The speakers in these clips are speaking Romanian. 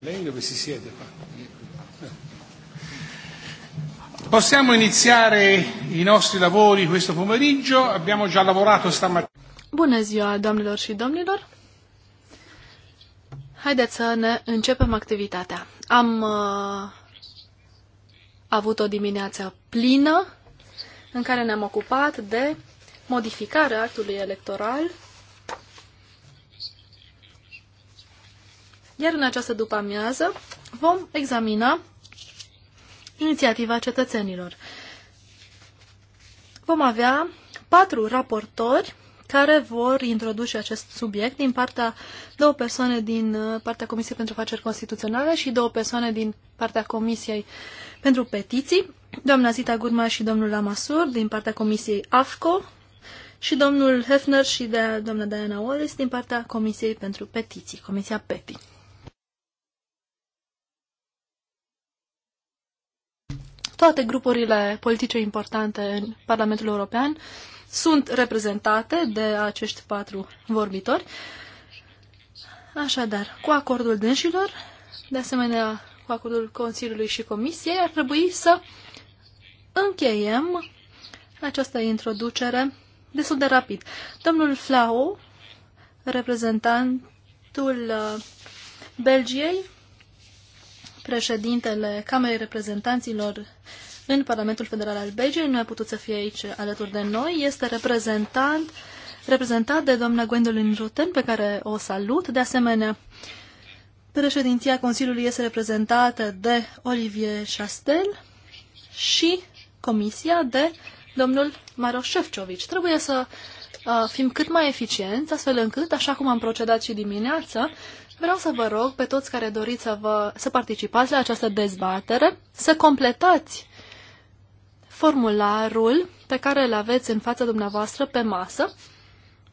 Lei dove si siede qua? Possiamo iniziare i nostri lavori questo pomeriggio, abbiamo già lavorato stamattina. Bună ziua, doamnelor și domnilor! Haideți să ne începem activitatea. Am uh, avut o dimineață plină în care ne-am ocupat de modificarea actului electoral Iar în această după-amiază vom examina inițiativa cetățenilor. Vom avea patru raportori care vor introduce acest subiect din partea două persoane din uh, partea Comisiei pentru Afaceri Constituționale și două persoane din partea Comisiei pentru Petiții, doamna Zita Gurma și domnul Lamasur din partea Comisiei AFCO și domnul Hefner și de doamna Diana Wallace din partea Comisiei pentru Petiții, Comisia PETI. toate grupurile politice importante în Parlamentul European sunt reprezentate de acești patru vorbitori. Așadar, cu acordul dânșilor, de asemenea cu acordul Consiliului și Comisiei, ar trebui să încheiem această introducere destul de rapid. Domnul Flau, reprezentantul uh, Belgiei, președintele Camerei Reprezentanților în Parlamentul Federal al Belgiei. Nu a putut să fie aici alături de noi. Este reprezentant, reprezentat de doamna Gwendolyn Rutten, pe care o salut. De asemenea, președinția Consiliului este reprezentată de Olivier Chastel și comisia de domnul Maro Șefcovici. Trebuie să uh, fim cât mai eficienți, astfel încât, așa cum am procedat și dimineața. Vreau să vă rog pe toți care doriți să, vă, să participați la această dezbatere să completați formularul pe care îl aveți în fața dumneavoastră pe masă,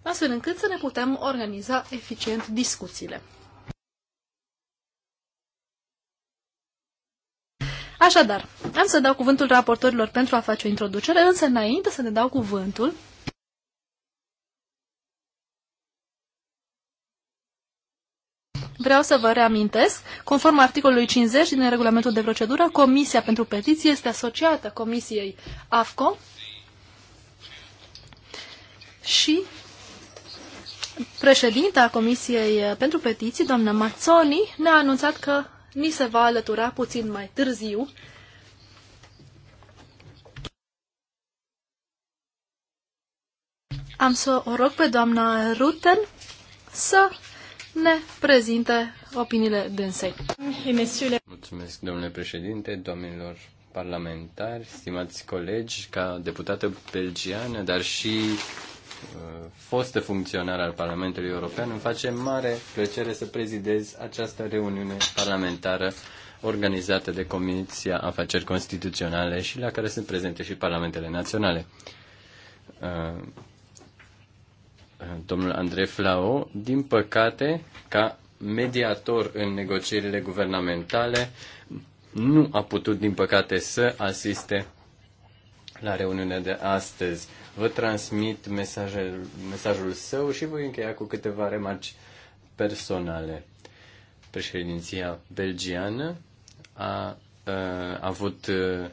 astfel încât să ne putem organiza eficient discuțiile. Așadar, am să dau cuvântul raportorilor pentru a face o introducere, însă înainte să ne dau cuvântul, Vreau să vă reamintesc, conform articolului 50 din regulamentul de procedură, Comisia pentru Petiții este asociată Comisiei AFCO și președinta Comisiei pentru Petiții, doamna Mazzoni, ne-a anunțat că ni se va alătura puțin mai târziu. Am să o rog pe doamna Ruten să ne prezinte opiniile dânsei. Mulțumesc, domnule președinte, domnilor parlamentari, stimați colegi, ca deputată belgiană, dar și uh, fostă funcționar al Parlamentului European, îmi face mare plăcere să prezidez această reuniune parlamentară organizată de Comisia Afaceri Constituționale și la care sunt prezente și parlamentele naționale. Uh, domnul Andrei Flau, din păcate, ca mediator în negocierile guvernamentale, nu a putut, din păcate, să asiste la reuniunea de astăzi. Vă transmit mesajul, mesajul său și voi încheia cu câteva remarci personale. Președinția belgiană a, a, a avut uh,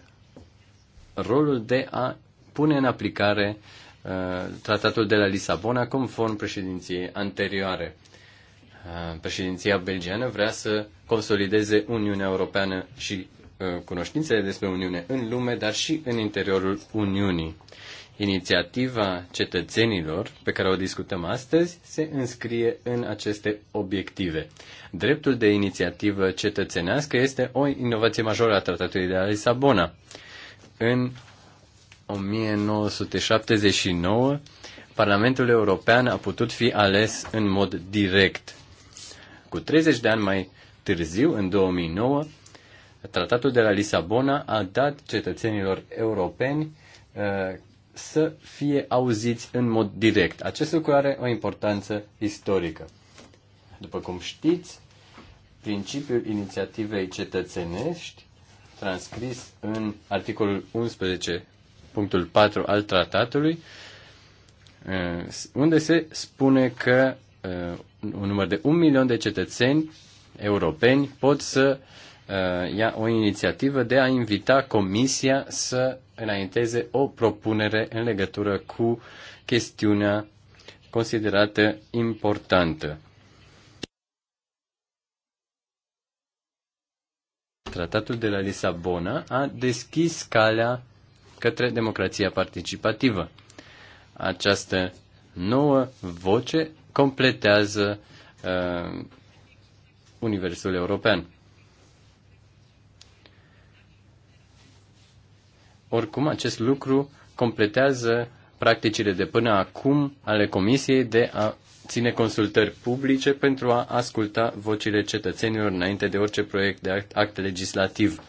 rolul de a pune în aplicare uh, Uh, tratatul de la Lisabona conform președinției anterioare. Uh, președinția belgiană vrea să consolideze Uniunea Europeană și uh, cunoștințele despre Uniune în lume, dar și în interiorul Uniunii. Inițiativa cetățenilor pe care o discutăm astăzi se înscrie în aceste obiective. Dreptul de inițiativă cetățenească este o inovație majoră a Tratatului de la Lisabona. În 1979, Parlamentul European a putut fi ales în mod direct. Cu 30 de ani mai târziu, în 2009, Tratatul de la Lisabona a dat cetățenilor europeni uh, să fie auziți în mod direct. Acest lucru are o importanță istorică. După cum știți, principiul inițiativei cetățenești, transcris în articolul 11 punctul 4 al tratatului, unde se spune că uh, un număr de un milion de cetățeni europeni pot să uh, ia o inițiativă de a invita Comisia să înainteze o propunere în legătură cu chestiunea considerată importantă. Tratatul de la Lisabona a deschis calea către democrația participativă. Această nouă voce completează uh, Universul European. Oricum, acest lucru completează practicile de până acum ale Comisiei de a ține consultări publice pentru a asculta vocile cetățenilor înainte de orice proiect de act, act legislativ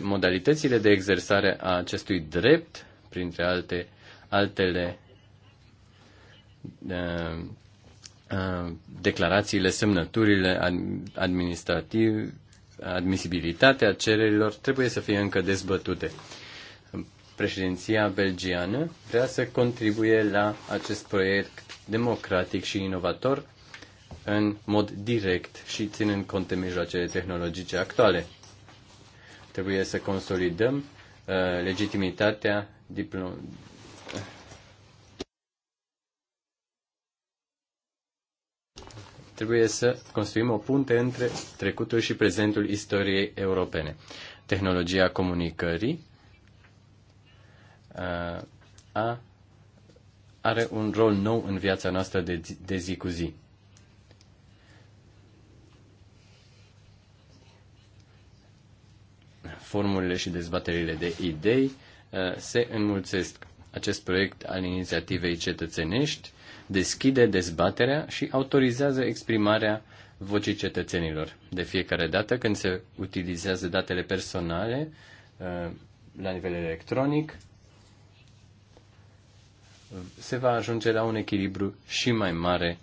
modalitățile de exersare a acestui drept, printre alte, altele declarațiile, semnăturile, administrativ, admisibilitatea cererilor trebuie să fie încă dezbătute. Președinția belgiană vrea să contribuie la acest proiect democratic și inovator în mod direct și ținând cont de mijloacele tehnologice actuale. Trebuie să consolidăm uh, legitimitatea diplom- Trebuie să construim o punte între trecutul și prezentul istoriei europene. Tehnologia comunicării uh, a, are un rol nou în viața noastră de, de zi cu zi. formulele și dezbaterile de idei uh, se înmulțesc. Acest proiect al inițiativei cetățenești deschide dezbaterea și autorizează exprimarea vocii cetățenilor. De fiecare dată când se utilizează datele personale uh, la nivel electronic, se va ajunge la un echilibru și mai mare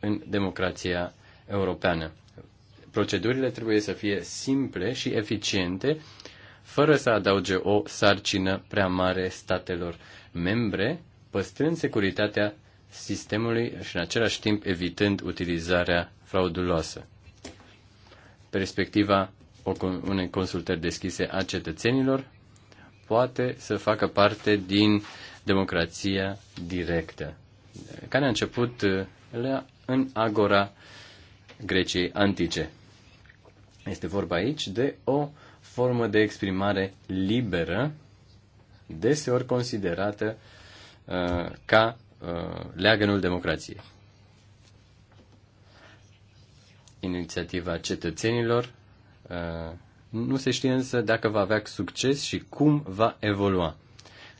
în democrația europeană. Procedurile trebuie să fie simple și eficiente, fără să adauge o sarcină prea mare statelor membre, păstrând securitatea sistemului și în același timp evitând utilizarea frauduloasă. Perspectiva unei consultări deschise a cetățenilor poate să facă parte din democrația directă, care a început uh, în agora Greciei antice. Este vorba aici de o formă de exprimare liberă, deseori considerată uh, ca uh, leagănul democrației. Inițiativa cetățenilor uh, nu se știe însă dacă va avea succes și cum va evolua.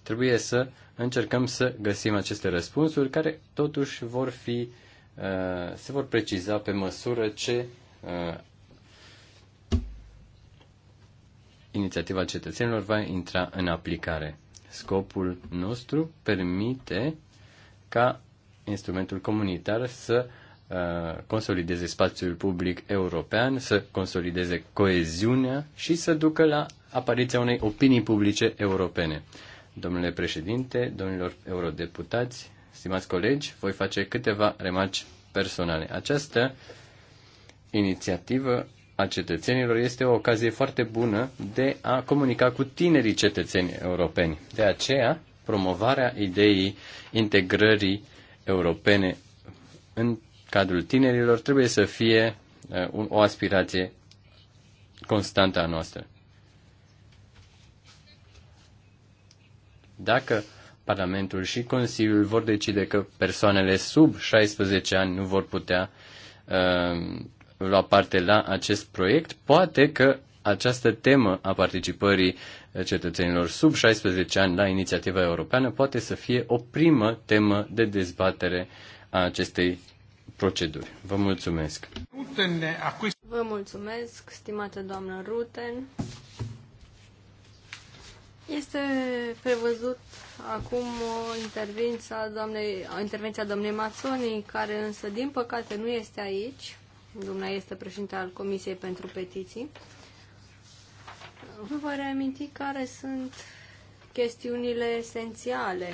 Trebuie să încercăm să găsim aceste răspunsuri care totuși vor fi, uh, se vor preciza pe măsură ce uh, inițiativa cetățenilor va intra în aplicare. Scopul nostru permite ca instrumentul comunitar să uh, consolideze spațiul public european, să consolideze coeziunea și să ducă la apariția unei opinii publice europene. Domnule președinte, domnilor eurodeputați, stimați colegi, voi face câteva remarci personale. Această inițiativă a cetățenilor este o ocazie foarte bună de a comunica cu tinerii cetățeni europeni. De aceea, promovarea ideii integrării europene în cadrul tinerilor trebuie să fie uh, o aspirație constantă a noastră. Dacă Parlamentul și Consiliul vor decide că persoanele sub 16 ani nu vor putea uh, lua parte la acest proiect, poate că această temă a participării cetățenilor sub 16 ani la inițiativa europeană poate să fie o primă temă de dezbatere a acestei proceduri. Vă mulțumesc. Vă mulțumesc, stimată doamnă Ruten. Este prevăzut acum o intervenție a doamnei, o doamnei Mazzoni, care însă, din păcate, nu este aici. Dumnezeu este președinte al Comisiei pentru Petiții. Vă voi reaminti care sunt chestiunile esențiale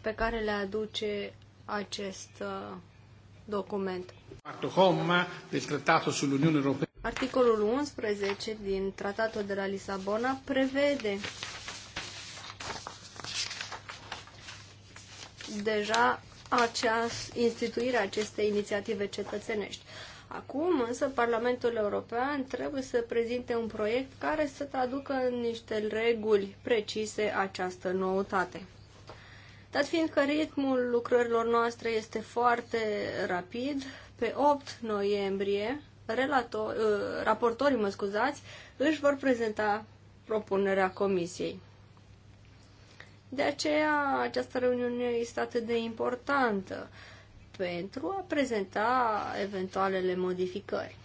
pe care le aduce acest uh, document. Articolul 11 din Tratatul de la Lisabona prevede deja aceas, instituirea acestei inițiative cetățenești. Acum, însă, Parlamentul European trebuie să prezinte un proiect care să traducă în niște reguli precise această noutate. Dat fiind că ritmul lucrărilor noastre este foarte rapid, pe 8 noiembrie, relator, ă, raportorii, mă scuzați, își vor prezenta propunerea Comisiei. De aceea această reuniune este atât de importantă pentru a prezenta eventualele modificări.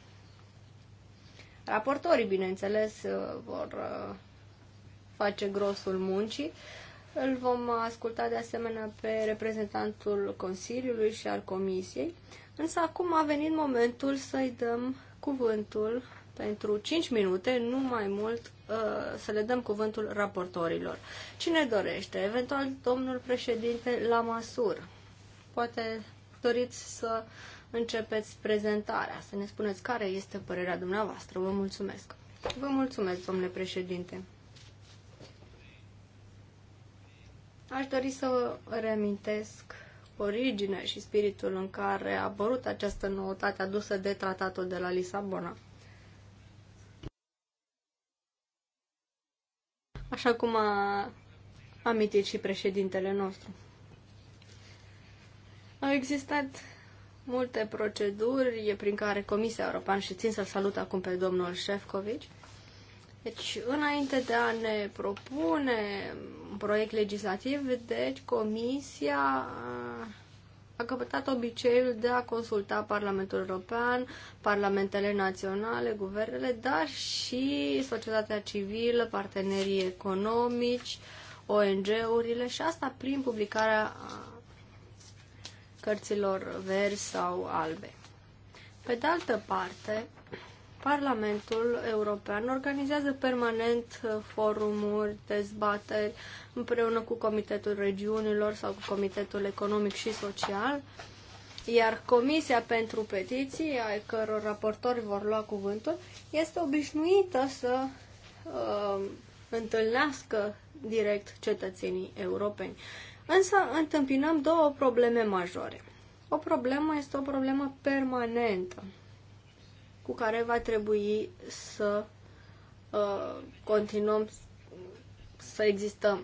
Raportorii, bineînțeles, vor uh, face grosul muncii. Îl vom asculta de asemenea pe reprezentantul Consiliului și al Comisiei. Însă acum a venit momentul să-i dăm cuvântul pentru 5 minute, nu mai mult, uh, să le dăm cuvântul raportorilor. Cine dorește? Eventual domnul președinte la masur, Poate doriți să începeți prezentarea, să ne spuneți care este părerea dumneavoastră. Vă mulțumesc. Vă mulțumesc, domnule președinte. Aș dori să reamintesc originea și spiritul în care a apărut această noutate adusă de tratatul de la Lisabona. așa cum a amintit și președintele nostru. Au existat multe proceduri prin care Comisia Europeană, și țin să-l salut acum pe domnul Șefcovic. deci, înainte de a ne propune un proiect legislativ, deci Comisia a căpătat obiceiul de a consulta Parlamentul European, parlamentele naționale, guvernele, dar și societatea civilă, partenerii economici, ONG-urile și asta prin publicarea cărților verzi sau albe. Pe de altă parte, Parlamentul European organizează permanent uh, forumuri, dezbateri împreună cu Comitetul Regiunilor sau cu Comitetul Economic și Social, iar Comisia pentru Petiții, ai căror raportori vor lua cuvântul, este obișnuită să uh, întâlnească direct cetățenii europeni. Însă întâmpinăm două probleme majore. O problemă este o problemă permanentă cu care va trebui să uh, continuăm să existăm.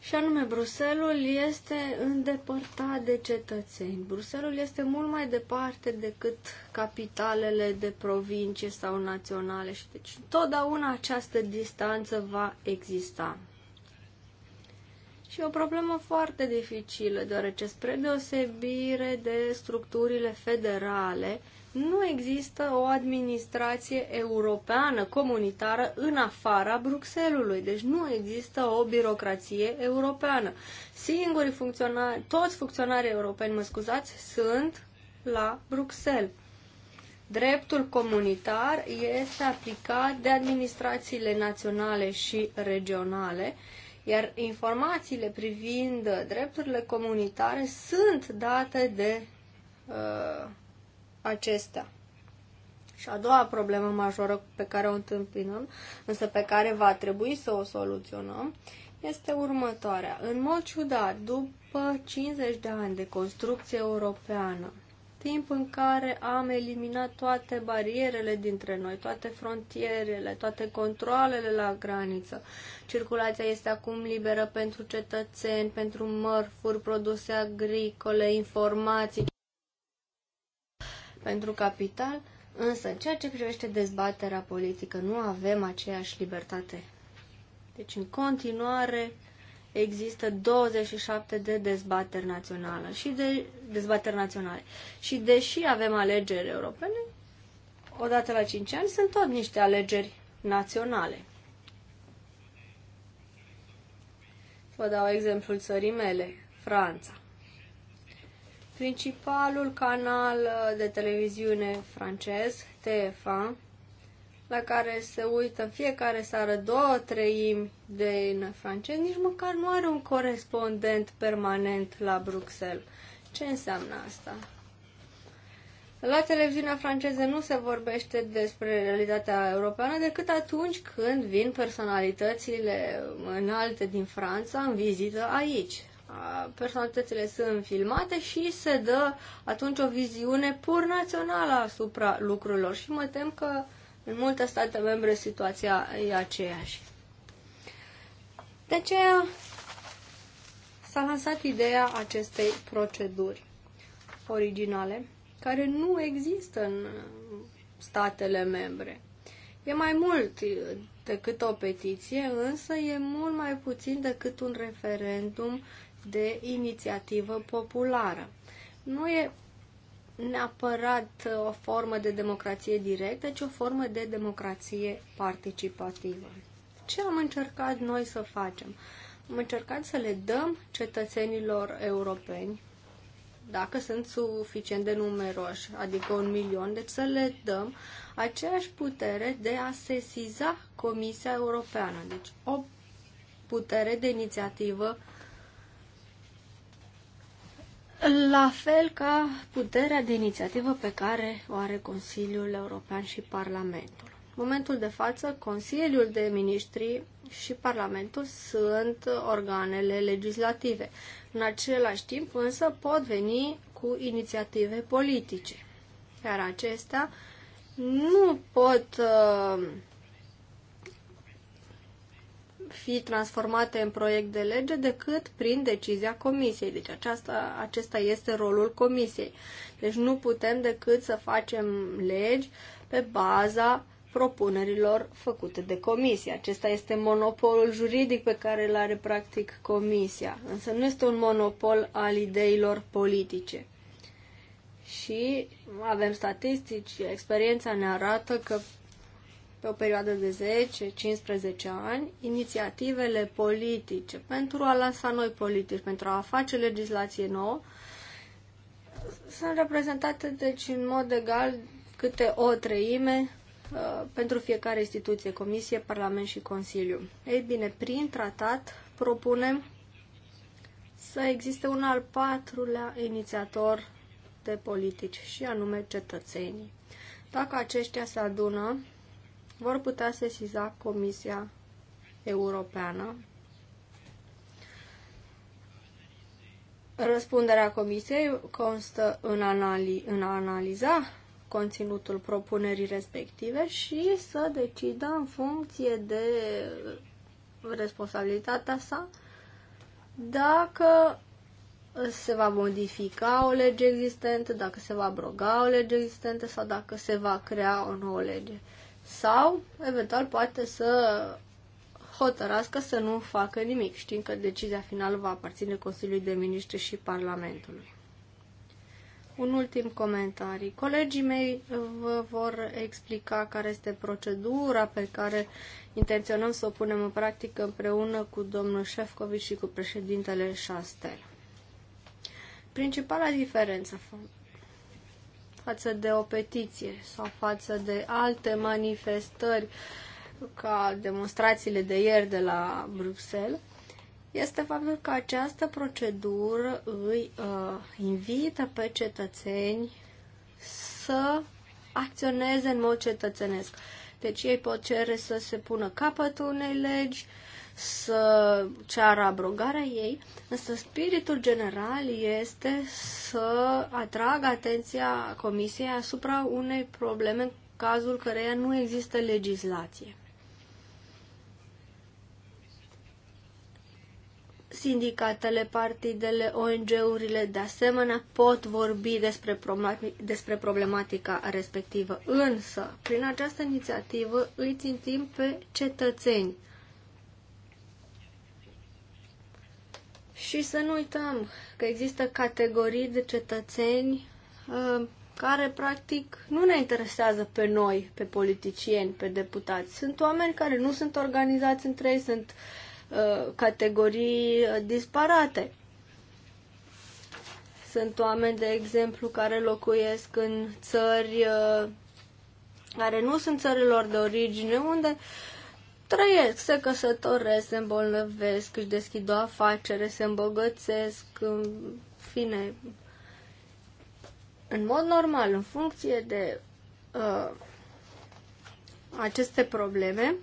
Și anume, Bruselul este îndepărtat de cetățeni. Bruselul este mult mai departe decât capitalele de provincie sau naționale. Și deci, totdeauna această distanță va exista. Și o problemă foarte dificilă, deoarece spre deosebire de structurile federale, nu există o administrație europeană, comunitară, în afara Bruxelului. Deci nu există o birocrație europeană. Singurii funcționari, toți funcționarii europeni, mă scuzați, sunt la Bruxelles. Dreptul comunitar este aplicat de administrațiile naționale și regionale, iar informațiile privind drepturile comunitare sunt date de uh, acestea. Și a doua problemă majoră pe care o întâmpinăm, însă pe care va trebui să o soluționăm, este următoarea. În mod ciudat, după 50 de ani de construcție europeană, timp în care am eliminat toate barierele dintre noi, toate frontierele, toate controlele la graniță. Circulația este acum liberă pentru cetățeni, pentru mărfuri, produse agricole, informații pentru capital, însă în ceea ce privește dezbaterea politică nu avem aceeași libertate. Deci în continuare există 27 de dezbateri naționale și de dezbateri naționale. Și deși avem alegeri europene, odată la 5 ani sunt tot niște alegeri naționale. Vă dau exemplul țării mele, Franța principalul canal uh, de televiziune francez, TF1, la care se uită fiecare seară două treimi din francez, nici măcar nu are un corespondent permanent la Bruxelles. Ce înseamnă asta? La televiziunea franceză nu se vorbește despre realitatea europeană decât atunci când vin personalitățile înalte din Franța în vizită aici personalitățile sunt filmate și se dă atunci o viziune pur națională asupra lucrurilor și mă tem că în multe state membre situația e aceeași. De aceea s-a lansat ideea acestei proceduri originale, care nu există în statele membre. E mai mult decât o petiție, însă e mult mai puțin decât un referendum de inițiativă populară. Nu e neapărat uh, o formă de democrație directă, ci o formă de democrație participativă. Ce am încercat noi să facem? Am încercat să le dăm cetățenilor europeni, dacă sunt suficient de numeroși, adică un milion, deci să le dăm aceeași putere de a sesiza Comisia Europeană, deci o putere de inițiativă uh, la fel ca puterea de inițiativă pe care o are Consiliul European și Parlamentul. În momentul de față, Consiliul de Ministri și Parlamentul sunt organele legislative. În același timp, însă, pot veni cu inițiative politice. Iar acestea nu pot uh, fi transformate în proiect de lege decât prin decizia comisiei. Deci aceasta, acesta este rolul comisiei. Deci nu putem decât să facem legi pe baza propunerilor făcute de comisie. Acesta este monopolul juridic pe care îl are practic comisia, însă nu este un monopol al ideilor politice. Și avem statistici, experiența ne arată că pe o perioadă de 10-15 ani inițiativele politice pentru a lansa noi politici, pentru a face legislație nouă, sunt reprezentate deci în mod egal câte o treime uh, pentru fiecare instituție, Comisie, Parlament și Consiliu. Ei bine, prin tratat propunem să existe un al patrulea inițiator de politici, și anume cetățenii. Dacă aceștia se adună vor putea sesiza Comisia Europeană. Răspunderea Comisiei constă în, anali- în a analiza conținutul propunerii respective și să decidă în funcție de responsabilitatea sa dacă se va modifica o lege existentă, dacă se va abroga o lege existentă sau dacă se va crea o nouă lege sau eventual poate să hotărască să nu facă nimic, știind că decizia finală va aparține Consiliului de Ministri și Parlamentului. Un ultim comentariu. Colegii mei vă vor explica care este procedura pe care intenționăm să o punem în practică împreună cu domnul Șefcovici și cu președintele Șastel. Principala diferență față de o petiție sau față de alte manifestări ca demonstrațiile de ieri de la Bruxelles, este faptul că această procedură îi uh, invită pe cetățeni să acționeze în mod cetățenesc. Deci ei pot cere să se pună capăt unei legi, uh, să ceară abrogarea ei, însă spiritul general este să atragă atenția Comisiei asupra unei probleme în cazul căreia nu există legislație. Sindicatele, partidele, ONG-urile de asemenea pot vorbi despre, despre problematica respectivă, însă prin această inițiativă îi țintim pe cetățeni – Și să nu uităm că există categorii de cetățeni uh, care practic nu ne interesează pe noi, pe politicieni, pe deputați. Sunt oameni care nu sunt organizați între ei, sunt uh, categorii uh, disparate. Sunt oameni, de exemplu, care locuiesc în țări uh, care nu sunt țărilor de origine, unde uh, trăiesc, se căsătoresc, se îmbolnăvesc, își deschid o afacere, se îmbogățesc, în fine, în mod normal, în funcție de uh, aceste probleme,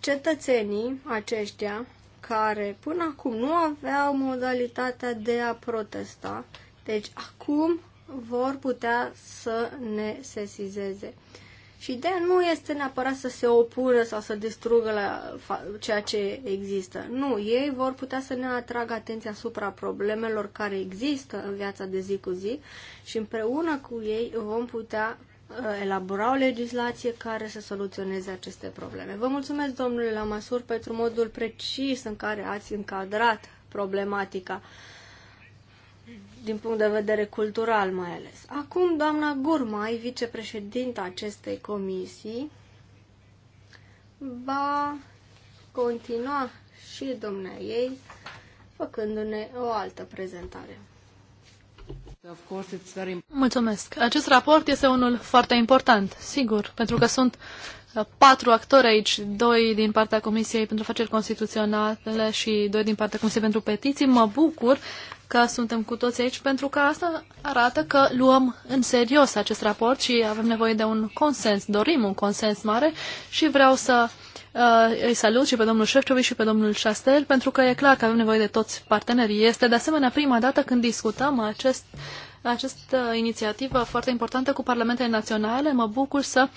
cetățenii aceștia care până acum nu aveau modalitatea de a protesta, deci acum vor putea să ne sesizeze. Uh, și ideea nu este neapărat să se opună sau să distrugă la ceea ce există. Nu, ei vor putea să ne atragă atenția asupra problemelor care există în viața de zi cu zi și împreună cu ei vom putea uh, elabora o legislație care să soluționeze aceste probleme. Vă mulțumesc, domnule Lamasur, pentru modul precis în care ați încadrat problematica din punct de vedere cultural mai ales. Acum, doamna Gurmai, vicepreședinta acestei comisii, va continua și domnea ei, făcându-ne o altă prezentare. Mulțumesc. Acest raport este unul foarte important, sigur, pentru că sunt uh, patru actori aici, doi din partea Comisiei pentru Afaceri Constituționale și doi din partea Comisiei pentru Petiții. Mă bucur că suntem cu toți aici pentru că asta arată că luăm în serios acest raport și avem nevoie de un consens, dorim un consens mare și vreau să uh, îi salut și pe domnul Șefcovici și pe domnul Șastel pentru că e clar că avem nevoie de toți partenerii. Este de asemenea prima dată când discutăm acest această inițiativă foarte importantă cu Parlamentele Naționale. Mă bucur să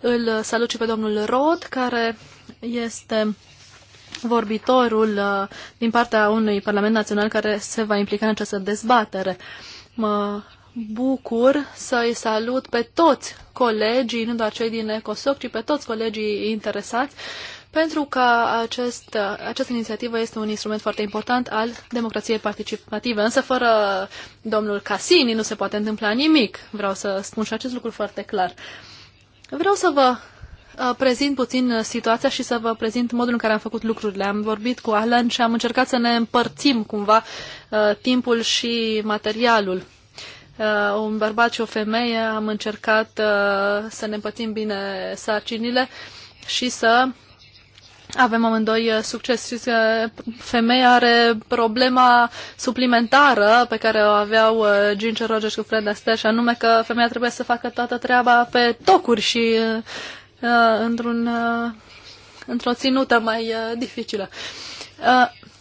îl salut și pe domnul Rod, care este vorbitorul uh, din partea unui Parlament Național care se va implica în această dezbatere. Mă bucur să-i salut pe toți colegii, nu doar cei din ECOSOC, ci pe toți colegii interesați, pentru că acest, uh, această inițiativă este un instrument foarte important al democrației participative. Însă fără domnul Casini nu se poate întâmpla nimic. Vreau să spun și acest lucru foarte clar. Vreau să vă Uh, prezint puțin uh, situația și să vă prezint modul în care am făcut lucrurile. Am vorbit cu Alan și am încercat să ne împărțim cumva uh, timpul și materialul. Un bărbat și o femeie am încercat să ne împărțim bine sarcinile și să avem amândoi succes. Știți că femeia are problema suplimentară pe care o aveau Ginger Rogers cu Fred Astaire și anume că femeia trebuie să facă toată treaba pe tocuri și Uh, într-un, uh, într-o ținută mai uh, dificilă.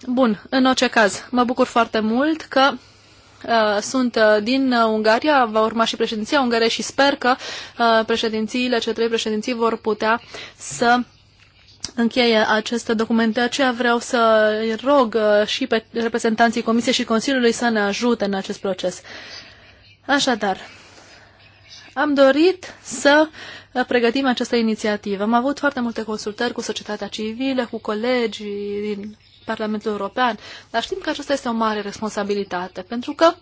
Bun, în orice caz, mă bucur foarte mult că sunt din Ungaria, va urma și președinția Ungariei și sper că președințiile, cele trei președinții vor putea să încheie aceste documente. De aceea vreau să rog și pe reprezentanții Comisiei și Consiliului să ne ajute în acest proces. Așadar, am dorit să pregătim această inițiativă. Am avut foarte multe consultări cu societatea civilă, cu colegii din Parlamentul European, dar știm că aceasta este o mare responsabilitate, pentru că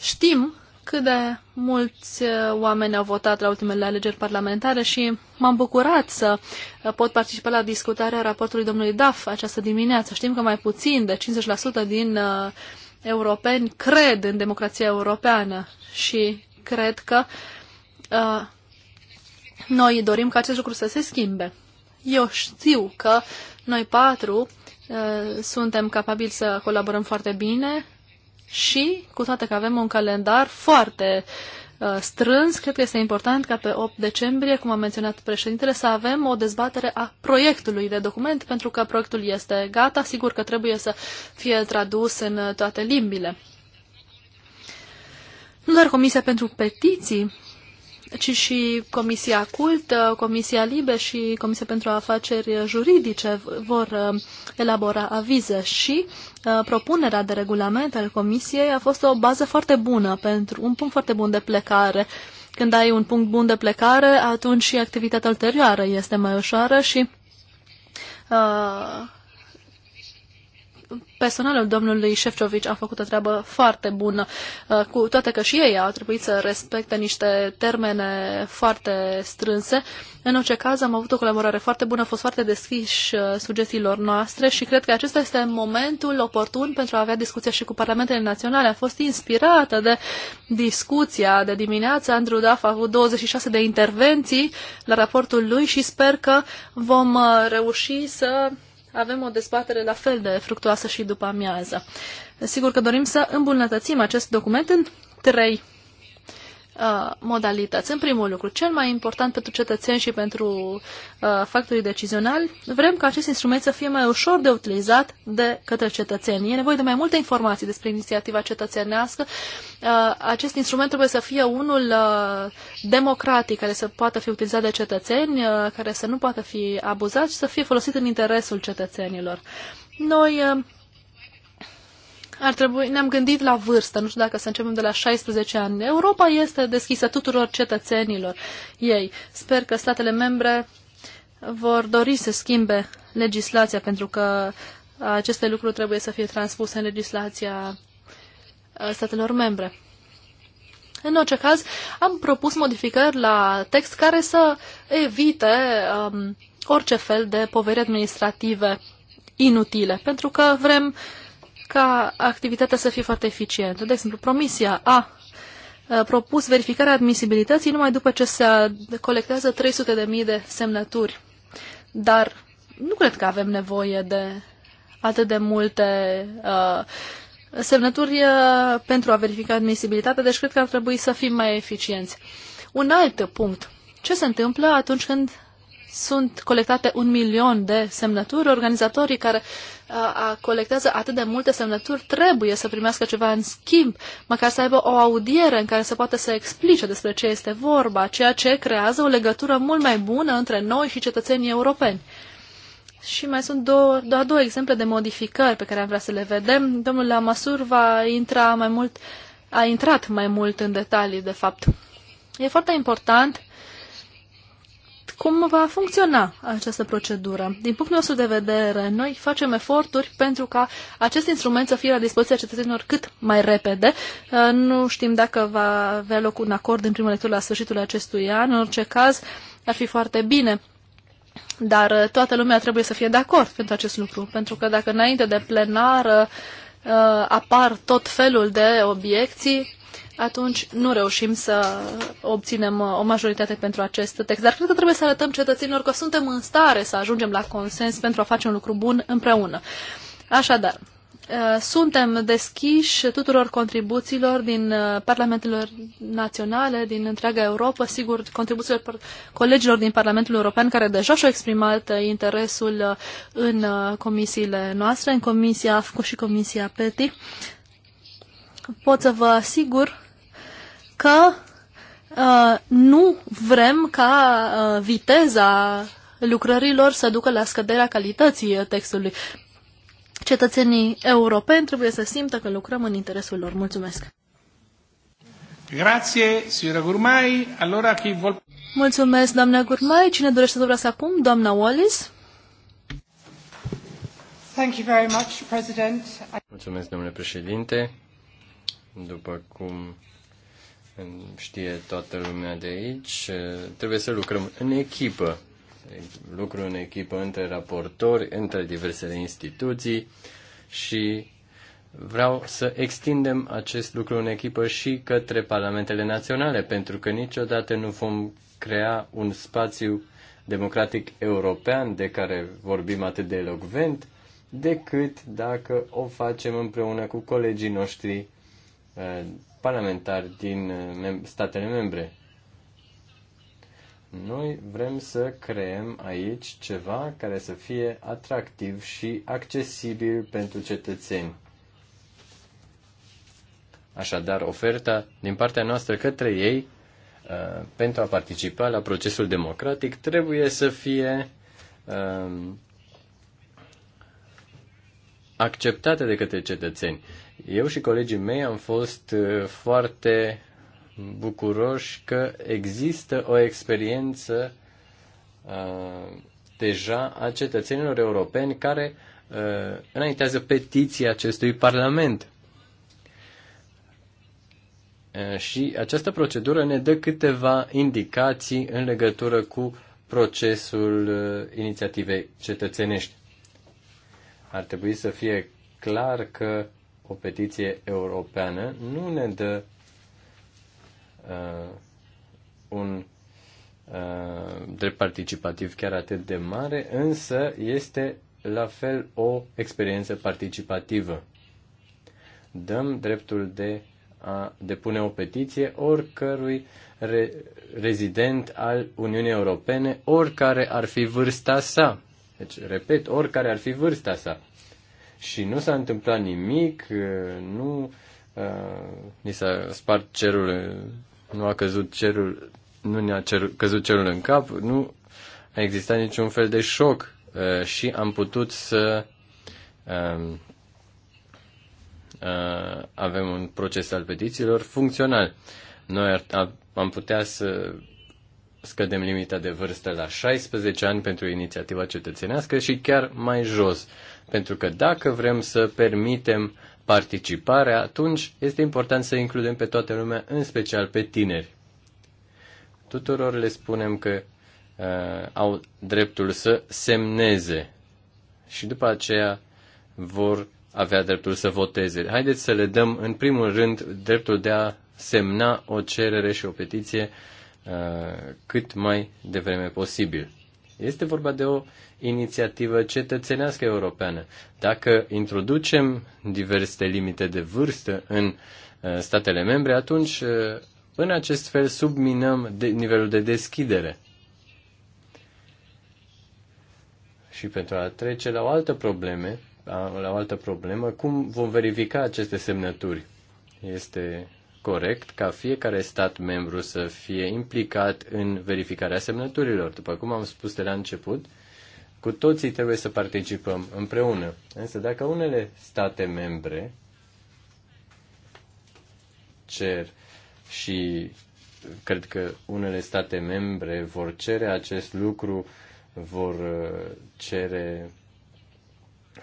știm cât de mulți uh, oameni au votat la ultimele alegeri parlamentare și m-am bucurat să uh, pot participa la discutarea raportului domnului Daf această dimineață. Știm că mai puțin de 50% din uh, europeni cred în democrația europeană și cred că uh, noi dorim ca acest lucru să se schimbe. Eu știu că noi patru uh, suntem capabili să colaborăm foarte bine și, cu toate că avem un calendar foarte uh, strâns, cred că este important ca pe 8 decembrie, cum a menționat președintele, să avem o dezbatere a proiectului de document, pentru că proiectul este gata, sigur că trebuie să fie tradus în toate limbile. Nu doar Comisia pentru Petiții ci și Comisia Cult, Comisia Libe și Comisia pentru Afaceri Juridice vor uh, elabora avize și uh, propunerea de regulament al Comisiei a fost o bază foarte bună, pentru un punct foarte bun de plecare. Când ai un punct bun de plecare, atunci și activitatea ulterioară este mai ușoară și uh, personalul domnului Șefcovici a făcut o treabă foarte bună, uh, cu toate că și ei au trebuit să respecte niște termene foarte strânse. În orice caz, am avut o colaborare foarte bună, a fost foarte deschiși uh, sugestiilor noastre și cred că acesta este momentul oportun pentru a avea discuția și cu parlamentele naționale. A fost inspirată de discuția de dimineață. Andrew Duff a avut 26 de intervenții la raportul lui și sper că vom uh, reuși să avem o dezbatere la fel de fructuoasă și după amiază. Sigur că dorim să îmbunătățim acest document în trei Uh, modalități. În primul lucru, cel mai important pentru cetățeni și pentru uh, factorii decizionali, vrem ca acest instrument să fie mai ușor de utilizat de către cetățeni. E nevoie de mai multe informații despre inițiativa cetățenească. Uh, acest instrument trebuie să fie unul uh, democratic, care să poată fi utilizat de cetățeni, uh, care să nu poată fi abuzat și să fie folosit în interesul cetățenilor. Noi uh, ar trebui, ne-am gândit la vârstă, nu știu dacă să începem de la 16 ani. Europa este deschisă tuturor cetățenilor ei. Sper că statele membre vor dori să schimbe legislația, pentru că aceste lucruri trebuie să fie transpuse în legislația uh, statelor membre. În orice caz, am propus modificări la text care să evite um, orice fel de poveri administrative inutile, pentru că vrem uh, ca activitatea să fie foarte eficientă. De exemplu, promisia a propus verificarea admisibilității numai după ce se colectează 300.000 de semnături. Dar nu cred că avem nevoie de atât de multe uh, semnături uh, pentru a verifica admisibilitatea, deci cred că ar trebui să fim mai eficienți. Un alt punct. Ce se întâmplă atunci când sunt colectate un milion de semnături? Organizatorii care a, colectează atât de multe semnături trebuie să primească ceva în schimb, măcar să aibă o audiere în care să poată să explice despre ce este vorba, ceea ce creează o legătură mult mai bună între noi și cetățenii europeni. Și mai sunt doar, doar două exemple de modificări pe care am vrea să le vedem. Domnul Lamasur va intra mai mult, a intrat mai mult în detalii, de fapt. E foarte important cum va funcționa această procedură? Din punctul nostru de vedere, noi facem eforturi pentru ca acest instrument să fie la dispoziția cetățenilor cât mai repede. Uh, nu știm dacă va avea loc un acord în primă lectură la sfârșitul acestui an. În orice caz, ar fi foarte bine dar uh, toată lumea trebuie să fie de acord pentru acest lucru, pentru că dacă înainte de plenară uh, apar tot felul de obiecții, atunci nu reușim să obținem uh, o majoritate pentru acest text. Dar cred că trebuie să arătăm cetățenilor că suntem în stare să ajungem la consens pentru a face un lucru bun împreună. Așadar, uh, suntem deschiși tuturor contribuțiilor din uh, parlamentele naționale, din întreaga Europa, sigur, contribuțiilor colegilor din Parlamentul European care deja și-au exprimat interesul în comisiile noastre, în Comisia AFCO și Comisia PETI. Pot să vă asigur că uh, nu vrem ca uh, viteza lucrărilor să ducă la scăderea calității textului. Cetățenii europeni trebuie să simtă că lucrăm în interesul lor. Mulțumesc! Grazie, signora Gurmai. Allora, chi vol... Mulțumesc, doamna Gurmai. Cine dorește să vorbească acum? Doamna Wallis. Thank you very much, President. Mulțumesc, domnule președinte. După cum știe toată lumea de aici, trebuie să lucrăm în echipă. Lucru în echipă între raportori, între diversele instituții și vreau să extindem acest lucru în echipă și către parlamentele naționale, pentru că niciodată nu vom crea un spațiu democratic european de care vorbim atât de elocvent, decât dacă o facem împreună cu colegii noștri parlamentari din eh, statele membre. Noi vrem să creăm aici ceva care să fie atractiv și accesibil pentru cetățeni. Așadar, oferta din partea noastră către ei eh, pentru a participa la procesul democratic trebuie să fie eh, acceptată de către cetățeni. Eu și colegii mei am fost uh, foarte bucuroși că există o experiență uh, deja a cetățenilor europeni care uh, înaintează petiția acestui Parlament. Uh, și această procedură ne dă câteva indicații în legătură cu procesul uh, inițiativei cetățenești. Ar trebui să fie clar că o petiție europeană nu ne dă uh, un uh, drept participativ chiar atât de mare, însă este la fel o experiență participativă. Dăm dreptul de a depune o petiție oricărui re- rezident al Uniunii Europene, oricare ar fi vârsta sa. Deci, repet, oricare ar fi vârsta sa și nu s-a întâmplat nimic, uh, nu uh, ni s-a spart cerul, nu a căzut cerul, nu ne-a cer, căzut cerul în cap, nu a existat niciun fel de șoc uh, și am putut să um, avem un proces al petițiilor funcțional. Noi am putea să scădem limita de vârstă la 16 ani pentru inițiativa cetățenească și chiar mai jos. Pentru că dacă vrem să permitem participare, atunci este important să includem pe toată lumea, în special pe tineri. Tuturor le spunem că uh, au dreptul să semneze și după aceea vor avea dreptul să voteze. Haideți să le dăm, în primul rând, dreptul de a semna o cerere și o petiție uh, cât mai devreme posibil. Este vorba de o inițiativă cetățenească europeană. Dacă introducem diverse limite de vârstă în uh, statele membre, atunci uh, în acest fel subminăm de nivelul de deschidere. Și pentru a trece la o altă probleme, la o altă problemă, cum vom verifica aceste semnături? Este corect ca fiecare stat membru să fie implicat în verificarea semnăturilor. După cum am spus de la început, cu toții trebuie să participăm împreună. Însă dacă unele state membre cer și cred că unele state membre vor cere acest lucru, vor uh, cere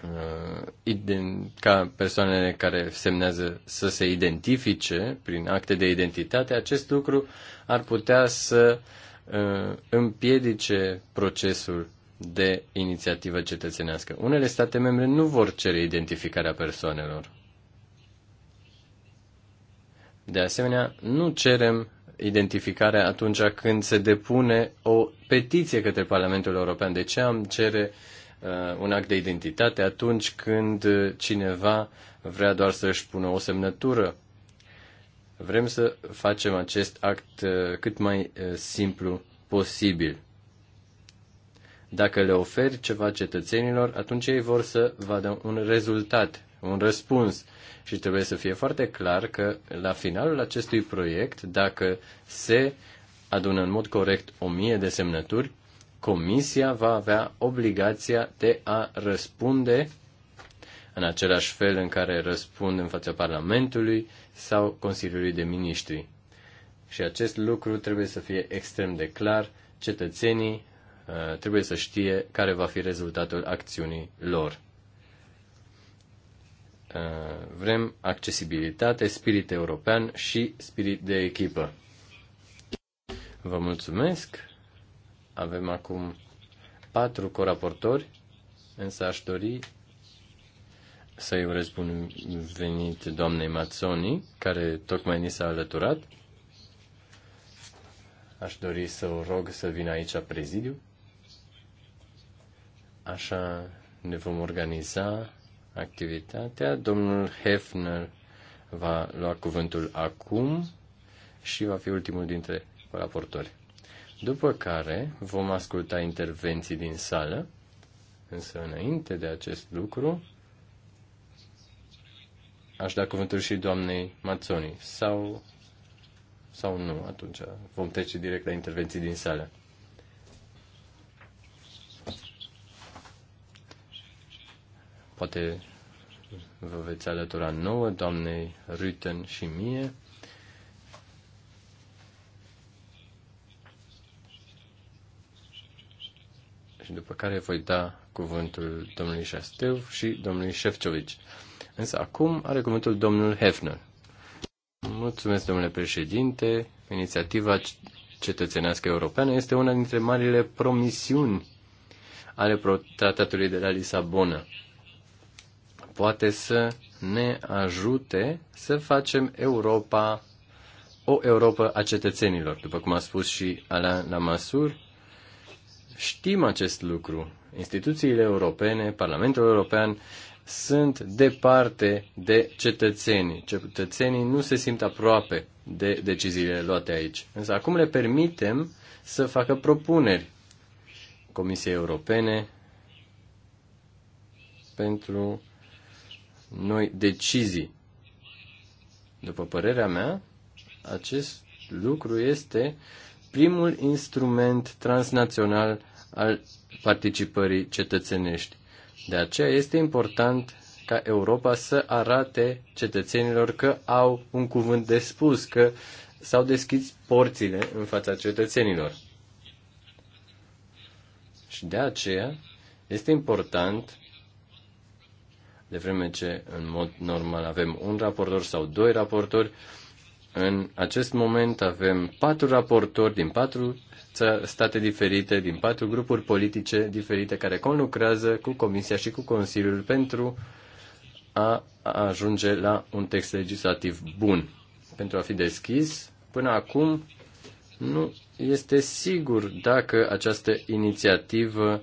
Uh, ca persoanele care semnează să se identifice prin acte de identitate, acest lucru ar putea să uh, împiedice procesul de inițiativă cetățenească. Unele state membre nu vor cere identificarea persoanelor. De asemenea, nu cerem identificarea atunci când se depune o petiție către Parlamentul European. De ce am cere uh, Uh, un act de identitate atunci când cineva vrea doar să-și pună o semnătură. Vrem să facem acest act uh, cât mai uh, simplu posibil. Dacă le oferi ceva cetățenilor, atunci ei vor să vadă un rezultat, un răspuns. Și trebuie să fie foarte clar că la finalul acestui proiect, dacă se adună în mod corect o mie de semnături, Comisia va avea obligația de a răspunde în același fel în care răspund în fața Parlamentului sau Consiliului de Ministri. Și acest lucru trebuie să fie extrem de clar. Cetățenii uh, trebuie să știe care va fi rezultatul acțiunii lor. Uh, vrem accesibilitate, spirit european și spirit de echipă. Vă mulțumesc! Avem acum patru coraportori, însă aș dori să-i urez bun venit doamnei Mazzoni, care tocmai ni s-a alăturat. Aș dori să o rog să vină aici prezidiu. Așa ne vom organiza activitatea. Domnul Hefner va lua cuvântul acum și va fi ultimul dintre raportori după care vom asculta intervenții din sală, însă înainte de acest lucru aș da cuvântul și doamnei Mazzoni sau, sau nu, atunci vom trece direct la intervenții din sală. Poate vă veți alătura nouă, doamnei Rüten și mie. și după care voi da cuvântul domnului Șastev și domnului Șefcovici. Însă acum are cuvântul domnul Hefner. Mulțumesc, domnule președinte. Inițiativa cetățenească europeană este una dintre marile promisiuni ale tratatului de la Lisabona. Poate să ne ajute să facem Europa o Europa a cetățenilor, după cum a spus și Alain Lamassur, Știm acest lucru. Instituțiile europene, Parlamentul European sunt departe de cetățenii. Cetățenii nu se simt aproape de deciziile luate aici. Însă acum le permitem să facă propuneri Comisiei Europene pentru noi decizii. După părerea mea, acest lucru este primul instrument transnațional al participării cetățenești. De aceea este important ca Europa să arate cetățenilor că au un cuvânt de spus, că s-au deschis porțile în fața cetățenilor. Și de aceea este important, de vreme ce în mod normal avem un raportor sau doi raportori, în acest moment avem patru raportori din patru state diferite, din patru grupuri politice diferite care conlucrează cu Comisia și cu Consiliul pentru a ajunge la un text legislativ bun. Pentru a fi deschis, până acum nu este sigur dacă această inițiativă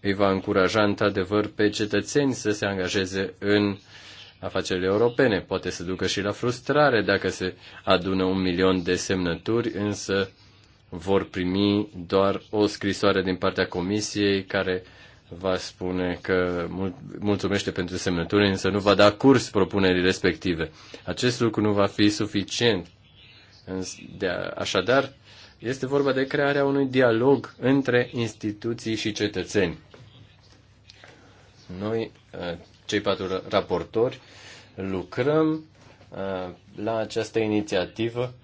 îi va încuraja într-adevăr pe cetățeni să se angajeze în afacerile europene. Poate să ducă și la frustrare dacă se adună un milion de semnături, însă vor primi doar o scrisoare din partea comisiei care va spune că mulțumește pentru semnături, însă nu va da curs propunerii respective. Acest lucru nu va fi suficient. Așadar, este vorba de crearea unui dialog între instituții și cetățeni. Noi uh, cei patru raportori lucrăm uh, la această inițiativă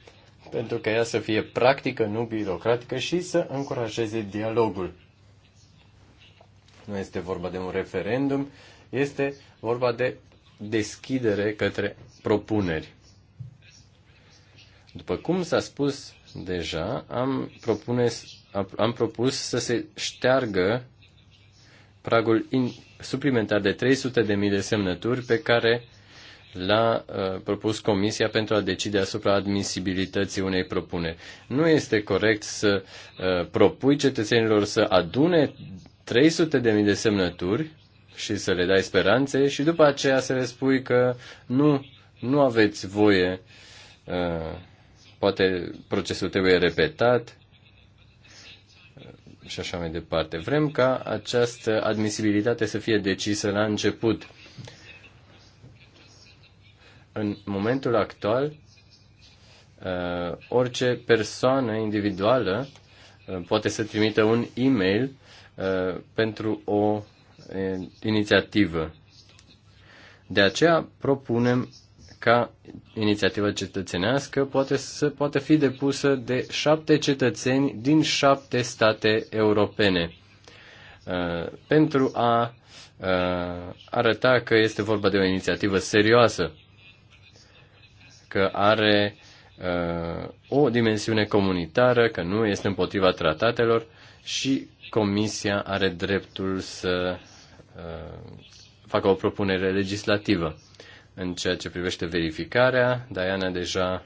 pentru ca ea să fie practică, nu birocratică și să încurajeze dialogul. Nu este vorba de un referendum, este vorba de deschidere către propuneri. După cum s-a spus deja, am, propune, am propus să se șteargă pragul suplimentar de 300.000 de semnături pe care l-a uh, propus Comisia pentru a decide asupra admisibilității unei propuneri. Nu este corect să uh, propui cetățenilor să adune 300.000 de semnături și să le dai speranțe și după aceea să le spui că nu, nu aveți voie, uh, poate procesul trebuie repetat și așa mai departe. Vrem ca această admisibilitate să fie decisă la început. În momentul actual, uh, orice persoană individuală uh, poate să trimită un e-mail uh, pentru o inițiativă. De aceea propunem ca inițiativă cetățenească poate să poată fi depusă de șapte cetățeni din șapte state europene uh, pentru a uh, arăta că este vorba de o inițiativă serioasă, că are uh, o dimensiune comunitară, că nu este împotriva tratatelor și Comisia are dreptul să facă o propunere legislativă. În ceea ce privește verificarea, Diana deja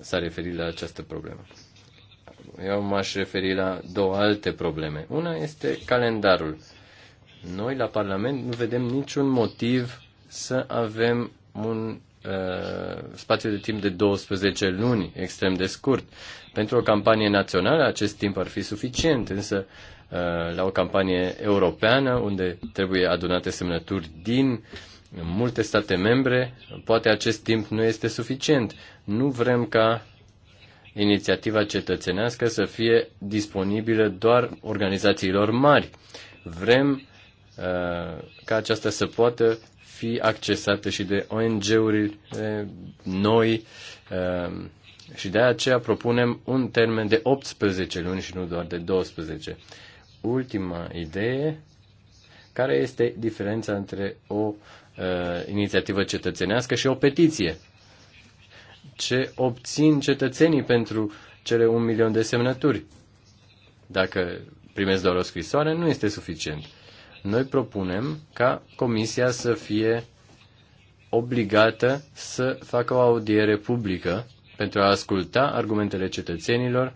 s-a referit la această problemă. Eu m-aș referi la două alte probleme. Una este calendarul. Noi la Parlament nu vedem niciun motiv să avem un uh, spațiu de timp de 12 luni, extrem de scurt. Pentru o campanie națională acest timp ar fi suficient, însă uh, la o campanie europeană, unde trebuie adunate semnături din uh, în multe state membre, poate acest timp nu este suficient. Nu vrem ca inițiativa cetățenească să fie disponibilă doar organizațiilor mari. Vrem uh, ca aceasta să poată fi accesată și de ONG-uri noi uh, și de aceea propunem un termen de 18 luni și nu doar de 12. Ultima idee, care este diferența între o Uh, inițiativă cetățenească și o petiție. Ce obțin cetățenii pentru cele un milion de semnături? Dacă primesc doar o scrisoare, nu este suficient. Noi propunem ca comisia să fie obligată să facă o audiere publică pentru a asculta argumentele cetățenilor.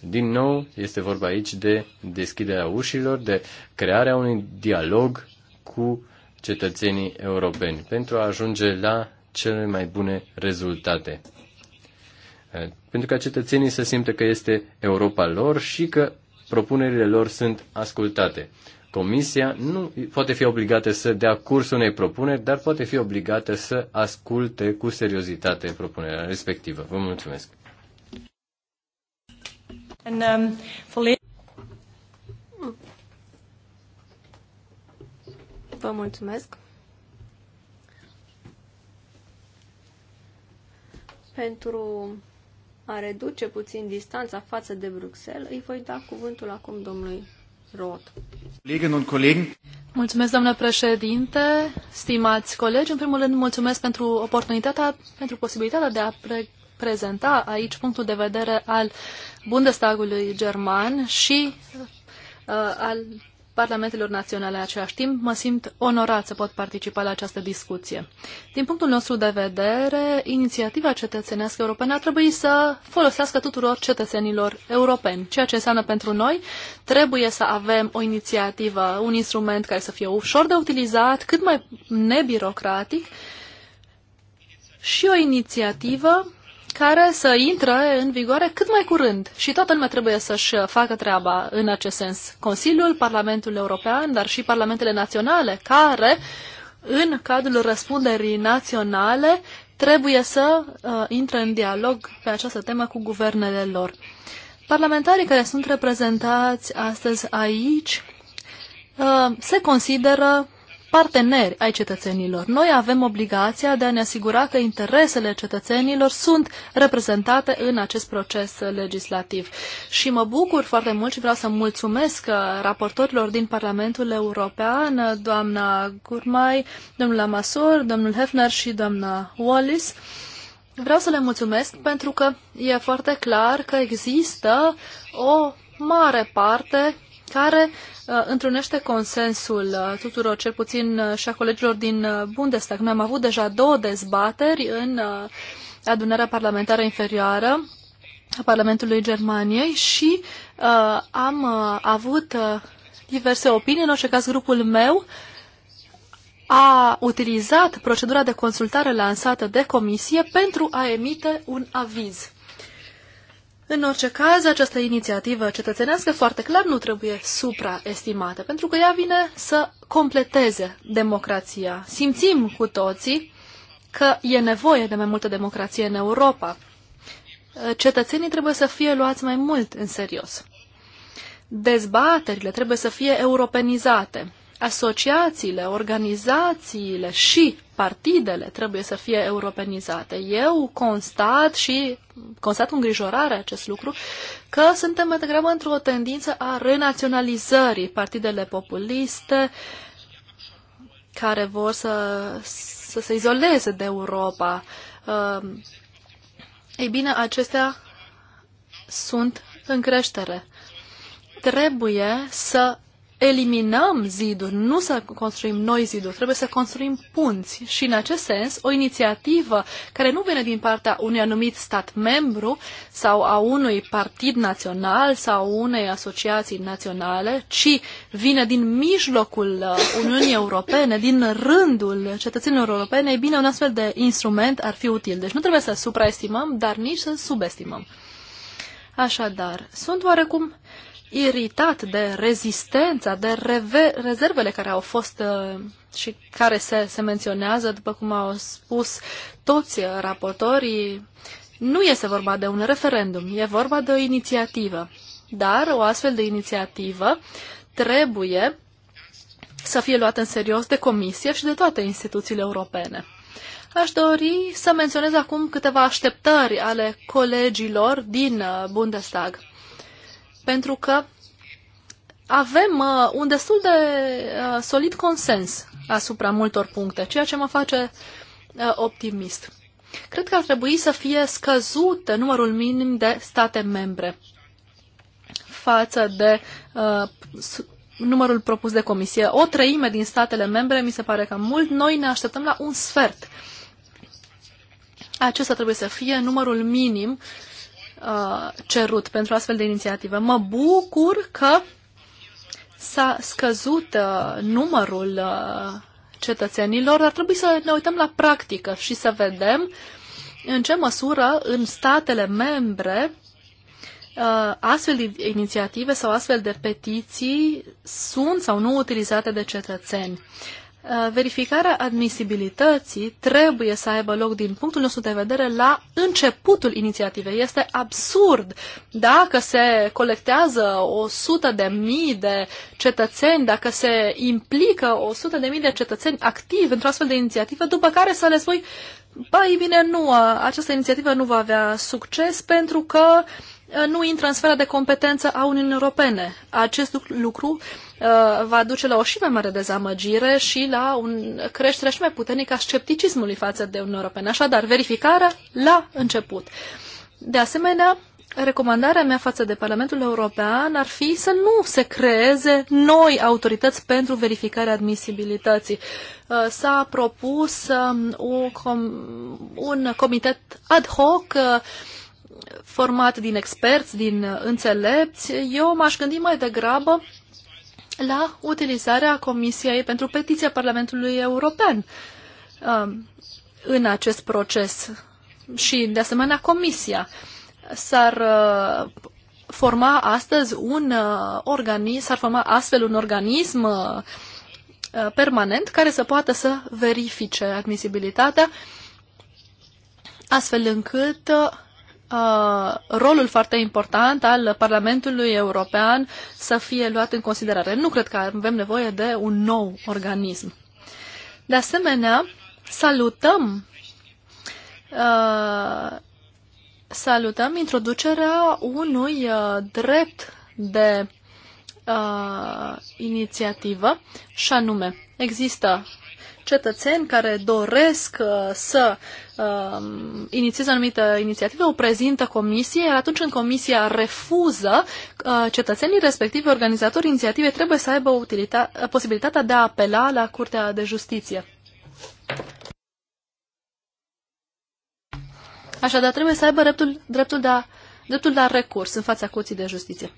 Din nou, este vorba aici de deschiderea ușilor, de crearea unui dialog cu cetățenii europeni pentru a ajunge la cele mai bune rezultate. Eh, pentru ca cetățenii să simtă că este Europa lor și că propunerile lor sunt ascultate. Comisia nu poate fi obligată să dea curs unei propuneri, dar poate fi obligată să asculte cu seriozitate propunerea respectivă. Vă mulțumesc! And, um, Vă mulțumesc pentru a reduce puțin distanța față de Bruxelles, îi voi da cuvântul acum domnului Roth. Mulțumesc, domnule președinte, stimați colegi. În primul rând, mulțumesc pentru oportunitatea, pentru posibilitatea de a pre prezenta aici punctul de vedere al Bundestagului german și uh, al parlamentelor naționale în același timp, mă simt onorat să pot participa la această discuție. Din punctul nostru de vedere, inițiativa cetățenească europeană ar trebui să folosească tuturor cetățenilor europeni. Ceea ce înseamnă pentru noi, trebuie să avem o inițiativă, un instrument care să fie ușor de utilizat, cât mai nebirocratic și o inițiativă care să intre în vigoare cât mai curând. Și toată lumea trebuie să-și uh, facă treaba în acest sens. Consiliul, Parlamentul European, dar și Parlamentele Naționale, care, în cadrul răspunderii naționale, trebuie să uh, intre în dialog pe această temă cu guvernele lor. Parlamentarii care sunt reprezentați astăzi aici uh, se consideră parteneri ai cetățenilor. Noi avem obligația de a ne asigura că interesele cetățenilor sunt reprezentate în acest proces legislativ. Și mă bucur foarte mult și vreau să mulțumesc raportorilor din Parlamentul European, doamna Gurmai, domnul Lamasur, domnul Hefner și doamna Wallis. Vreau să le mulțumesc pentru că e foarte clar că există o mare parte care uh, întrunește consensul uh, tuturor, cel puțin uh, și a colegilor din Bundestag. Noi am avut deja două dezbateri în adunarea parlamentară inferioară a Parlamentului Germaniei și uh, am uh, avut uh, diverse opinii. În orice caz, grupul meu a utilizat procedura de consultare lansată de comisie pentru a emite un aviz. În orice caz, această inițiativă cetățenească foarte clar nu trebuie supraestimată, pentru că ea vine să completeze democrația. Simțim cu toții că e nevoie de mai multă democrație în Europa. Cetățenii trebuie să fie luați mai mult în serios. Dezbaterile trebuie să fie europenizate asociațiile, organizațiile și partidele trebuie să fie europenizate. Eu constat și constat cu îngrijorare acest lucru că suntem mai degrabă într-o tendință a renaționalizării partidele populiste care vor să, să se izoleze de Europa. Um, Ei bine, acestea sunt în creștere. Trebuie să eliminăm ziduri, nu să construim noi ziduri, trebuie să construim punți. Și în acest sens, o inițiativă care nu vine din partea unui anumit stat membru sau a unui partid național sau unei asociații naționale, ci vine din mijlocul uh, Uniunii Europene, din rândul cetățenilor europene, e bine, un astfel de instrument ar fi util. Deci nu trebuie să supraestimăm, dar nici să subestimăm. Așadar, sunt oarecum iritat de rezistența, de rezervele care au fost uh, și care se, se menționează, după cum au spus toți raportorii, nu este vorba de un referendum, e vorba de o inițiativă. Dar o astfel de inițiativă trebuie să fie luată în serios de Comisie și de toate instituțiile europene. Aș dori să menționez acum câteva așteptări ale colegilor din uh, Bundestag pentru că avem uh, un destul de uh, solid consens asupra multor puncte, ceea ce mă face uh, optimist. Cred că ar trebui să fie scăzut numărul minim de state membre față de uh, numărul propus de comisie. O treime din statele membre mi se pare că mult. Noi ne așteptăm la un sfert. Acesta trebuie să fie numărul minim uh, Uh, cerut pentru astfel de inițiativă. Mă bucur că s-a scăzut uh, numărul uh, cetățenilor, dar trebuie să ne uităm la practică și să vedem în ce măsură în statele membre uh, astfel de inițiative sau astfel de petiții sunt sau nu utilizate de cetățeni. Uh, verificarea admisibilității trebuie să aibă loc din punctul nostru de vedere la începutul inițiativei. Este absurd dacă se colectează 100 de mii de cetățeni, dacă se implică 100 de mii de cetățeni activi într-o astfel de inițiativă, după care să le spui, băi bine, nu, această inițiativă nu va avea succes pentru că Uh, nu intră în sfera de competență a Uniunii Europene. Acest lucru uh, va duce la o și mai mare dezamăgire și la un creștere și mai puternică a scepticismului față de Uniunea Europeană. Așadar, verificarea la început. De asemenea, recomandarea mea față de Parlamentul European ar fi să nu se creeze noi autorități pentru verificarea admisibilității. Uh, s-a propus un, um, un comitet ad hoc format din experți, din uh, înțelepți, eu m-aș gândi mai degrabă la utilizarea Comisiei pentru Petiția Parlamentului European um, în acest proces și, de asemenea, Comisia. S-ar uh, forma astăzi un uh, organism, s-ar forma astfel un organism permanent care să poată să verifice admisibilitatea astfel încât Uh, rolul foarte important al Parlamentului European să fie luat în considerare. Nu cred că avem nevoie de un nou organism. De asemenea, salutăm uh, salutăm introducerea unui uh, drept de uh, inițiativă și anume există cetățeni care doresc uh, să uh, inițieze anumită inițiativă, o prezintă comisie, iar atunci când comisia refuză, uh, cetățenii respectivi, organizatorii inițiative, trebuie să aibă utilita- uh, posibilitatea de a apela la Curtea de Justiție. Așadar, trebuie să aibă dreptul, dreptul, de a, dreptul de a recurs în fața Curții de Justiție.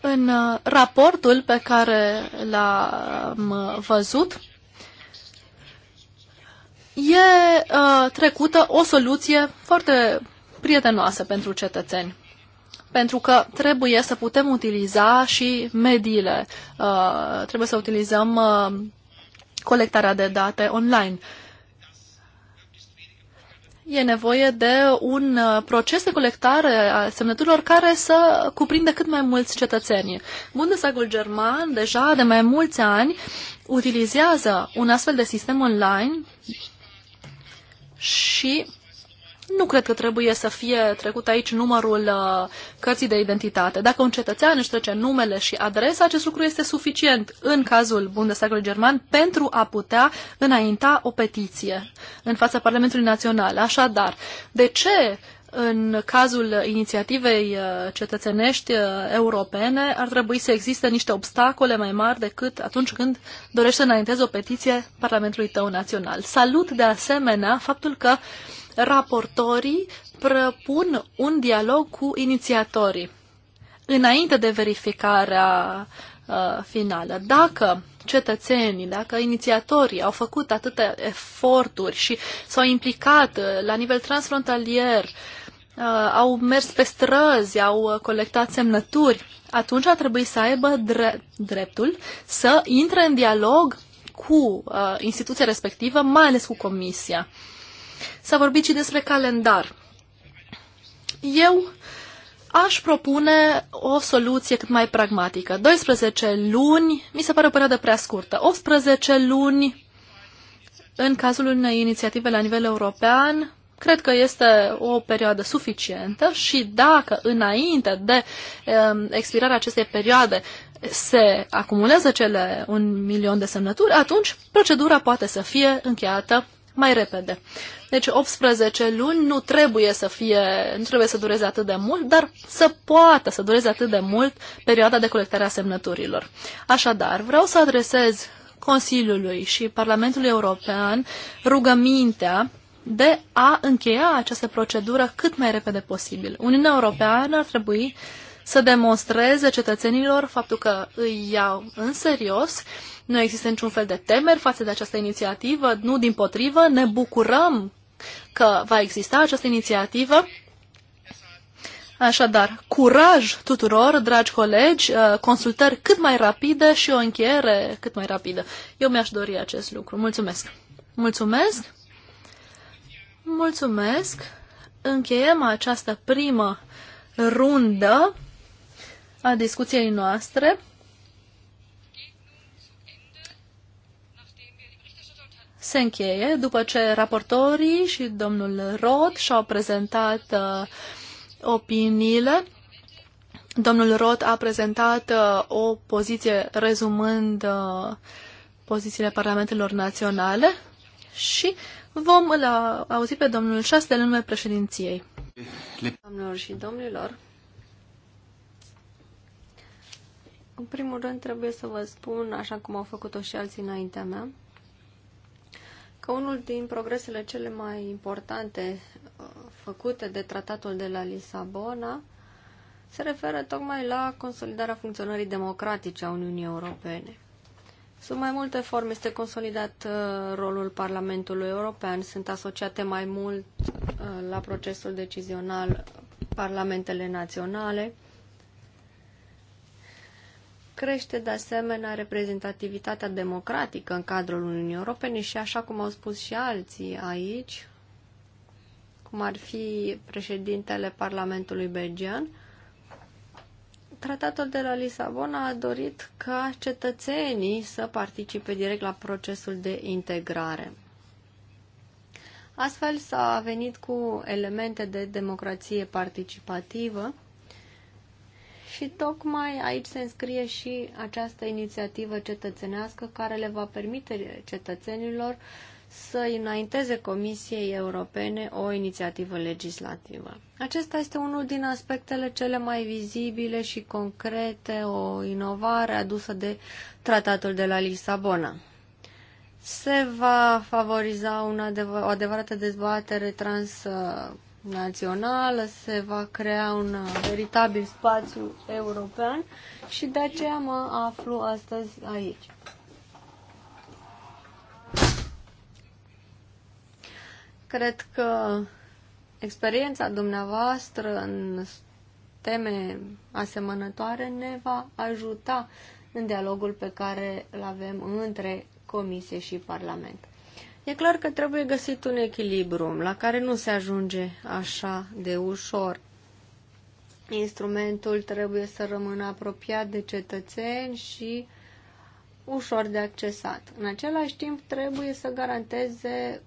În uh, raportul pe care l-am uh, văzut, e uh, trecută o soluție foarte prietenoasă pentru cetățeni. Pentru că trebuie să putem utiliza și mediile. trebuie să utilizăm colectarea de date online. Uh, e nevoie de un uh, proces de colectare a semnăturilor care să cuprindă cât mai mulți cetățeni. Bundesagul german deja de mai mulți ani utilizează un astfel de sistem online și nu cred că trebuie să fie trecut aici numărul uh, cărții de identitate. Dacă un cetățean își trece numele și adresa, acest lucru este suficient în cazul Bundestagului German pentru a putea înainta o petiție în fața Parlamentului Național. Așadar, de ce în cazul inițiativei uh, cetățenești uh, europene ar trebui să existe niște obstacole mai mari decât atunci când dorești să înaintezi o petiție Parlamentului tău național. Salut de asemenea faptul că uh, raportorii propun un dialog cu inițiatorii înainte de verificarea uh, finală. Dacă cetățenii, dacă inițiatorii au făcut atâtea eforturi și s-au implicat uh, la nivel transfrontalier, uh, au mers pe străzi, au uh, colectat semnături, atunci ar trebui să aibă dre- dreptul să intre în dialog cu uh, instituția respectivă, mai ales cu comisia. Uh, S-a vorbit și despre calendar. Eu aș propune o soluție cât mai pragmatică. 12 luni, mi se pare o perioadă prea scurtă. 18 luni, în cazul unei inițiative la nivel european, cred că este o perioadă suficientă și dacă înainte de um, expirarea acestei perioade se acumulează cele un milion de semnături, atunci procedura poate să fie încheiată mai repede. Deci 18 luni nu trebuie să fie, nu trebuie să dureze atât de mult, dar să poată să dureze atât de mult perioada de colectare a semnăturilor. Așadar, vreau să adresez Consiliului și Parlamentului European rugămintea de a încheia această procedură cât mai repede posibil. Uniunea Europeană ar trebui să demonstreze cetățenilor faptul că îi iau în serios. Nu există niciun fel de temeri față de această inițiativă, nu din potrivă, ne bucurăm că va exista această inițiativă. Așadar, curaj tuturor, dragi colegi, uh, consultări cât mai rapide și o încheiere cât mai rapidă. Eu mi-aș dori acest lucru. Mulțumesc! Mulțumesc! Mulțumesc! Încheiem această primă rundă a discuției noastre. se încheie după ce raportorii și domnul Rod și-au prezentat uh, opiniile. Domnul Rod a prezentat uh, o poziție rezumând uh, pozițiile parlamentelor naționale și vom îl auzi pe domnul Șas de lume președinției. Domnilor și domnilor, în primul rând trebuie să vă spun, așa cum au făcut-o și alții înaintea mea, că unul din progresele cele mai importante uh, făcute de tratatul de la Lisabona se referă tocmai la consolidarea funcționării democratice a Uniunii Europene. Sunt mai multe forme este consolidat uh, rolul Parlamentului European, sunt asociate mai mult uh, la procesul decizional parlamentele naționale, crește de asemenea reprezentativitatea democratică în cadrul Uniunii Europene și așa cum au spus și alții aici, cum ar fi președintele Parlamentului belgian, Tratatul de la Lisabona a dorit ca cetățenii să participe direct la procesul de integrare. Astfel s-a venit cu elemente de democrație participativă, și tocmai aici se înscrie și această inițiativă cetățenească care le va permite cetățenilor să înainteze Comisiei Europene o inițiativă legislativă. Acesta este unul din aspectele cele mai vizibile și concrete, o inovare adusă de Tratatul de la Lisabona. Se va favoriza un adevăr- o adevărată dezbatere trans națională, se va crea un veritabil spațiu european și de aceea mă aflu astăzi aici. Cred că experiența dumneavoastră în teme asemănătoare ne va ajuta în dialogul pe care îl avem între Comisie și Parlament. E clar că trebuie găsit un echilibru la care nu se ajunge așa de ușor. Instrumentul trebuie să rămână apropiat de cetățeni și ușor de accesat. În același timp trebuie să garanteze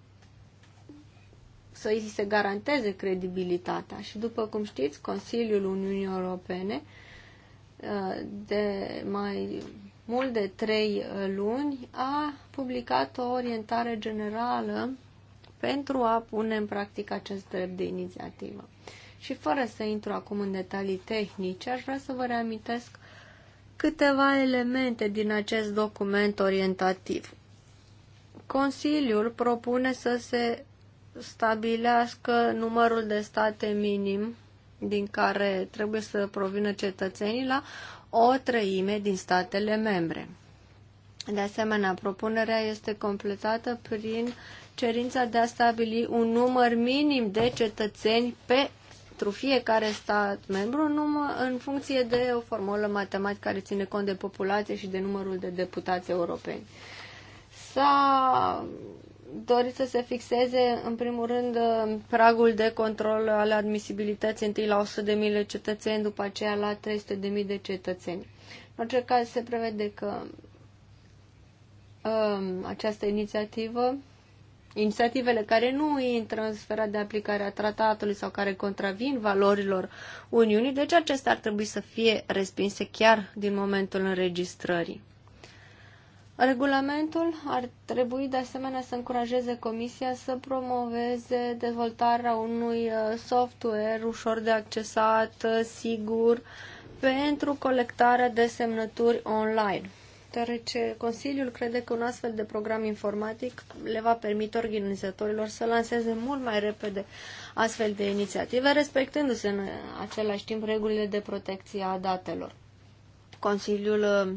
să îi se garanteze credibilitatea și după cum știți, Consiliul Uniunii Europene uh, de mai mult de trei uh, luni, a publicat o orientare generală pentru a pune în practică acest drept de inițiativă. Și fără să intru acum în detalii tehnice, aș vrea să vă reamintesc câteva elemente din acest document orientativ. Consiliul propune să se stabilească numărul de state minim din care trebuie să provină cetățenii la o treime din statele membre. De asemenea, propunerea este completată prin cerința de a stabili un număr minim de cetățeni pe fiecare stat membru numă în funcție de o formulă matematică care ține cont de populație și de numărul de deputați europeni. S-a dorit să se fixeze, în primul rând, uh, pragul de control al admisibilității întâi la 100.000 de cetățeni, după aceea la 300.000 de cetățeni. În orice caz, se prevede că um, această inițiativă, inițiativele care nu intră în sfera de aplicare a tratatului sau care contravin valorilor Uniunii, deci acestea ar trebui să fie respinse chiar din momentul înregistrării. Regulamentul ar trebui de asemenea să încurajeze Comisia să promoveze dezvoltarea unui uh, software ușor de accesat, uh, sigur, pentru colectarea de semnături online deoarece Consiliul crede că un astfel de program informatic le va permite organizatorilor să lanseze mult mai repede astfel de inițiative, respectându-se în același timp regulile de protecție a datelor. Consiliul uh,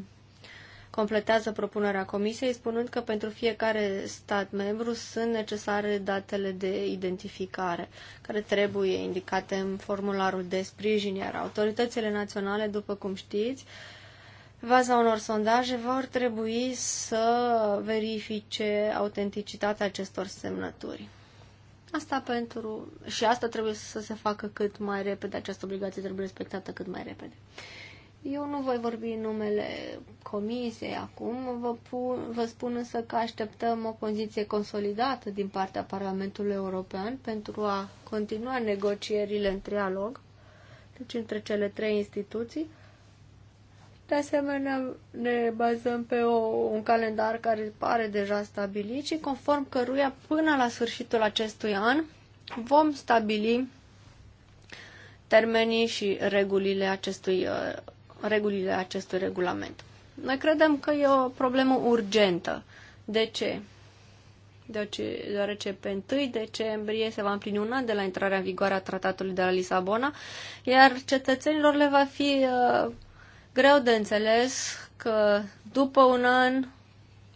completează propunerea Comisiei spunând că pentru fiecare stat membru sunt necesare datele de identificare care trebuie indicate în formularul de sprijin, iar autoritățile naționale, după cum știți, Vaza unor sondaje vor trebui să verifice autenticitatea acestor semnături. Asta pentru... și asta trebuie să se facă cât mai repede, această obligație trebuie respectată cât mai repede. Eu nu voi vorbi în numele comisiei acum, vă, pun, vă spun însă că așteptăm o poziție consolidată din partea Parlamentului European pentru a continua negocierile în trialog, deci între cele trei instituții. De asemenea, ne bazăm pe o, un calendar care pare deja stabilit și conform căruia până la sfârșitul acestui an vom stabili termenii și regulile acestui uh, regulile acestui regulament. Noi credem că e o problemă urgentă. De ce? Deoarece, deoarece pe 1 decembrie se va împlini un an de la intrarea în vigoare a tratatului de la Lisabona, iar cetățenilor le va fi uh, greu de înțeles că după un an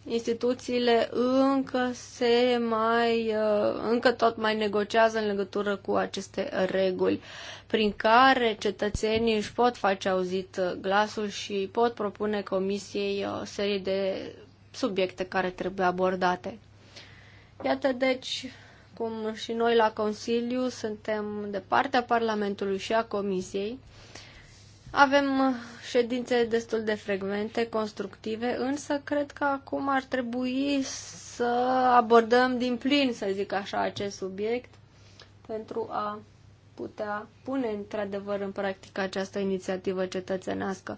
instituțiile încă se mai, uh, încă tot mai negociază în legătură cu aceste reguli prin care cetățenii își pot face auzit uh, glasul și pot propune comisiei o uh, serie de subiecte care trebuie abordate. Iată deci cum și noi la Consiliu suntem de partea Parlamentului și a Comisiei avem uh, ședințe destul de frecvente, constructive, însă cred că acum ar trebui să abordăm din plin, să zic așa, acest subiect pentru a putea pune într-adevăr în practică această inițiativă cetățenească.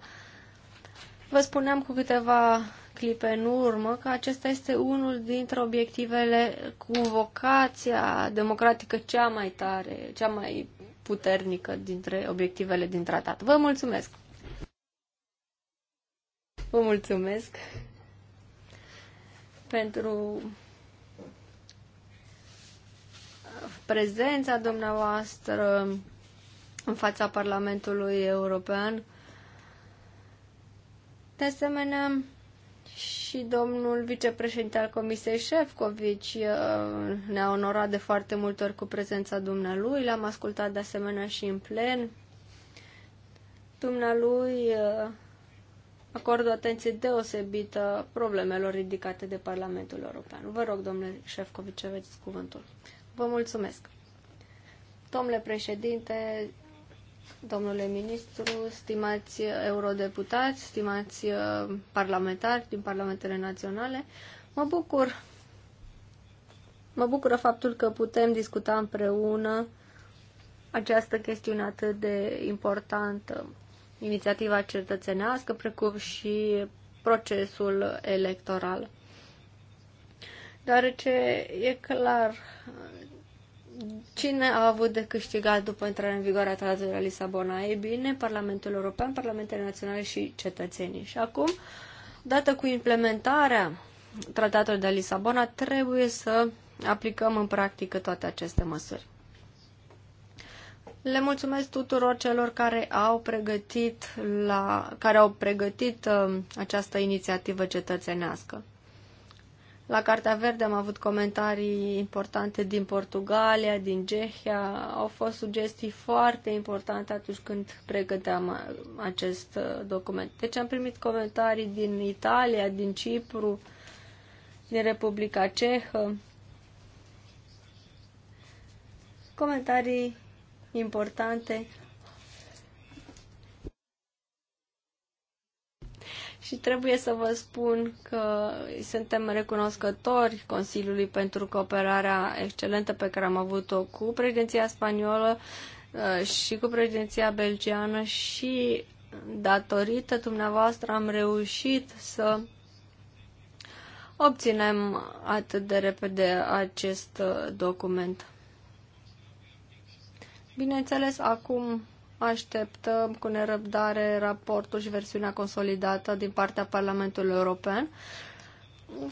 Vă spuneam cu câteva clipe în urmă că acesta este unul dintre obiectivele cu vocația democratică cea mai tare, cea mai puternică dintre obiectivele din tratat. Vă mulțumesc! Vă mulțumesc pentru prezența dumneavoastră în fața Parlamentului European. De asemenea, și domnul vicepreședinte al Comisiei Șefcovici uh, ne-a onorat de foarte multe ori cu prezența dumnealui. L-am ascultat de asemenea și în plen. Dumnealui uh, acordă o atenție deosebită problemelor ridicate de Parlamentul European. Vă rog, domnule Șefcovici, aveți cuvântul. Vă mulțumesc. Domnule președinte, domnule ministru, stimați eurodeputați, stimați uh, parlamentari din parlamentele naționale. Mă bucur Mă bucură faptul că putem discuta împreună această chestiune atât de importantă, inițiativa cetățenească, precum și procesul electoral. Deoarece e clar Cine a avut de câștigat după intrarea în vigoare a tratatului la Lisabona? Ei bine, Parlamentul European, Parlamentele Naționale și cetățenii. Și acum, dată cu implementarea tratatului de Lisabona, trebuie să aplicăm în practică toate aceste măsuri. Le mulțumesc tuturor celor care au pregătit, la, care au pregătit uh, această inițiativă cetățenească. La Cartea Verde am avut comentarii importante din Portugalia, din Cehia. Au fost sugestii foarte importante atunci când pregăteam uh, acest uh, document. Deci am primit comentarii din Italia, din Cipru, din Republica Cehă. Comentarii importante și trebuie să vă spun că suntem recunoscători Consiliului pentru cooperarea excelentă pe care am avut-o cu președinția spaniolă uh, și cu președinția belgiană și datorită dumneavoastră am reușit să obținem atât de repede acest document. Bineînțeles, acum Așteptăm cu nerăbdare raportul și versiunea consolidată din partea Parlamentului European,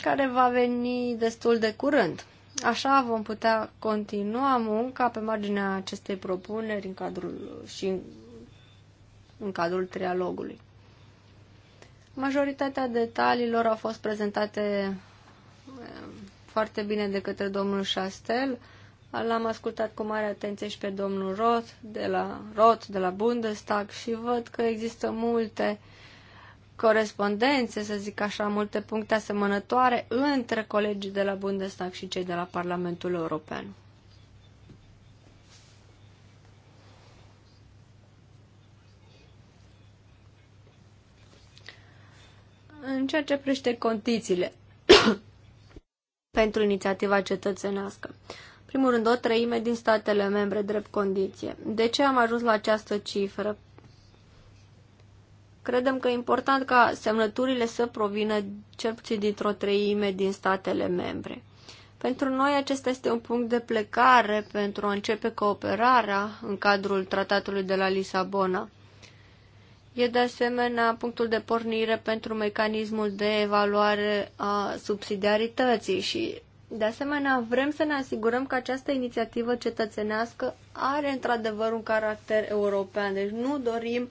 care va veni destul de curând. Așa vom putea continua munca pe marginea acestei propuneri în cadrul și în, în cadrul trialogului. Majoritatea detaliilor au fost prezentate eh, foarte bine de către domnul Chastel. L-am ascultat cu mare atenție și pe domnul Roth de la, Roth de la Bundestag și văd că există multe corespondențe, să zic așa, multe puncte asemănătoare între colegii de la Bundestag și cei de la Parlamentul European. În ceea ce prește condițiile pentru inițiativa cetățenească. Uh, primul rând, o treime din statele membre drept condiție. De ce am ajuns la această cifră? Credem că e important ca semnăturile să provină cel puțin dintr-o treime din statele membre. Pentru noi acesta este un punct de plecare pentru a începe cooperarea în cadrul tratatului de la Lisabona. E de asemenea punctul de pornire pentru mecanismul de evaluare a subsidiarității și de asemenea, vrem să ne asigurăm că această inițiativă cetățenească are într-adevăr un caracter european, deci nu dorim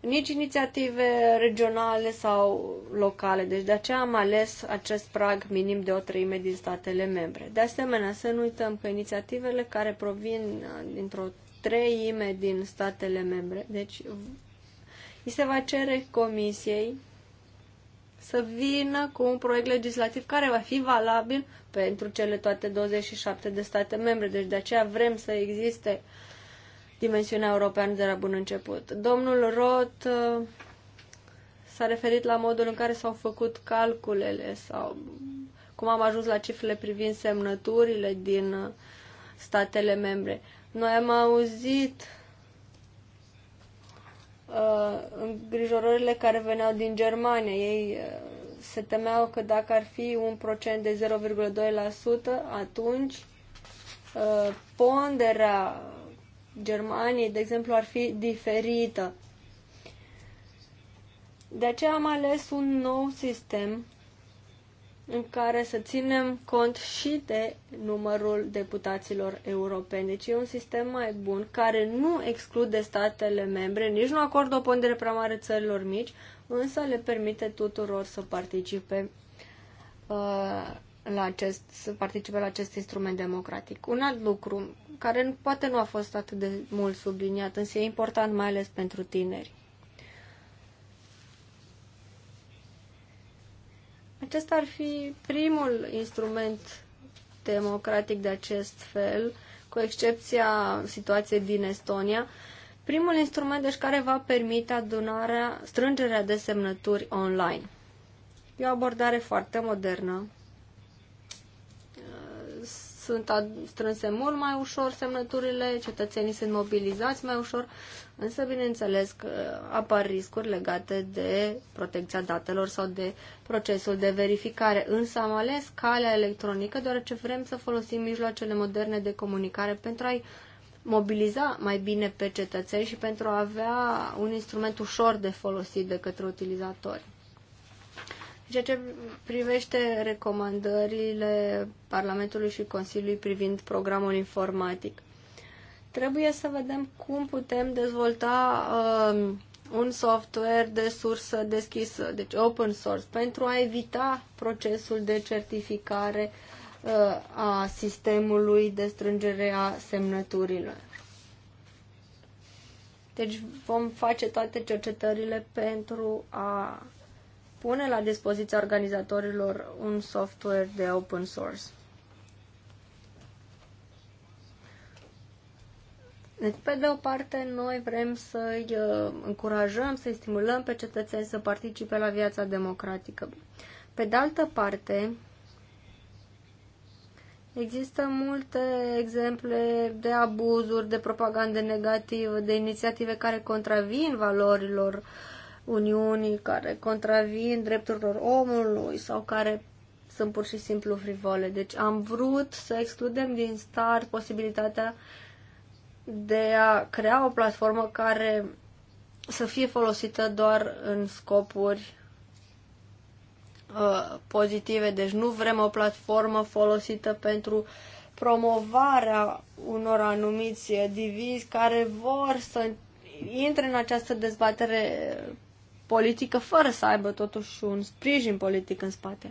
nici inițiative regionale sau locale, deci de aceea am ales acest prag minim de o treime din statele membre. De asemenea, să nu uităm că inițiativele care provin uh, dintr-o treime din statele membre, deci îi se va cere comisiei să vină cu un proiect legislativ care va fi valabil pentru cele toate 27 de state membre. Deci de aceea vrem să existe dimensiunea europeană de la bun început. Domnul Roth uh, s-a referit la modul în care s-au făcut calculele sau cum am ajuns la cifrele privind semnăturile din uh, statele membre. Noi am auzit uh, îngrijorările care veneau din Germania. Ei uh, se temeau că dacă ar fi un procent de 0,2%, atunci uh, ponderea Germaniei, de exemplu, ar fi diferită. De aceea am ales un nou sistem în care să ținem cont și de numărul deputaților europeni. Deci e un sistem mai bun care nu exclude statele membre, nici nu acordă o pondere prea mare țărilor mici, însă le permite tuturor să participe uh, la acest, să participe la acest instrument democratic. Un alt lucru care poate nu a fost atât de mult subliniat, însă e important mai ales pentru tineri. Acesta ar fi primul instrument democratic de acest fel, cu excepția situației din Estonia, primul instrument deci care va permite adunarea, strângerea de semnături online. E o abordare foarte modernă, sunt strânse mult mai ușor semnăturile, cetățenii sunt mobilizați mai ușor, însă bineînțeles că apar riscuri legate de protecția datelor sau de procesul de verificare. Însă am ales calea electronică deoarece vrem să folosim mijloacele moderne de comunicare pentru a-i mobiliza mai bine pe cetățeni și pentru a avea un instrument ușor de folosit de către utilizatori ceea ce privește recomandările Parlamentului și Consiliului privind programul informatic. Trebuie să vedem cum putem dezvolta uh, un software de sursă deschisă, deci open source, pentru a evita procesul de certificare uh, a sistemului de strângere a semnăturilor. Deci vom face toate cercetările pentru a pune la dispoziția organizatorilor un software de open source. Deci, pe de o parte, noi vrem să-i uh, încurajăm, să-i stimulăm pe cetățeni să participe la viața democratică. Pe de altă parte, există multe exemple de abuzuri, de propagandă negativă, de inițiative care contravin valorilor uh, Uniunii care contravin drepturilor omului sau care sunt pur și simplu frivole. Deci am vrut să excludem din start posibilitatea de a crea o platformă care să fie folosită doar în scopuri uh, pozitive. Deci nu vrem o platformă folosită pentru promovarea unor anumiți divizi care vor să intre în această dezbatere politică fără să aibă totuși un sprijin politic în spate.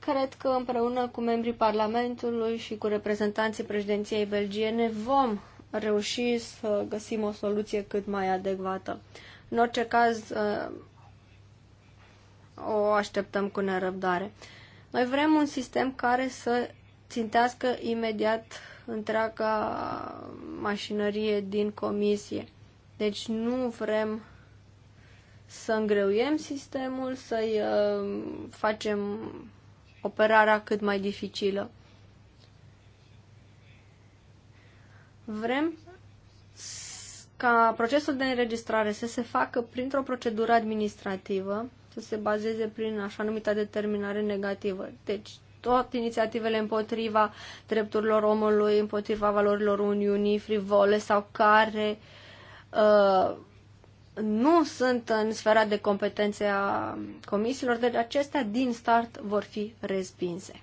Cred că împreună cu membrii Parlamentului și cu reprezentanții președinției belgiene vom reuși să găsim o soluție cât mai adecvată. În orice caz, ă, o așteptăm cu nerăbdare. Noi vrem un sistem care să țintească imediat întreaga mașinărie din comisie. Deci nu vrem să îngreuiem sistemul, să-i uh, facem operarea cât mai dificilă. Vrem ca procesul de înregistrare să se facă printr-o procedură administrativă, să se bazeze prin așa numita determinare negativă. Deci, tot inițiativele împotriva drepturilor omului, împotriva valorilor Uniunii frivole sau care uh, Uh, nu sunt în sfera de competențe a comisiilor, deci acestea din start vor fi respinse.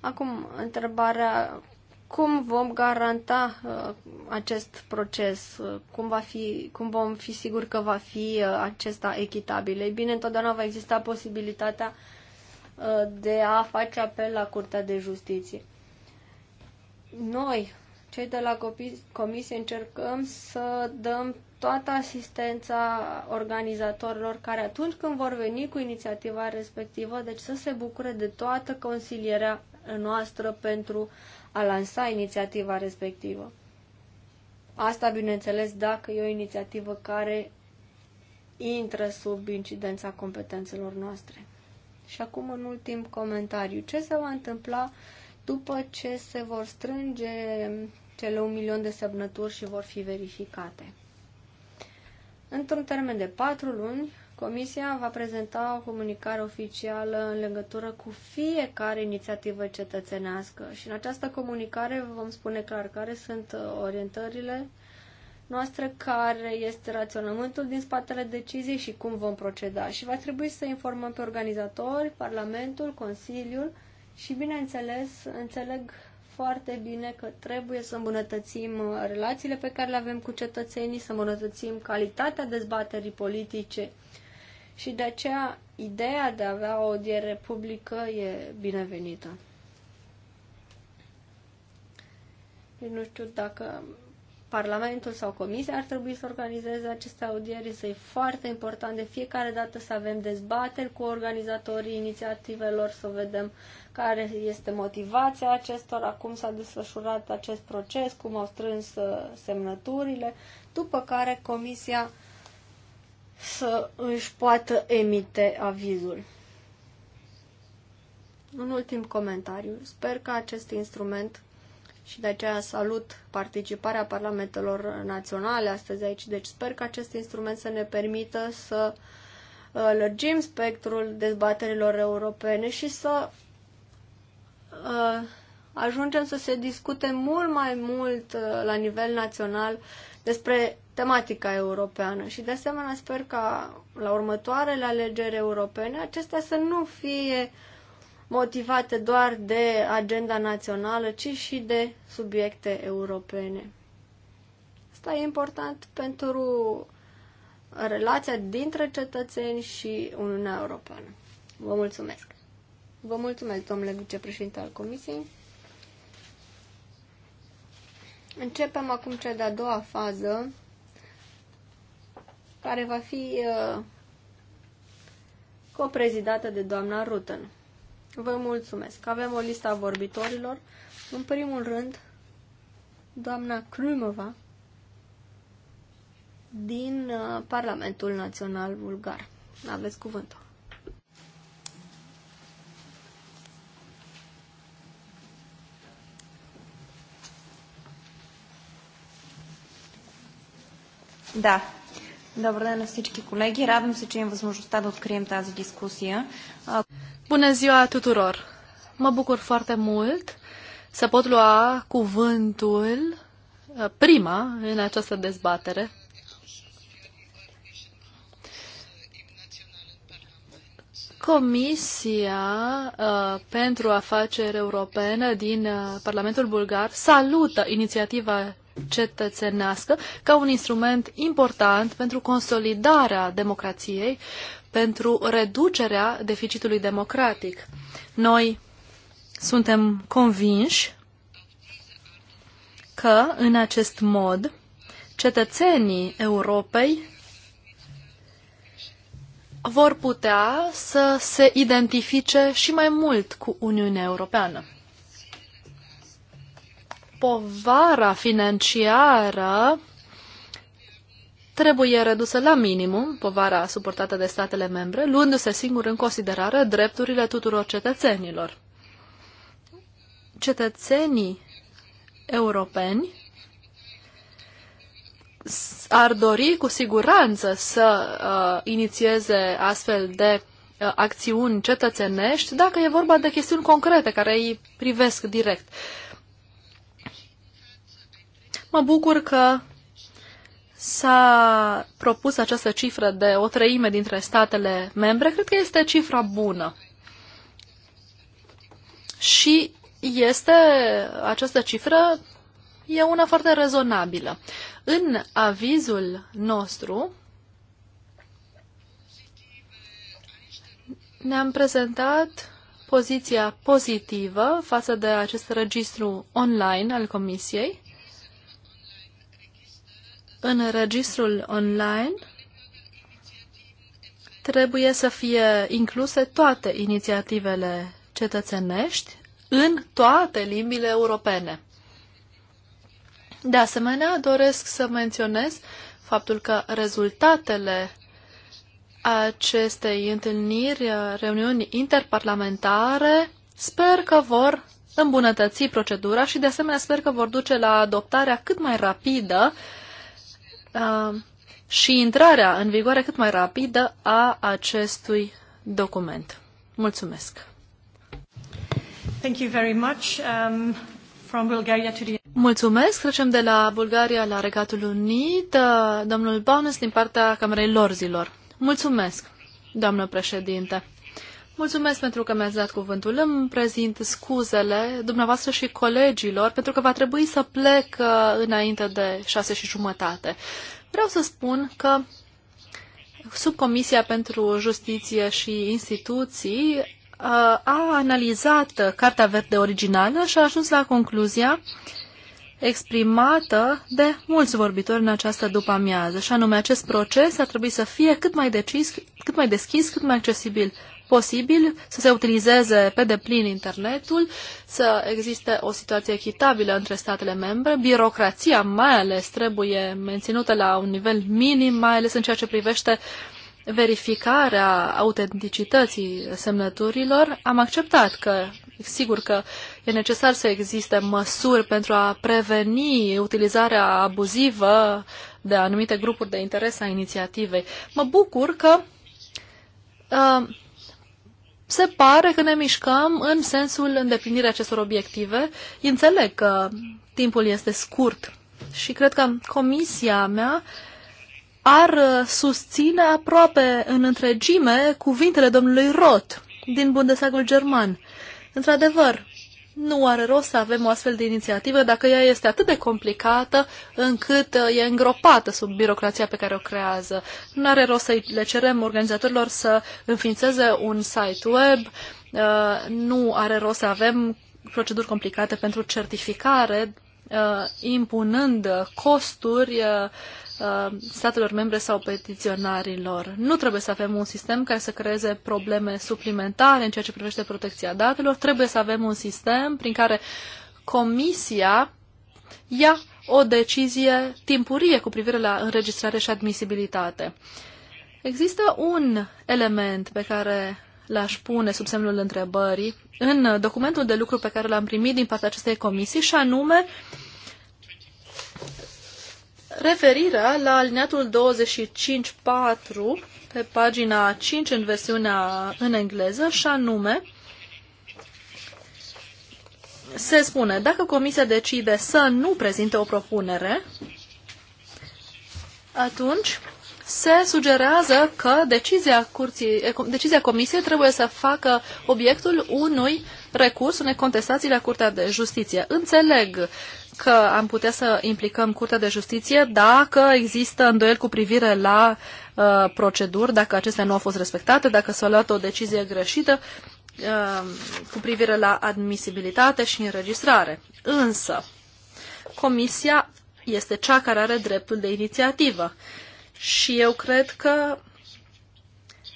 Acum, întrebarea cum vom garanta uh, acest proces? Cum, va fi, cum vom fi siguri că va fi uh, acesta echitabil? Ei bine, întotdeauna va exista posibilitatea uh, de a face apel la Curtea de Justiție. Noi, cei de la comisie încercăm să dăm toată asistența organizatorilor care atunci când vor veni cu inițiativa respectivă, deci să se bucure de toată consilierea noastră pentru a lansa inițiativa respectivă. Asta, bineînțeles, dacă e o inițiativă care intră sub incidența competențelor noastre. Și acum în ultim comentariu. Ce se va întâmpla după ce se vor strânge cele un milion de semnături și vor fi verificate. Într-un termen de patru luni, Comisia va prezenta o comunicare oficială în legătură cu fiecare inițiativă cetățenească și în această comunicare vom spune clar care sunt uh, orientările noastre, care este raționamentul din spatele deciziei și cum vom proceda. Și va trebui să informăm pe organizatori, Parlamentul, Consiliul, și bineînțeles, înțeleg foarte bine că trebuie să îmbunătățim uh, relațiile pe care le avem cu cetățenii, să îmbunătățim calitatea dezbaterii politice și de aceea ideea de a avea o audiere publică e binevenită. Eu deci, nu știu dacă Parlamentul sau Comisia ar trebui să organizeze aceste audieri, să e foarte important de fiecare dată să avem dezbateri cu organizatorii inițiativelor, să vedem care este motivația acestora, cum s-a desfășurat acest proces, cum au strâns uh, semnăturile, după care comisia să își poată emite avizul. Un ultim comentariu. Sper că acest instrument și de aceea salut participarea parlamentelor naționale astăzi aici. Deci sper că acest instrument să ne permită să uh, lărgim spectrul dezbaterilor europene și să Uh, ajungem să se discute mult mai mult uh, la nivel național despre tematica europeană și de asemenea sper ca la următoarele alegeri europene acestea să nu fie motivate doar de agenda națională, ci și de subiecte europene. Asta e important pentru relația dintre cetățeni și Uniunea Europeană. Vă mulțumesc! Vă mulțumesc, domnule vicepreședinte al Comisiei. Începem acum cea de-a doua fază, care va fi uh, coprezidată de doamna Rutten. Vă mulțumesc. Avem o listă a vorbitorilor. În primul rând, doamna Krumova din uh, Parlamentul Național Bulgar. Aveți cuvântul. Да. Da. Добър ден на всички колеги. Радвам се, че имам възможността да открием тази дискусия. Bună ziua tuturor! Mă bucur foarte mult să pot lua cuvântul prima în această dezbatere. Comisia uh, pentru Afaceri Europene din uh, Parlamentul Bulgar salută inițiativa cetățenească ca un instrument important pentru consolidarea democrației, pentru reducerea deficitului democratic. Noi suntem convinși că, în acest mod, cetățenii Europei vor putea să se identifice și mai mult cu Uniunea Europeană povara financiară trebuie redusă la minimum, povara suportată de statele membre, luându-se singur în considerare drepturile tuturor cetățenilor. Cetățenii europeni ar dori cu siguranță să uh, inițieze astfel de uh, acțiuni cetățenești dacă e vorba de chestiuni concrete care îi privesc direct. Uh, Mă bucur că s-a propus această cifră de o treime dintre statele membre. Cred că este cifra bună. Și este această cifră e una foarte rezonabilă. În avizul nostru ne-am prezentat poziția pozitivă față de acest registru online al Comisiei în registrul online trebuie să fie incluse toate inițiativele cetățenești în toate limbile europene. De asemenea, doresc să menționez faptul că rezultatele acestei întâlniri, reuniuni interparlamentare, sper că vor îmbunătăți procedura și, de asemenea, sper că vor duce la adoptarea cât mai rapidă Uh, și intrarea în vigoare cât mai rapidă a acestui document. Mulțumesc! Thank you very much. Um, from Bulgaria to the... Mulțumesc! Trecem de la Bulgaria la Regatul Unit. Uh, domnul Baunes, din partea Camerei Lorzilor. Mulțumesc, doamnă președinte! Mulțumesc pentru că mi-ați dat cuvântul. Îmi prezint scuzele dumneavoastră și colegilor pentru că va trebui să plec uh, înainte de șase și jumătate. Vreau să spun că Subcomisia pentru Justiție și Instituții uh, a analizat Cartea Verde originală și a ajuns la concluzia exprimată de mulți vorbitori în această după-amiază, și anume acest proces ar trebui să fie cât mai decis, cât mai deschis, cât mai accesibil posibil să se utilizeze pe deplin internetul, să existe o situație echitabilă între statele membre. Birocrația mai ales trebuie menținută la un nivel minim, mai ales în ceea ce privește verificarea autenticității semnăturilor. Am acceptat că, sigur că e necesar să existe măsuri pentru a preveni utilizarea abuzivă de anumite grupuri de interes a inițiativei. Mă bucur că uh, se pare că ne mișcăm în sensul îndeplinirii acestor obiective. Înțeleg că timpul este scurt și cred că comisia mea ar susține aproape în întregime cuvintele domnului Roth din Bundesagul German. Într-adevăr, nu are rost să avem o astfel de inițiativă dacă ea este atât de complicată încât uh, e îngropată sub birocrația pe care o creează. Nu are rost să le cerem organizatorilor să înființeze un site web, uh, nu are rost să avem proceduri complicate pentru certificare, uh, impunând costuri Uh, statelor membre sau petiționarilor. Nu trebuie să avem un sistem care să creeze probleme suplimentare în ceea ce privește protecția datelor. Trebuie să avem un sistem prin care Comisia ia o decizie timpurie cu privire la înregistrare și admisibilitate. Există un element pe care l-aș pune sub semnul întrebării în documentul de lucru pe care l-am primit din partea acestei comisii și anume referirea la alineatul 25.4 pe pagina 5 în versiunea în engleză și anume se spune, dacă comisia decide să nu prezinte o propunere, atunci se sugerează că decizia, curții, decizia comisiei trebuie să facă obiectul unui recurs, unei contestații la Curtea de Justiție. Înțeleg că am putea să implicăm Curtea de Justiție dacă există îndoieli cu privire la uh, proceduri, dacă acestea nu au fost respectate, dacă s-a luat o decizie greșită uh, cu privire la admisibilitate și înregistrare. Însă, Comisia este cea care are dreptul de inițiativă și eu cred că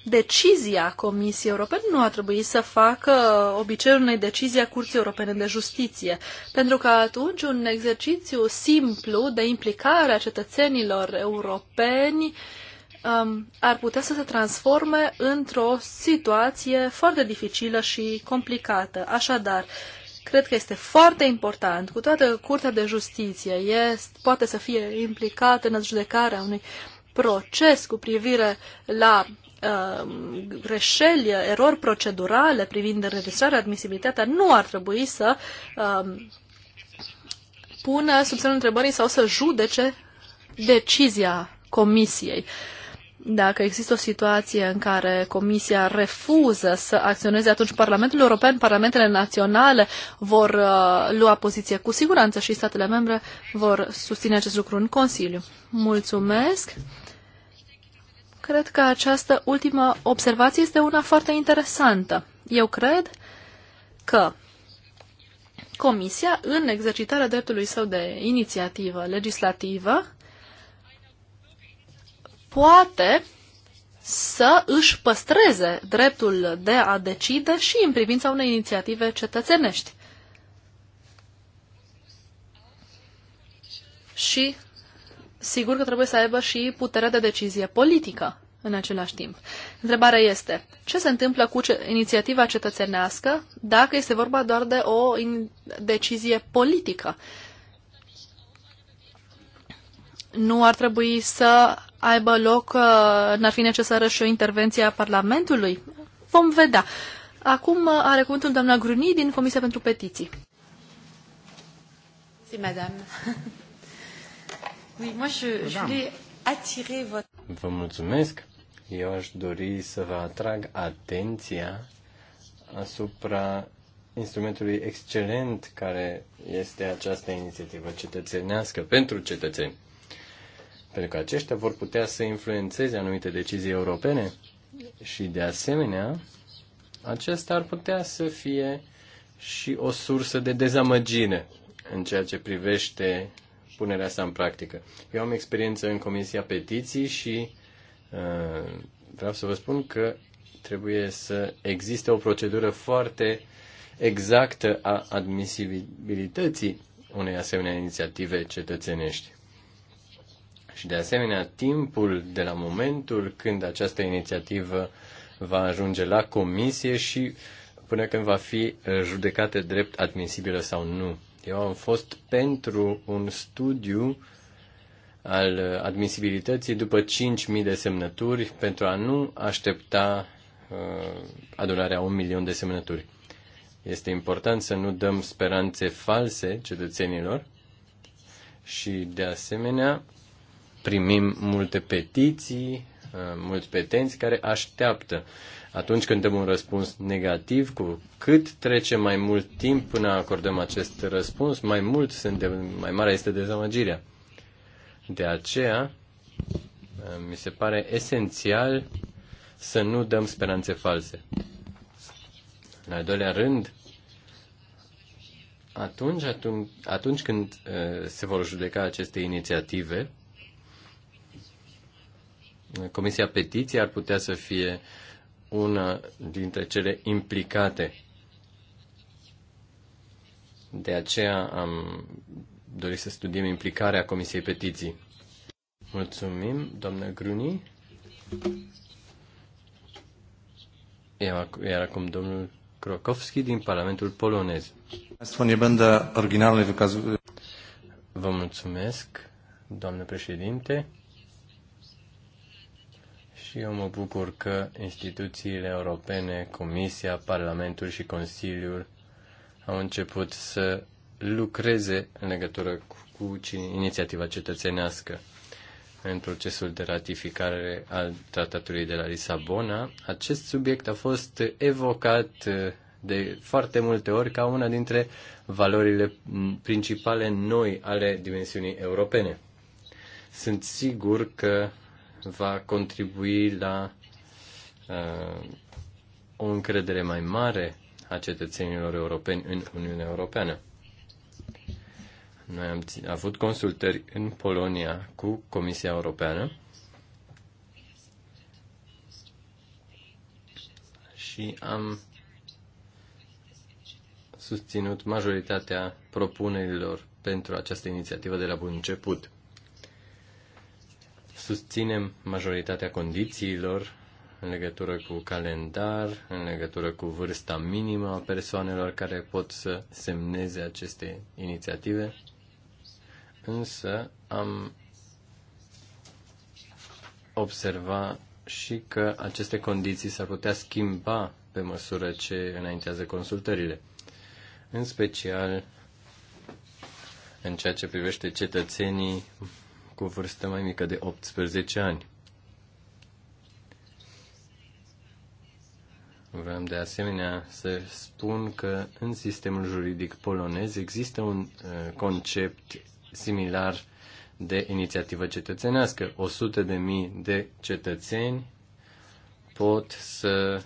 decizia Comisiei Europene nu a trebuit să facă obiceiul unei decizii a Curții Europene de Justiție, pentru că atunci un exercițiu simplu de implicare a cetățenilor europeni um, ar putea să se transforme într-o situație foarte dificilă și complicată. Așadar, cred că este foarte important, cu toate că Curtea de Justiție este, poate să fie implicată în adjudecarea unui proces cu privire la Um, greșeli, erori procedurale privind înregistrarea, admisibilitatea, nu ar trebui să um, pună sub semnul întrebării sau să judece decizia comisiei. Dacă există o situație în care Comisia refuză să acționeze, atunci Parlamentul European, Parlamentele Naționale vor uh, lua poziție cu siguranță și statele membre vor susține acest lucru în Consiliu. Mulțumesc! cred că această ultimă observație este una foarte interesantă. Eu cred că Comisia, în exercitarea dreptului său de inițiativă legislativă, poate să își păstreze dreptul de a decide și în privința unei inițiative cetățenești. Și sigur că trebuie să aibă și puterea de decizie politică în același timp. Întrebarea este, ce se întâmplă cu ce, inițiativa cetățenească dacă este vorba doar de o in, decizie politică? Nu ar trebui să aibă loc, uh, n-ar fi necesară și o intervenție a Parlamentului? Vom vedea. Acum uh, are cuvântul doamna Gruni din Comisia pentru Petiții. Si, madame. Oui, moi je, je voulais attirer votre... Vă mulțumesc. Eu aș dori să vă atrag atenția asupra instrumentului excelent care este această inițiativă cetățenească pentru cetățeni. Pentru că aceștia vor putea să influențeze anumite decizii europene și, de asemenea, acesta ar putea să fie și o sursă de dezamăgire în ceea ce privește punerea sa în practică. Eu am experiență în Comisia Petiții și uh, vreau să vă spun că trebuie să existe o procedură foarte exactă a admisibilității unei asemenea inițiative cetățenești. Și de asemenea, timpul de la momentul când această inițiativă va ajunge la comisie și până când va fi judecată drept admisibilă sau nu. Eu am fost pentru un studiu al admisibilității după 5.000 de semnături pentru a nu aștepta uh, adunarea un milion de semnături. Este important să nu dăm speranțe false cetățenilor și, de asemenea, primim multe petiții, uh, mulți petenți care așteaptă. Uh, atunci când dăm un răspuns negativ, cu cât trece mai mult timp până acordăm acest răspuns, mai mult suntem, mai mare este dezamăgirea. De aceea, mi se pare esențial să nu dăm speranțe false. În al doilea rând, atunci, atunci, atunci când uh, se vor judeca aceste inițiative, Comisia Petiției ar putea să fie una dintre cele implicate. De aceea am dorit să studiem implicarea Comisiei Petiții. Mulțumim, doamnă Gruni. Iar acum domnul Krokowski din Parlamentul Polonez. Vă mulțumesc, doamnă președinte. Și eu mă bucur că instituțiile europene, Comisia, Parlamentul și Consiliul au început să lucreze în legătură cu inițiativa cetățenească. În procesul de ratificare al Tratatului de la Lisabona, acest subiect a fost evocat uh, de foarte multe ori ca una dintre valorile principale noi ale dimensiunii europene. Sunt sigur că va contribui la uh, o încredere mai mare a cetățenilor europeni în Uniunea Europeană. Noi am avut consultări în Polonia cu Comisia Europeană și am susținut majoritatea propunerilor pentru această inițiativă de la bun început. Susținem majoritatea condițiilor în legătură cu calendar, în legătură cu vârsta minimă a persoanelor care pot să semneze aceste inițiative, însă am observa și că aceste condiții s-ar putea schimba pe măsură ce înaintează consultările. În special în ceea ce privește cetățenii cu o vârstă mai mică de 18 ani. Vreau de asemenea să spun că în sistemul juridic polonez există un uh, concept similar de inițiativă cetățenească. 100.000 de mii de cetățeni pot să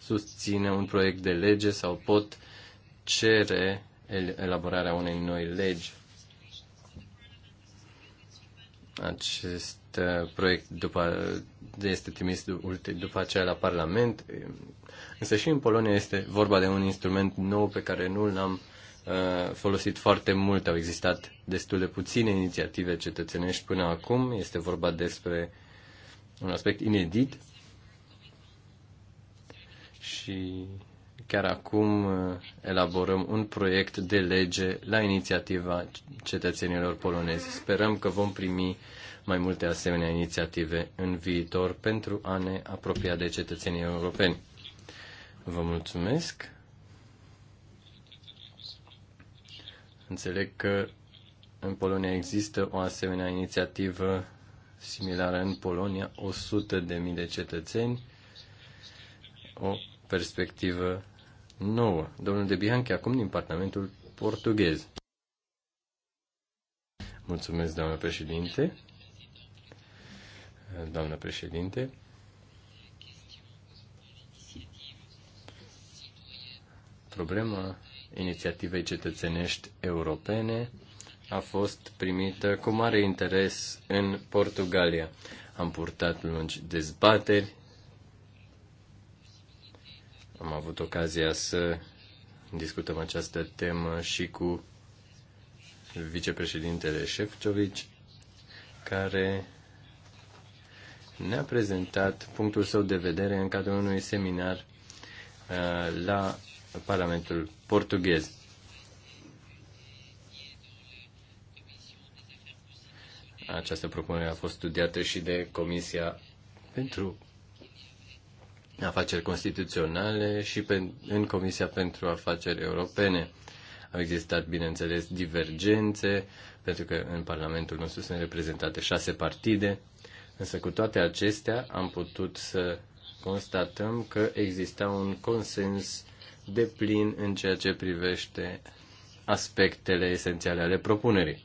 susțină un proiect de lege sau pot cere elaborarea unei noi legi. Acest uh, proiect după, este trimis după aceea la Parlament, însă și în Polonia este vorba de un instrument nou pe care nu l-am uh, folosit foarte mult. Au existat destul de puține inițiative cetățenești până acum. Este vorba despre un aspect inedit și Chiar acum eh, elaborăm un proiect de lege la inițiativa cetățenilor polonezi. Sperăm că vom primi mai multe asemenea inițiative în viitor pentru a ne apropia de cetățenii europeni. Vă mulțumesc. Înțeleg că în Polonia există o asemenea inițiativă similară în Polonia, 100 de mii de cetățeni, o perspectivă 9. Domnul De Bianchi, acum din Parlamentul Portughez. Mulțumesc, doamnă președinte. Doamnă președinte. Problema inițiativei cetățenești europene a fost primită cu mare interes în Portugalia. Am purtat lungi dezbateri am avut ocazia să discutăm această temă și cu vicepreședintele Șefcovici, care ne-a prezentat punctul său de vedere în cadrul unui seminar uh, la Parlamentul portughez. Această propunere a fost studiată și de Comisia pentru afaceri constituționale și pe, în Comisia pentru Afaceri Europene. Au existat, bineînțeles, divergențe, pentru că în Parlamentul nostru sunt reprezentate șase partide, însă cu toate acestea am putut să constatăm că exista un consens de plin în ceea ce privește aspectele esențiale ale propunerii.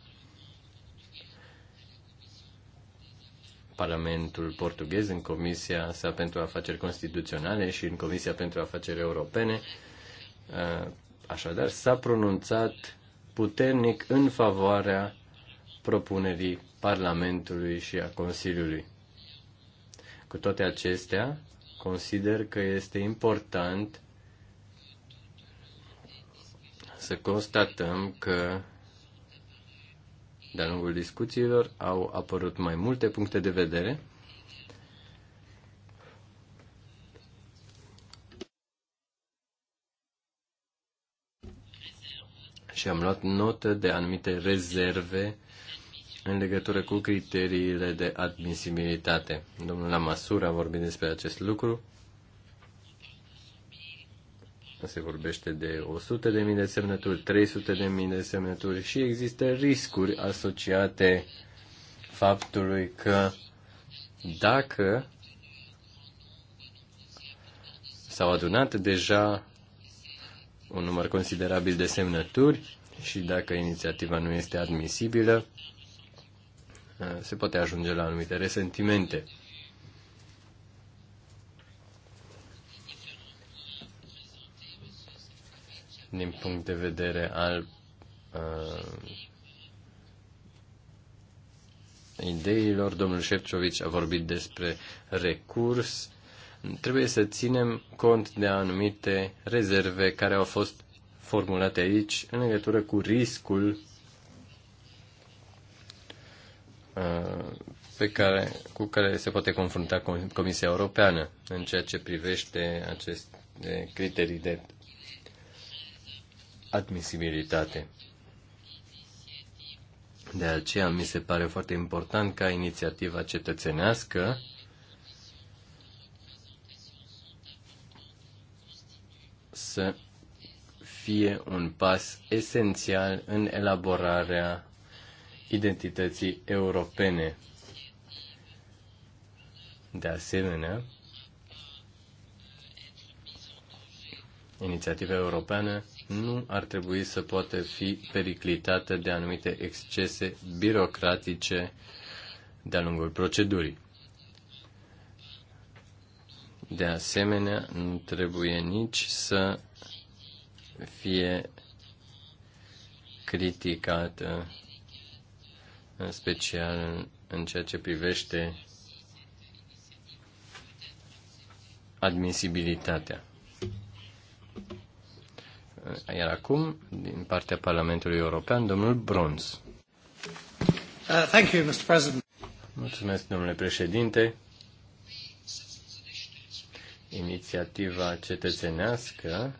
Parlamentul portughez, în Comisia sa pentru afaceri constituționale și în Comisia pentru afaceri europene. Uh, așadar, s-a pronunțat puternic în favoarea propunerii Parlamentului și a Consiliului. Cu toate acestea, consider că este important să constatăm că de-a lungul discuțiilor au apărut mai multe puncte de vedere. Și am luat notă de anumite rezerve în legătură cu criteriile de admisibilitate. Domnul Lamasur a vorbit despre acest lucru se vorbește de 100.000 de semnături, 300.000 de semnături și există riscuri asociate faptului că dacă s-au adunat deja un număr considerabil de semnături și dacă inițiativa nu este admisibilă, se poate ajunge la anumite resentimente. din punct de vedere al uh, ideilor. Domnul Șepciovic a vorbit despre recurs. Trebuie să ținem cont de anumite rezerve care au fost formulate aici în legătură cu riscul uh, pe care, cu care se poate confrunta Comisia Europeană în ceea ce privește aceste criterii de admisibilitate. De aceea mi se pare foarte important ca inițiativa cetățenească să fie un pas esențial în elaborarea identității europene. De asemenea, inițiativa europeană nu ar trebui să poată fi periclitată de anumite excese birocratice de-a lungul procedurii. De asemenea, nu trebuie nici să fie criticată, în special în, în ceea ce privește admisibilitatea. Eh, iar acum, din partea Parlamentului European, domnul Bruns. Uh, thank you, Mr. President. Mulțumesc, domnule președinte. Inițiativa cetățenească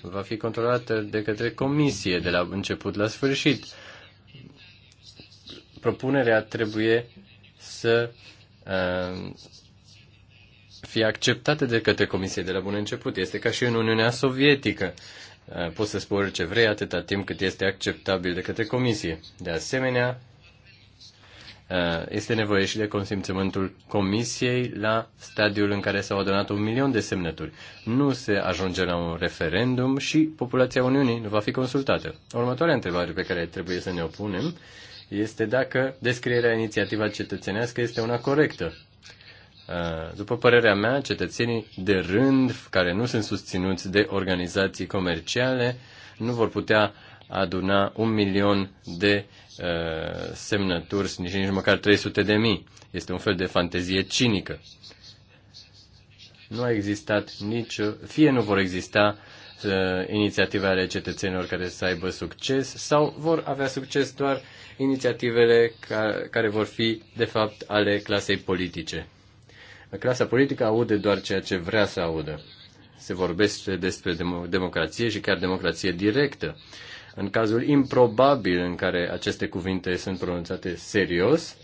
va fi controlată de către comisie de la început la sfârșit. Propunerea trebuie să uh, fi acceptate de către Comisie de la bun început. Este ca și în Uniunea Sovietică. Uh, poți să spui ce vrei atâta timp cât este acceptabil de către Comisie. De asemenea, uh, este nevoie și de consimțământul Comisiei la stadiul în care s-au adunat un milion de semnături. Nu se ajunge la un referendum și populația Uniunii nu va fi consultată. Următoarea întrebare pe care trebuie să ne opunem este dacă descrierea inițiativa cetățenească este una corectă. Uh, după părerea mea, cetățenii de rând, care nu sunt susținuți de organizații comerciale, nu vor putea aduna un milion de uh, semnături, nici, nici măcar 300 de mii. Este un fel de fantezie cinică. Nu a existat nicio... Fie nu vor exista uh, inițiative ale cetățenilor care să aibă succes, sau vor avea succes doar inițiativele ca, care vor fi, de fapt, ale clasei politice. Clasa politică aude doar ceea ce vrea să audă. Se vorbește despre democrație și chiar democrație directă. În cazul improbabil în care aceste cuvinte sunt pronunțate serios,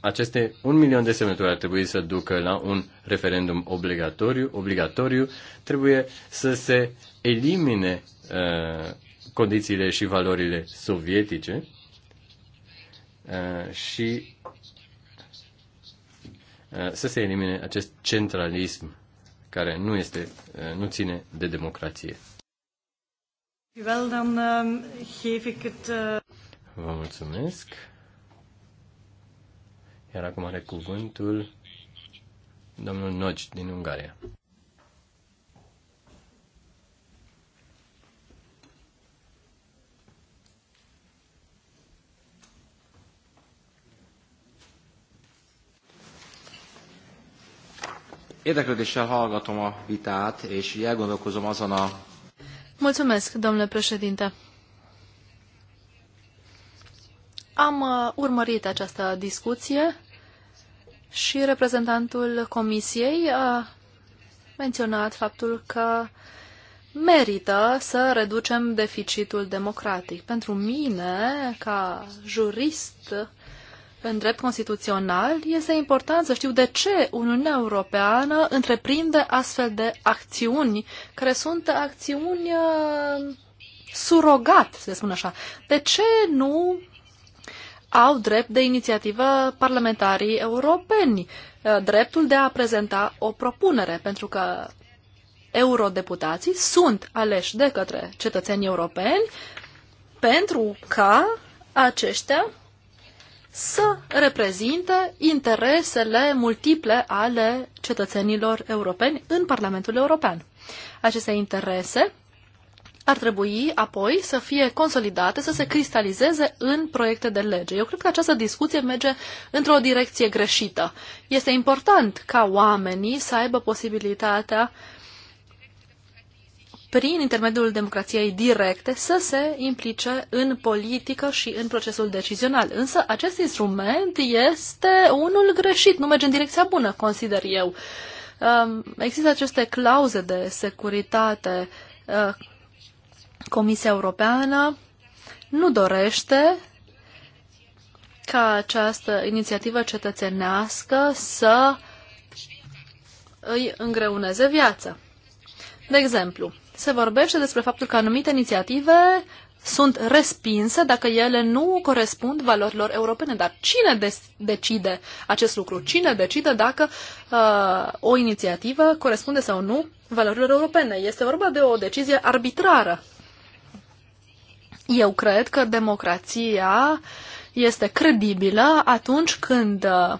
aceste un milion de semnături ar trebui să ducă la un referendum obligatoriu, obligatoriu trebuie să se elimine uh, condițiile și valorile sovietice uh, și Uh, să se elimine acest centralism care nu, este, uh, nu ține de democrație. Ehm, eh, Vă mulțumesc. Iar acum are cuvântul domnul Noci din Ungaria. Érdeklődéssel hallgatom a vitát, és elgondolkozom azon a... Mulțumesc, domnule președinte. Am uh, urmărit această discuție și reprezentantul comisiei a menționat faptul că merită să reducem deficitul democratic. Pentru mine, ca jurist, în drept constituțional, este important să știu de ce Uniunea Europeană întreprinde astfel de acțiuni, care sunt acțiuni uh, surogat, să spun așa. De ce nu au drept de inițiativă parlamentarii europeni, uh, dreptul de a prezenta o propunere, pentru că eurodeputații sunt aleși de către cetățenii europeni pentru ca aceștia să reprezinte interesele multiple ale cetățenilor europeni în Parlamentul European. Aceste interese ar trebui apoi să fie consolidate, să se cristalizeze în proiecte de lege. Eu cred că această discuție merge într-o direcție greșită. Este important ca oamenii să aibă posibilitatea uh, prin intermediul democrației directe, să se implice în politică și în procesul decizional. Însă acest instrument este unul greșit, nu merge în direcția bună, consider eu. Um, există aceste clauze de securitate. Uh, Comisia Europeană nu dorește ca această inițiativă cetățenească să îi îngreuneze viața. De exemplu, se vorbește despre faptul că anumite inițiative sunt respinse dacă ele nu corespund valorilor europene. Dar cine decide acest lucru? Cine decide dacă uh, o inițiativă corespunde sau nu valorilor europene? Este vorba de o decizie arbitrară. Eu cred că democrația este credibilă atunci când uh,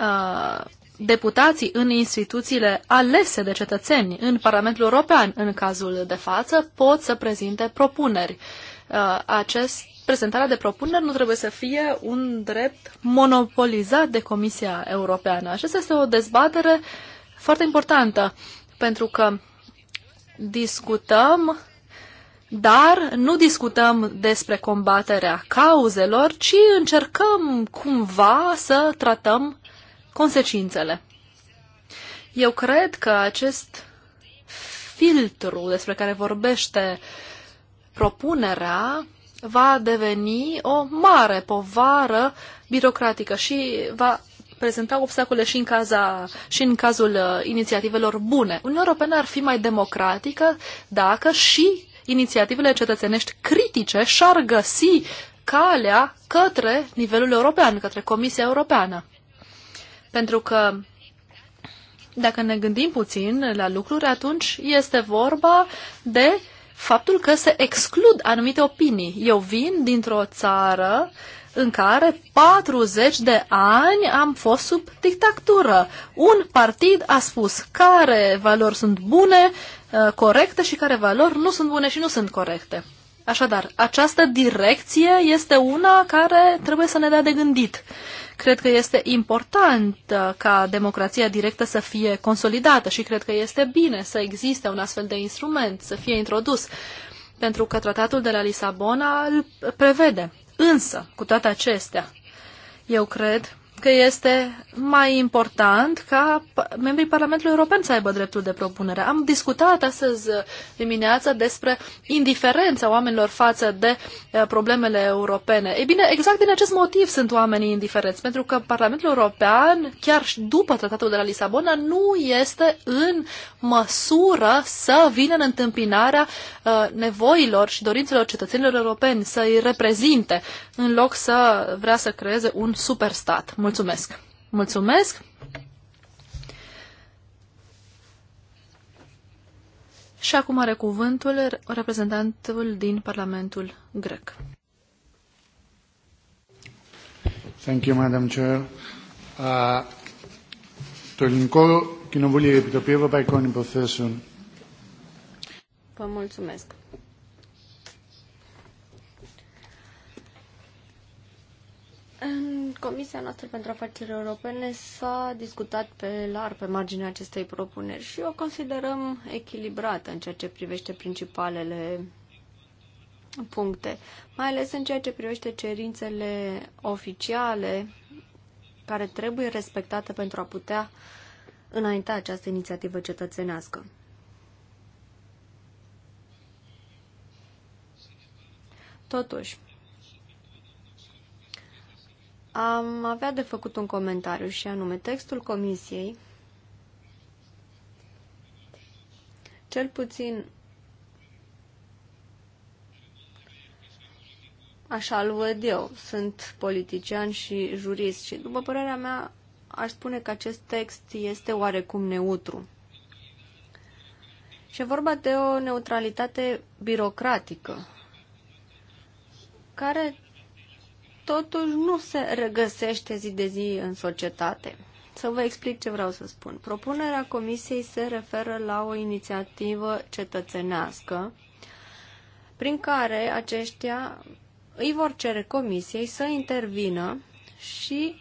uh deputații în instituțiile alese de cetățeni în Parlamentul European, în cazul de față, pot să prezinte propuneri. Uh, acest, prezentarea de propuneri nu trebuie să fie un drept monopolizat de Comisia Europeană. Aceasta este o dezbatere foarte importantă, pentru că discutăm dar nu discutăm despre combaterea cauzelor, ci încercăm cumva să tratăm consecințele. Eu cred că acest filtru despre care vorbește propunerea va deveni o mare povară birocratică și va prezenta obstacole și în, caza, și în cazul uh, inițiativelor bune. Uniunea Europeană ar fi mai democratică dacă și inițiativele cetățenești critice și-ar găsi calea către nivelul european, către Comisia Europeană. Pentru că dacă ne gândim puțin la lucruri, atunci este vorba de faptul că se exclud anumite opinii. Eu vin dintr-o țară în care 40 de ani am fost sub dictatură. Un partid a spus care valori sunt bune, uh, corecte și care valori nu sunt bune și nu sunt corecte. Așadar, această direcție este una care trebuie să ne dea de gândit. Cred că este important uh, ca democrația directă să fie consolidată și cred că este bine să existe un astfel de instrument, să fie introdus, pentru că tratatul de la Lisabona îl prevede. Însă, cu toate acestea, eu cred că este mai important ca membrii Parlamentului European să aibă dreptul de propunere. Am discutat astăzi dimineața despre indiferența oamenilor față de uh, problemele europene. Ei bine, exact din acest motiv sunt oamenii indiferenți, pentru că Parlamentul European, chiar și după Tratatul de la Lisabona, nu este în măsură să vină în întâmpinarea uh, nevoilor și dorințelor cetățenilor europeni, să îi reprezinte, în loc să vrea să creeze un superstat. Mulțumesc! Mulțumesc! Mulțumesc! Și acum are cuvântul reprezentantul din Parlamentul grec. Thank you, Madam Chair. Uh, το Ελληνικό Κοινοβούλιο Επιτροπή Ευρωπαϊκών Υποθέσεων. Vă mulțumesc. În Comisia noastră pentru afaceri europene s-a discutat pe larg pe marginea acestei propuneri și o considerăm echilibrată în ceea ce privește principalele puncte, mai ales în ceea ce privește cerințele oficiale care trebuie respectate pentru a putea înainta această inițiativă cetățenească. Totuși, am avea de făcut un comentariu și anume textul comisiei, cel puțin așa îl văd eu, sunt politician și jurist și după părerea mea aș spune că acest text este oarecum neutru. Și e vorba de o neutralitate birocratică, care totuși nu se regăsește zi de zi în societate. Să vă explic ce vreau să spun. Propunerea Comisiei se referă la o inițiativă cetățenească prin care aceștia îi vor cere Comisiei să intervină și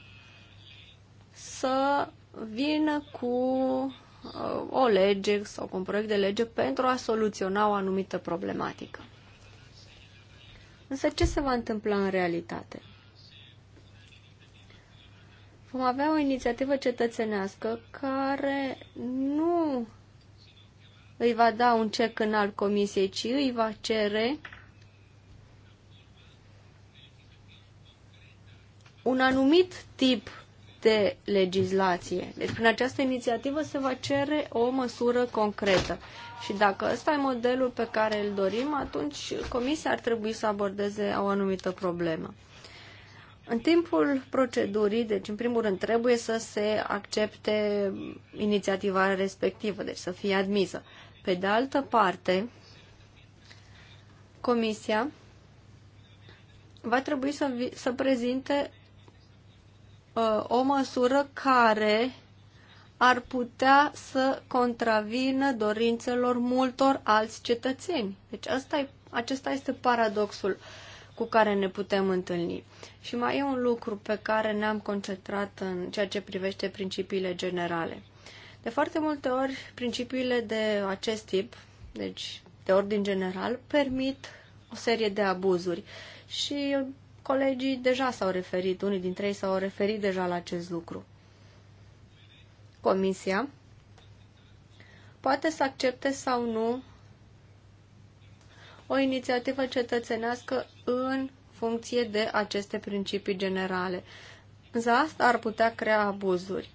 să vină cu uh, o lege sau cu un proiect de lege pentru a soluționa o anumită problematică. Însă ce se va întâmpla în realitate? vom avea o inițiativă cetățenească care nu îi va da un cec în al comisiei, ci îi va cere un anumit tip de legislație. Deci prin această inițiativă se va cere o măsură concretă. Și dacă ăsta e modelul pe care îl dorim, atunci comisia ar trebui să abordeze o anumită problemă. În timpul procedurii, deci în primul rând trebuie să se accepte inițiativa respectivă, deci să fie admisă. Pe de altă parte, comisia va trebui să, să prezinte uh, o măsură care ar putea să contravină dorințelor multor alți cetățeni. Deci asta e, acesta este paradoxul. Uh, cu care ne putem întâlni. Și mai e un lucru pe care ne-am concentrat în ceea ce privește principiile generale. De foarte multe ori, principiile de acest tip, deci de ordin general, permit o serie de abuzuri. Și colegii deja s-au referit, unii dintre ei s-au referit deja la acest lucru. Comisia poate să accepte sau nu o inițiativă cetățenească în funcție de aceste principii generale. Însă asta ar putea crea abuzuri.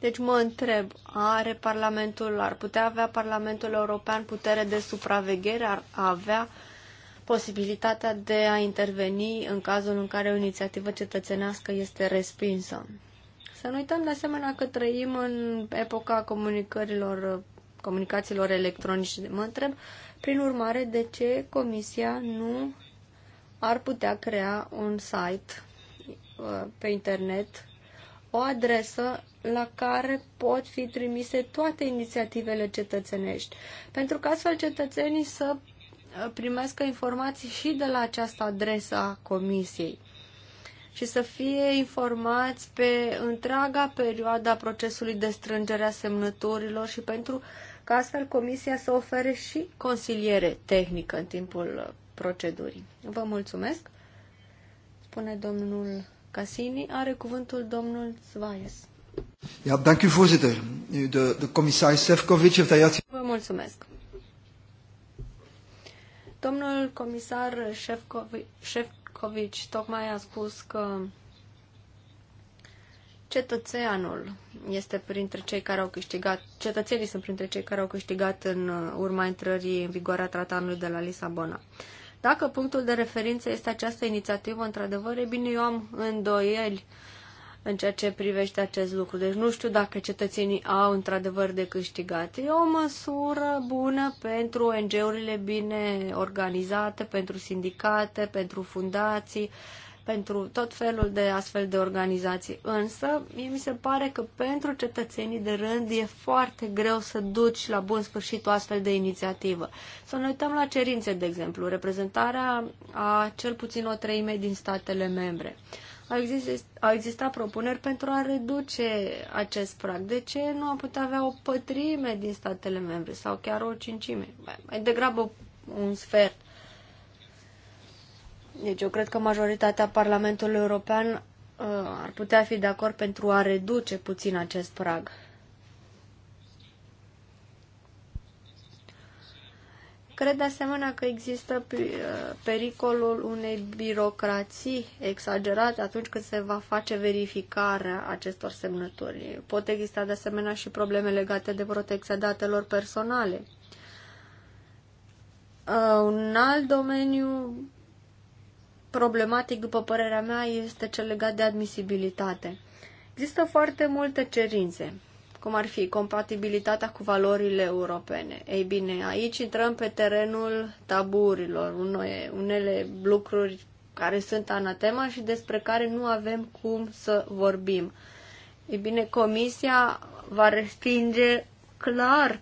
Deci mă întreb, are Parlamentul, ar putea avea Parlamentul European putere de supraveghere, ar avea posibilitatea de a interveni în cazul în care o inițiativă cetățenească este respinsă. Să nu uităm de asemenea că trăim în epoca comunicărilor, comunicațiilor electronice. Mă întreb prin urmare, de ce Comisia nu ar putea crea un site uh, pe internet, o adresă la care pot fi trimise toate inițiativele cetățenești, pentru că astfel cetățenii să uh, primească informații și de la această adresă a Comisiei și să fie informați pe întreaga perioada procesului de strângere a semnăturilor și pentru uh, ca astfel Comisia să ofere și consiliere tehnică în timpul uh, procedurii. Vă mulțumesc, spune domnul Casini. Are cuvântul domnul Zvaies. Ja, dank u voorzitter. Nu, de, de commissaris Sefcovic heeft daar juist... Vă mulțumesc. Domnul comisar Sefcovic tocmai a spus că cetățeanul este printre cei care au câștigat, cetățenii sunt printre cei care au câștigat în urma intrării în vigoare a tratatului de la Lisabona. Dacă punctul de referință este această inițiativă, într-adevăr, e bine, eu am îndoieli în ceea ce privește acest lucru. Deci nu știu dacă cetățenii au într-adevăr de câștigat. E o măsură bună pentru ONG-urile bine organizate, pentru sindicate, pentru fundații, uh, pentru tot felul de astfel de organizații. Însă, mie mi se pare că pentru cetățenii de rând e foarte greu să duci la bun sfârșit o astfel de inițiativă. Să ne uităm la cerințe, de exemplu, reprezentarea a cel puțin o treime din statele membre. Au existat, au existat propuneri pentru a reduce acest prag. De ce nu a putea avea o pătrime din statele membre sau chiar o cincime? Mai degrabă un sfert deci eu cred că majoritatea Parlamentului European uh, ar putea fi de acord pentru a reduce puțin acest prag. Cred de asemenea că există uh, pericolul unei birocrații exagerate atunci când se va face verificarea acestor semnături. Pot exista de asemenea și probleme legate de protecția datelor personale. Uh, un alt domeniu problematic, după părerea mea, este cel legat de admisibilitate. Există foarte multe cerințe, cum ar fi compatibilitatea cu valorile europene. Ei bine, aici intrăm pe terenul taburilor, unele lucruri care sunt anatema și despre care nu avem cum să vorbim. Ei bine, Comisia va respinge clar uh,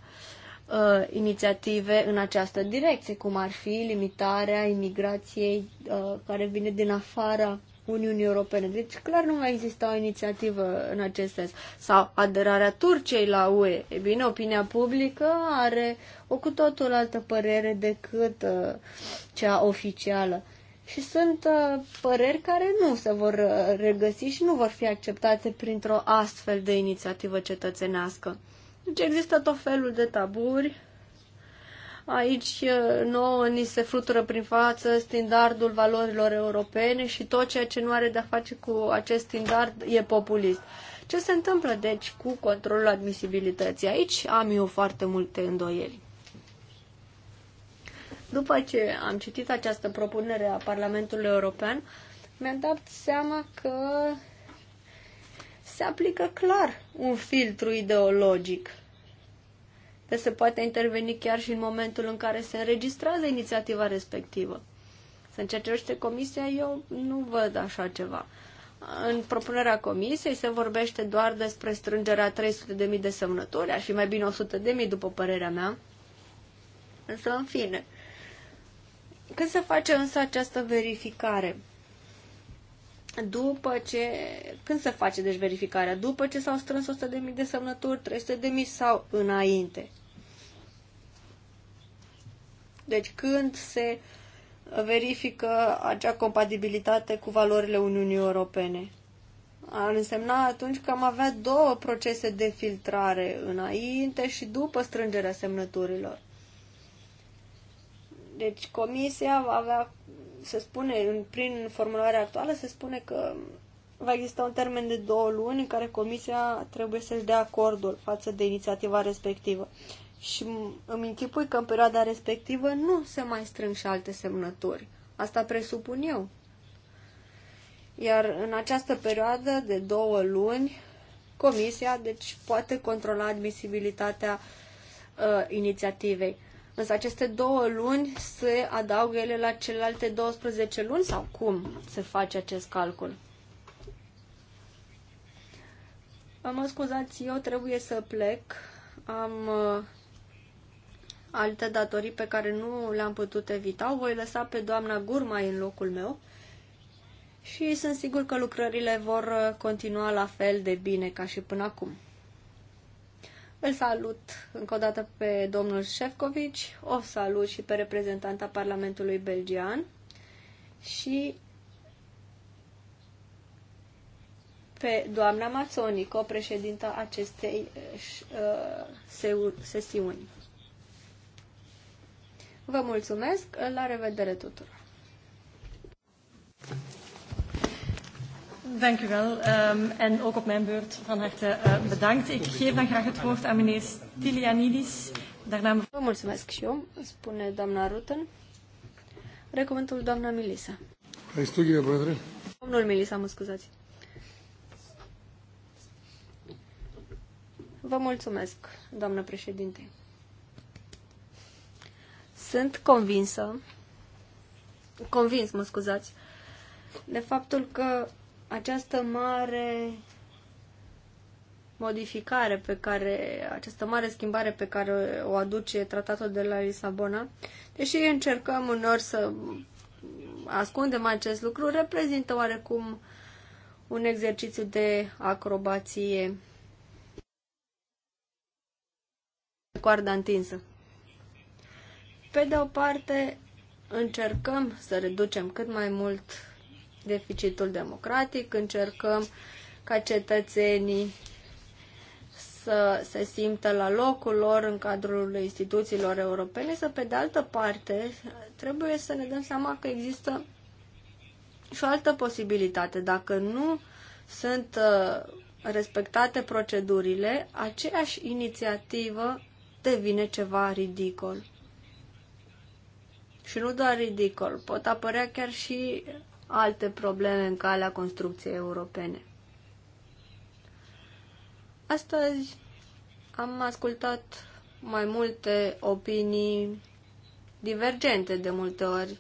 uh, inițiative în această direcție, cum ar fi limitarea imigrației uh, care vine din afara Uniunii Europene. Deci clar nu mai exista o inițiativă în acest sens. Sau aderarea Turciei la UE. E bine, opinia publică are o cu totul altă părere decât uh, cea oficială. Și sunt uh, păreri care nu se vor uh, regăsi și nu vor fi acceptate printr-o astfel de inițiativă cetățenească. Deci există tot felul de taburi. Aici eh, nouă ni se frutură prin față standardul valorilor europene și tot ceea ce nu are de-a face cu acest standard e populist. Ce se întâmplă, deci, cu controlul admisibilității? Aici am eu foarte multe îndoieli. După ce am citit această propunere a Parlamentului European, mi-am dat seama că se aplică clar un filtru ideologic. Că se poate interveni chiar și în momentul în care se înregistrează inițiativa respectivă. Să încercește comisia, eu nu văd așa ceva. În propunerea comisiei se vorbește doar despre strângerea 300.000 de semnături, ar fi mai bine 100.000 după părerea mea. Însă, în fine, când se face însă această verificare? după ce, când se face deci verificarea? După ce s-au strâns 100.000 de semnături, 300.000 sau înainte? Deci când se verifică acea compatibilitate cu valorile Uniunii Europene? Ar însemna atunci că am avea două procese de filtrare înainte și după strângerea semnăturilor. Deci comisia va avea se spune, în, prin formularea actuală, se spune că va exista un termen de două luni în care comisia trebuie să-și dea acordul față de inițiativa respectivă. Și îmi închipui că în perioada respectivă nu se mai strâng și alte semnături. Asta presupun eu. Iar în această perioadă de două luni, comisia deci poate controla admisibilitatea uh, inițiativei. Însă aceste două luni se adaugă ele la celelalte 12 luni sau cum se face acest calcul? Mă scuzați, eu trebuie să plec. Am uh, alte datorii pe care nu le-am putut evita. O voi lăsa pe doamna Gurmai în locul meu și sunt sigur că lucrările vor uh, continua la fel de bine ca și până acum. Îl salut încă o dată pe domnul Șefcovici, o salut și pe reprezentanta Parlamentului Belgian și pe doamna Mazzonico, președinta acestei eh, sesiuni. Vă mulțumesc, la revedere tuturor! Dank u wel. Um, en ook op mijn beurt van harte uh, bedankt. Ik geef dan graag het woord aan meneer Stilianidis. Daarna Vă mulțumesc și eu, spune doamna Rutten. Recomandul doamna Milisa. Ai studiile, brădre? Domnul Milisa, mă scuzați. Vă mulțumesc, doamnă președinte. Sunt convinsă, convins, mă scuzați, de faptul că această mare modificare pe care, această mare schimbare pe care o aduce tratatul de la Lisabona, deși încercăm uneori să ascundem acest lucru, reprezintă oarecum un exercițiu de acrobație coarda întinsă. Pe de o parte, încercăm să reducem cât mai mult deficitul democratic, încercăm ca cetățenii să se simtă la locul lor în cadrul instituțiilor europene, să pe de altă parte trebuie să ne dăm seama că există și o altă posibilitate. Dacă nu sunt uh, respectate procedurile, aceeași inițiativă devine ceva ridicol. Și nu doar ridicol, pot apărea chiar și alte probleme în calea construcției europene. Astăzi am ascultat mai multe opinii divergente de multe ori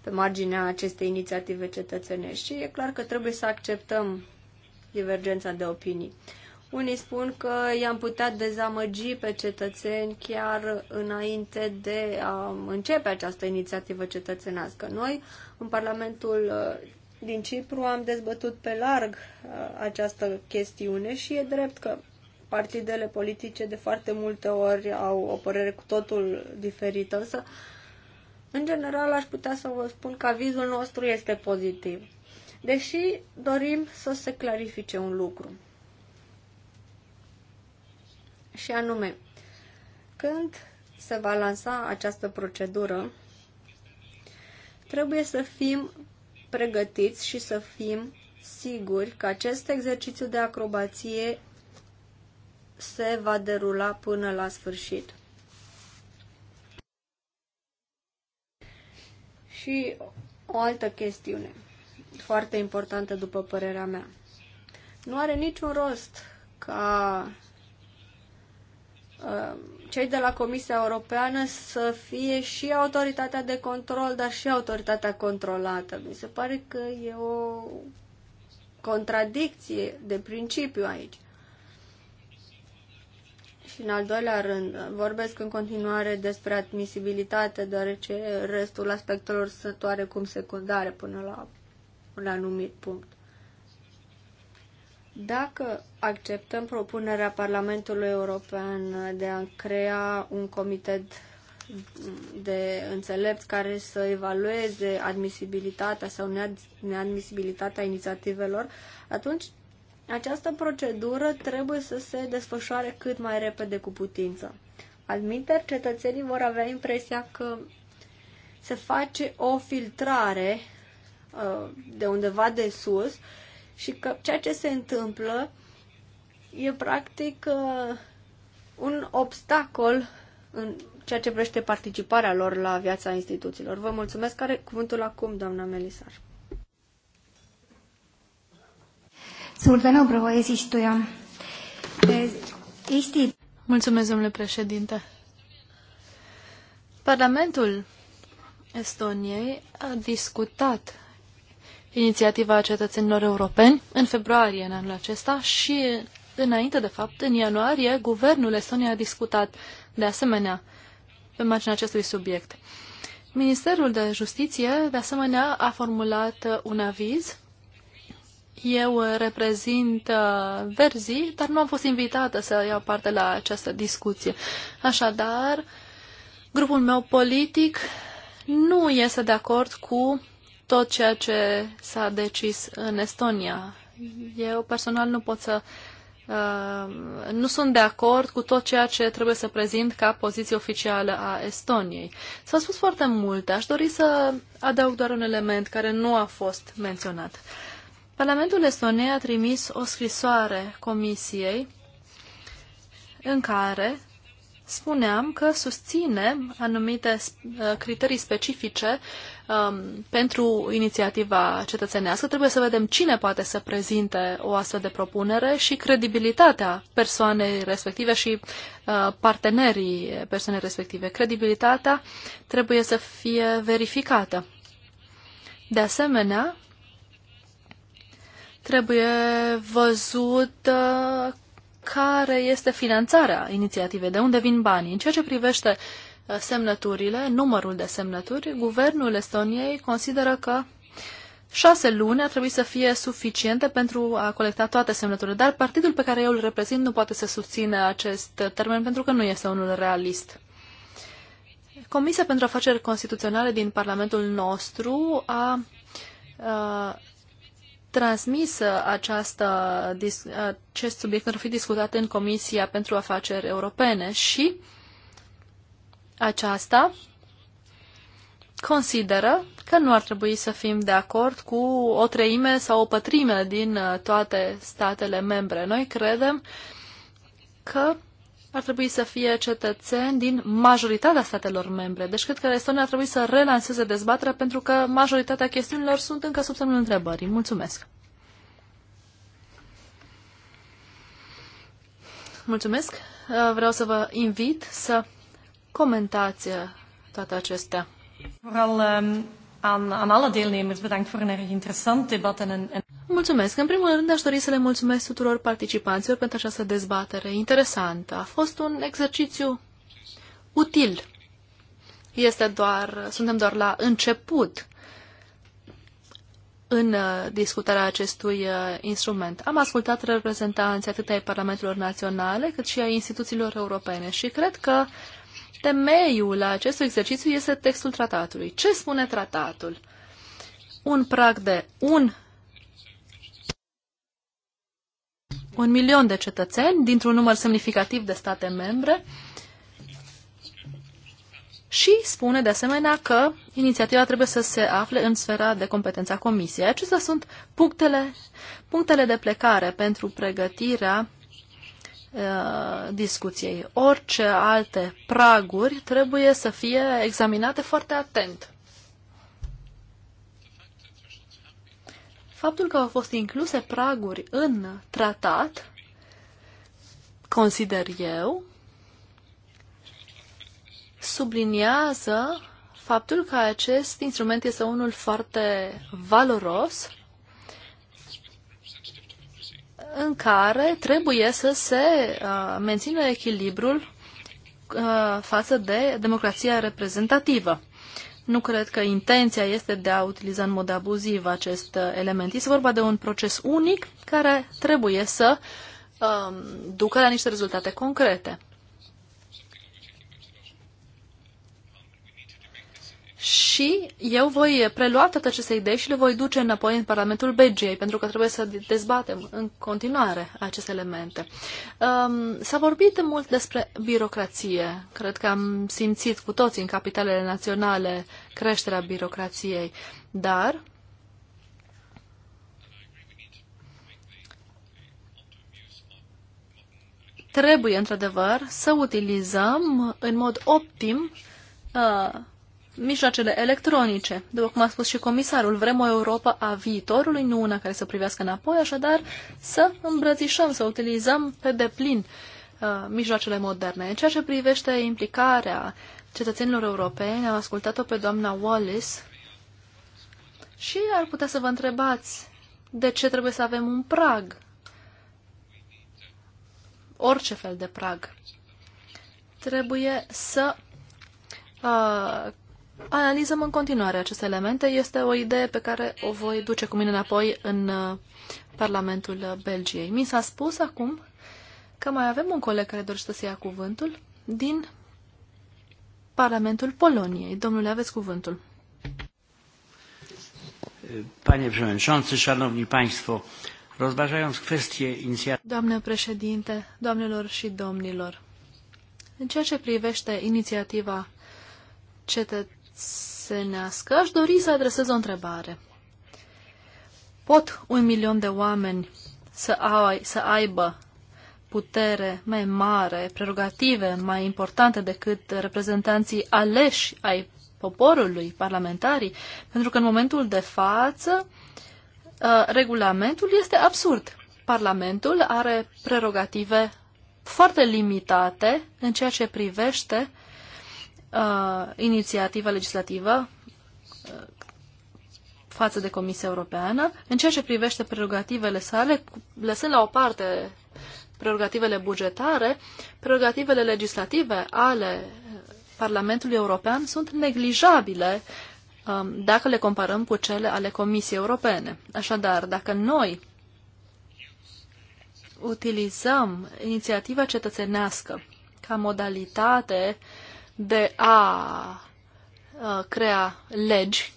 pe marginea acestei inițiative cetățenești și e clar că trebuie să acceptăm divergența de opinii. Unii spun că i-am putea dezamăgi pe cetățeni chiar înainte de a începe această inițiativă cetățenească. Noi în Parlamentul uh, din Cipru am dezbătut pe larg uh, această chestiune și e drept că partidele politice de foarte multe ori au o părere cu totul diferită, însă în general aș putea să vă spun că avizul nostru este pozitiv. Deși dorim să se clarifice un lucru. Și anume, când se va lansa această procedură, Trebuie să fim pregătiți și să fim siguri că acest exercițiu de acrobație se va derula până la sfârșit. Și o altă chestiune foarte importantă, după părerea mea. Nu are niciun rost ca Uh, cei de la Comisia Europeană să fie și autoritatea de control, dar și autoritatea controlată. Mi se pare că e o contradicție de principiu aici. Și în al doilea rând, vorbesc în continuare despre admisibilitate, deoarece restul aspectelor sunt oarecum secundare până la un anumit punct. Dacă acceptăm propunerea Parlamentului European de a crea un comitet de înțelepți care să evalueze admisibilitatea sau neadmisibilitatea inițiativelor, atunci această procedură trebuie să se desfășoare cât mai repede cu putință. Admiter, cetățenii vor avea impresia că se face o filtrare uh, de undeva de sus și că ceea ce se întâmplă e practic uh, un obstacol în ceea ce vrește participarea lor la viața instituțiilor. Vă mulțumesc. Care cuvântul acum, doamna Melisar? Mulțumesc, domnule președinte. Parlamentul Estoniei a discutat inițiativa cetățenilor europeni în februarie în anul acesta și înainte de fapt, în ianuarie, guvernul Estonia a discutat de asemenea pe marginea acestui subiect. Ministerul de Justiție, de asemenea, a formulat uh, un aviz. Eu uh, reprezint uh, verzii, dar nu am fost invitată să iau parte la această discuție. Așadar, grupul meu politic nu este de acord cu tot ceea ce s-a decis în Estonia. Eu personal nu pot să Uh, nu sunt de acord cu tot ceea ce trebuie să prezint ca poziție oficială a Estoniei. s a spus foarte multe. Aș dori să adaug doar un element care nu a fost menționat. Parlamentul Estoniei a trimis o scrisoare comisiei în care spuneam că susținem anumite uh, criterii specifice um, pentru inițiativa cetățenească, trebuie să vedem cine poate să prezinte o astfel de propunere și credibilitatea persoanei respective și uh, partenerii persoanei respective. Credibilitatea trebuie să fie verificată. De asemenea, trebuie văzut uh, care este finanțarea inițiativei, de unde vin banii. În ceea ce privește uh, Uh, semnăturile, numărul de semnături, guvernul Estoniei consideră că șase luni ar trebui să fie suficiente pentru a colecta toate semnăturile, dar partidul pe care eu îl reprezint nu poate să susține acest termen pentru că nu este unul realist. Comisia pentru Afaceri Constituționale din Parlamentul nostru a, a uh, transmis această, acest subiect pentru a fi discutat în Comisia pentru Afaceri Europene și aceasta consideră că nu ar trebui să fim de acord cu o treime sau o pătrime din uh, toate statele membre. Noi credem că ar trebui să fie cetățeni din majoritatea statelor membre. Deci cred că Estonia ar trebui să relanseze dezbaterea pentru că majoritatea chestiunilor sunt încă sub semnul întrebării. Mulțumesc! Mulțumesc! Uh, vreau să vă invit să comentați uh, toate acestea. Vooral um, aan, aan alle deelnemers bedankt voor een erg interessant debat en een... Mulțumesc. În primul rând, aș dori să le mulțumesc tuturor participanților pentru această dezbatere interesantă. A fost un exercițiu util. Este doar, suntem doar la început în uh, discutarea acestui uh, instrument. Am ascultat reprezentanții atât ai Parlamentelor Naționale cât și ai instituțiilor europene și cred că temeiul la acest exercițiu este textul tratatului. Ce spune tratatul? Un prag de un un milion de cetățeni dintr-un număr semnificativ de state membre și spune de asemenea că inițiativa trebuie să se afle în sfera de competența Comisiei. Acestea sunt punctele, punctele de plecare pentru pregătirea Uh, discuției. Orice alte praguri trebuie să fie examinate foarte atent. Faptul că au fost incluse praguri în tratat, consider eu, subliniază faptul că acest instrument este unul foarte valoros în care trebuie să se uh, mențină echilibrul uh, față de democrația reprezentativă. Nu cred că intenția este de a utiliza în mod abuziv acest uh, element. Este vorba de un proces unic care trebuie să uh, ducă la niște rezultate concrete. și eu voi prelua toate aceste idei și le voi duce înapoi în Parlamentul Belgiei, pentru că trebuie să dezbatem în continuare aceste elemente. Um, s-a vorbit mult despre birocrație. Cred că am simțit cu toții în capitalele naționale creșterea birocrației, dar trebuie, într-adevăr, să utilizăm în mod optim uh, mijloacele electronice. După cum a spus și comisarul, vrem o Europa a viitorului, nu una care să privească înapoi, așadar să îmbrățișăm, să utilizăm pe deplin uh, mijloacele moderne. În ceea ce privește implicarea cetățenilor europeni, am ascultat-o pe doamna Wallis și ar putea să vă întrebați de ce trebuie să avem un prag. Orice fel de prag. Trebuie să uh, analizăm în continuare aceste elemente. Este o idee pe care o voi duce cu mine înapoi în uh, Parlamentul Belgiei. Mi s-a spus acum că mai avem un coleg care dorește să ia cuvântul din Parlamentul Poloniei. Domnule, aveți cuvântul. Panie Przewodniczący, Szanowni Państwo, rozważając kwestię inicjatywy... Doamne președinte, doamnelor și domnilor, în ceea ce privește inițiativa cetățenilor se nască, aș dori să adresez o întrebare. Pot un milion de oameni să, ai, să aibă putere mai mare, prerogative mai importante decât reprezentanții aleși ai poporului, parlamentarii, pentru că în momentul de față uh, regulamentul este absurd. Parlamentul are prerogative foarte limitate în ceea ce privește uh, inițiativă legislativă uh, față de Comisia Europeană, în ceea ce privește prerogativele sale, lăsând la o parte prerogativele bugetare, prerogativele legislative ale Parlamentului European sunt neglijabile um, dacă le comparăm cu cele ale Comisiei Europene. Așadar, dacă noi utilizăm inițiativa cetățenească ca modalitate uh, de a uh, crea legi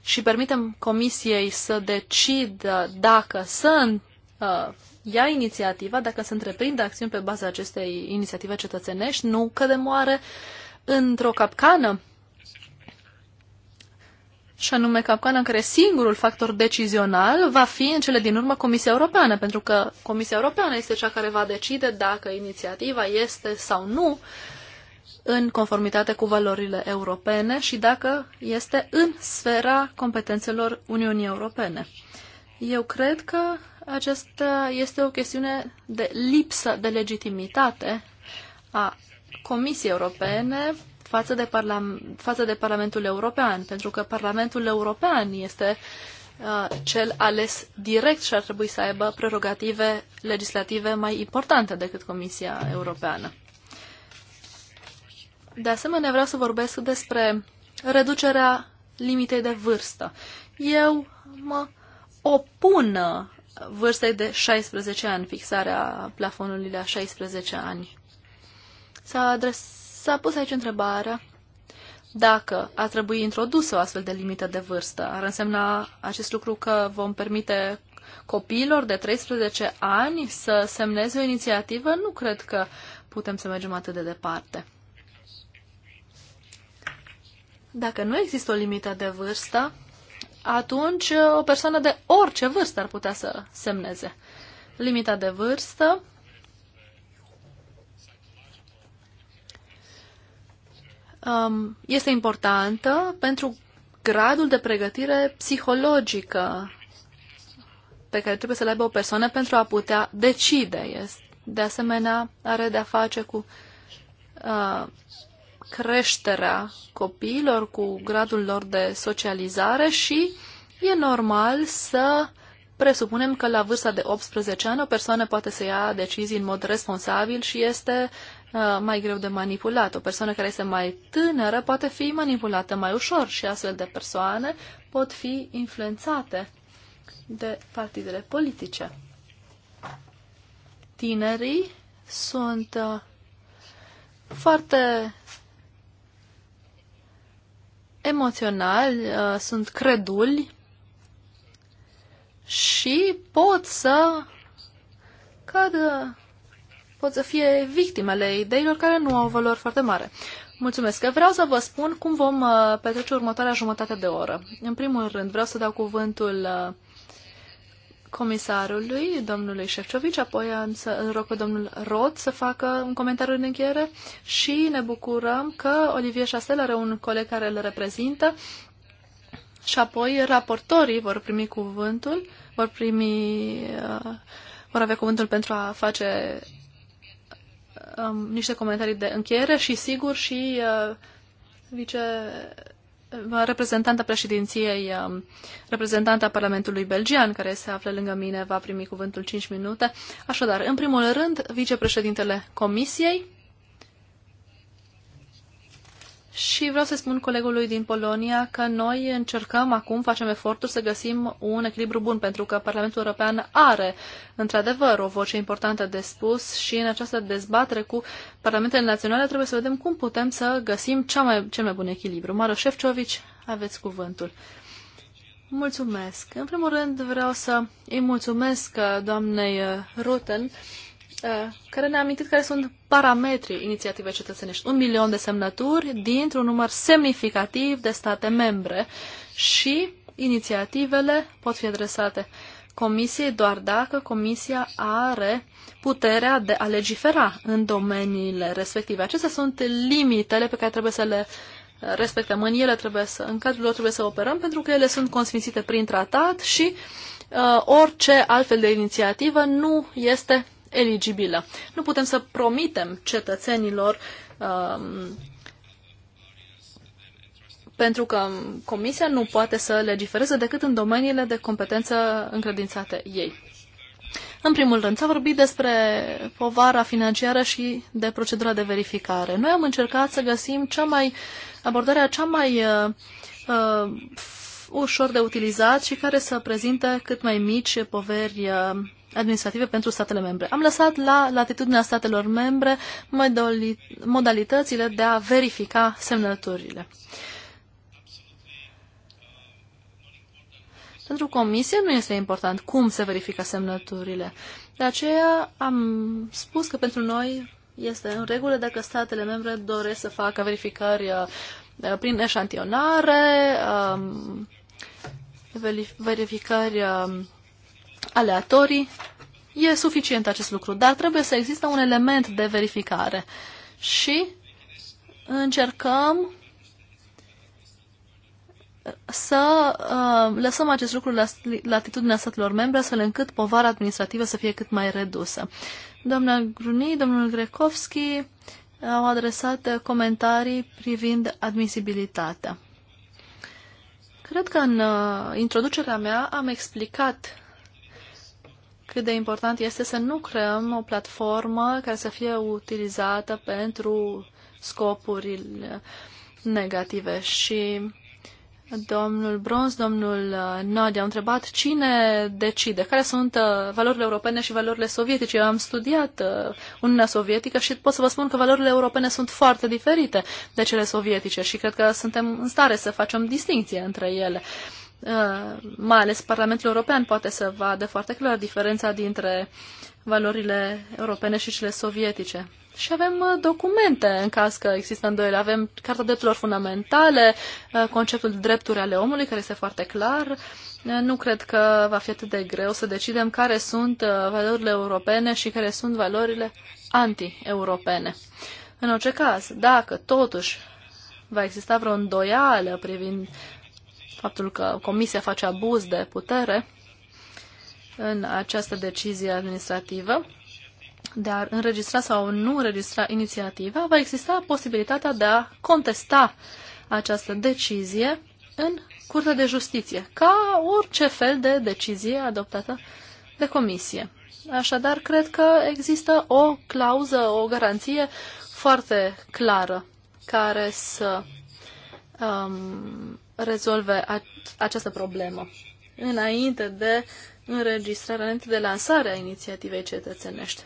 și permitem comisiei să decidă dacă să uh, ia inițiativa, dacă se întreprinde acțiuni pe baza acestei inițiative cetățenești, nu cădem oare într-o capcană? Și anume capcana în care singurul factor decizional va fi în cele din urmă Comisia Europeană, pentru că Comisia Europeană este cea care va decide dacă inițiativa este sau nu uh, în conformitate cu valorile europene și dacă este în sfera competențelor Uniunii Europene. Eu cred că aceasta este o chestiune de lipsă de legitimitate a Comisiei Europene față de, parlam- față de Parlamentul European, pentru că Parlamentul European este uh, cel ales direct și ar trebui să aibă prerogative legislative mai importante decât Comisia Europeană. De asemenea, vreau să vorbesc despre reducerea limitei de vârstă. Eu mă opun vârstei de 16 ani, fixarea plafonului la 16 ani. S-a, adres... S-a pus aici întrebarea dacă ar trebui introdusă o astfel de limită de vârstă. Ar însemna acest lucru că vom permite copiilor de 13 ani să semneze o inițiativă? Nu cred că putem să mergem atât de departe. Dacă nu există o limită de vârstă, atunci uh, o persoană de orice vârstă ar putea să semneze. Limita de vârstă um, este importantă pentru gradul de pregătire psihologică pe care trebuie să le aibă o persoană pentru a putea decide. De asemenea, are de-a face cu uh, creșterea copiilor, cu gradul lor de socializare și e normal să presupunem că la vârsta de 18 ani o persoană poate să ia decizii în mod responsabil și este uh, mai greu de manipulat. O persoană care este mai tânără poate fi manipulată mai ușor și astfel de persoane pot fi influențate de partidele politice. Tinerii sunt uh, foarte emoționali, uh, sunt creduli și pot să cadă, uh, pot să fie victimele ideilor care nu au valori foarte mare. Mulțumesc. vreau să vă spun cum vom uh, petrece următoarea jumătate de oră. În primul rând, vreau să dau cuvântul uh, comisarului, domnului Șefcovici, apoi am să îl rog pe domnul Rod să facă un comentariu în încheiere și ne bucurăm că Olivier Chastel are un coleg care îl reprezintă și apoi raportorii vor primi cuvântul, vor primi, uh, vor avea cuvântul pentru a face um, niște comentarii de încheiere și sigur și uh, vice reprezentanta președinției, um, reprezentanta Parlamentului Belgian, care se află lângă mine, va primi cuvântul 5 minute. Așadar, în primul rând, vicepreședintele Comisiei, și vreau să spun colegului din Polonia că noi încercăm acum, facem eforturi să găsim un echilibru bun, pentru că Parlamentul European are, într-adevăr, o voce importantă de spus și în această dezbatere cu Parlamentele Naționale trebuie să vedem cum putem să găsim cea mai, cel mai bun echilibru. Mară Șefciovici, aveți cuvântul. Mulțumesc. În primul rând vreau să îi mulțumesc doamnei Ruten Uh, care ne-a amintit care sunt parametrii inițiativei cetățenești. Un milion de semnături dintr-un număr semnificativ de state membre și inițiativele pot fi adresate Comisiei doar dacă Comisia are puterea de a legifera în domeniile respective. Acestea sunt limitele pe care trebuie să le respectăm. În ele trebuie să, în cadrul lor trebuie să operăm pentru că ele sunt consfințite prin tratat și uh, orice altfel de inițiativă nu este eligibilă. Nu putem să promitem cetățenilor um, pentru că Comisia nu poate să legifereze decât în domeniile de competență încredințate ei. În primul rând, s-a vorbit despre povara financiară și de procedura de verificare. Noi am încercat să găsim cea mai, abordarea cea mai uh, uh ușor de utilizat și care să prezinte cât mai mici poveri uh, administrative pentru statele membre. Am lăsat la latitudinea statelor membre modalitățile de a verifica semnăturile. Pentru comisie nu este important cum se verifică semnăturile. De aceea am spus că pentru noi este în regulă dacă statele membre doresc să facă verificări uh, uh, prin eșantionare, um, verificări um, aleatorii, e suficient acest lucru, dar trebuie să există un element de verificare. Și încercăm uh, să uh, lăsăm acest lucru la latitudinea statelor membre, astfel încât povara administrativă să fie cât mai redusă. Doamna Gruni, domnul Grekovski au adresat comentarii privind admisibilitatea. Cred că în uh, introducerea mea am explicat cât de important este să nu creăm o platformă care să fie utilizată pentru scopuri negative. Și domnul Bronz, domnul Nadia, au întrebat cine decide, care sunt uh, valorile europene și valorile sovietice. Eu am studiat uh, Uniunea Sovietică și pot să vă spun că valorile europene sunt foarte diferite de cele sovietice și cred că suntem în stare să facem distinție între ele. Uh, Uh, mai ales Parlamentul European poate să vadă foarte clar diferența dintre valorile europene și cele sovietice. Și avem uh, documente în caz că există îndoiele. Avem Carta Drepturilor Fundamentale, uh, conceptul drepturi ale omului, care este foarte clar. Nu cred că va fi atât de greu să decidem care sunt valorile europene și care sunt valorile anti-europene. În orice caz, dacă totuși va exista vreo îndoială privind faptul că Comisia face abuz de putere în această decizie administrativă, de a înregistra sau nu înregistra inițiativa, va exista posibilitatea de a contesta această decizie în Curtea de Justiție, ca orice fel de decizie adoptată de Comisie. Așadar, cred că există o clauză, o garanție foarte clară care să um, rezolve această problemă înainte de înregistrarea, înainte de lansarea inițiativei cetățenești.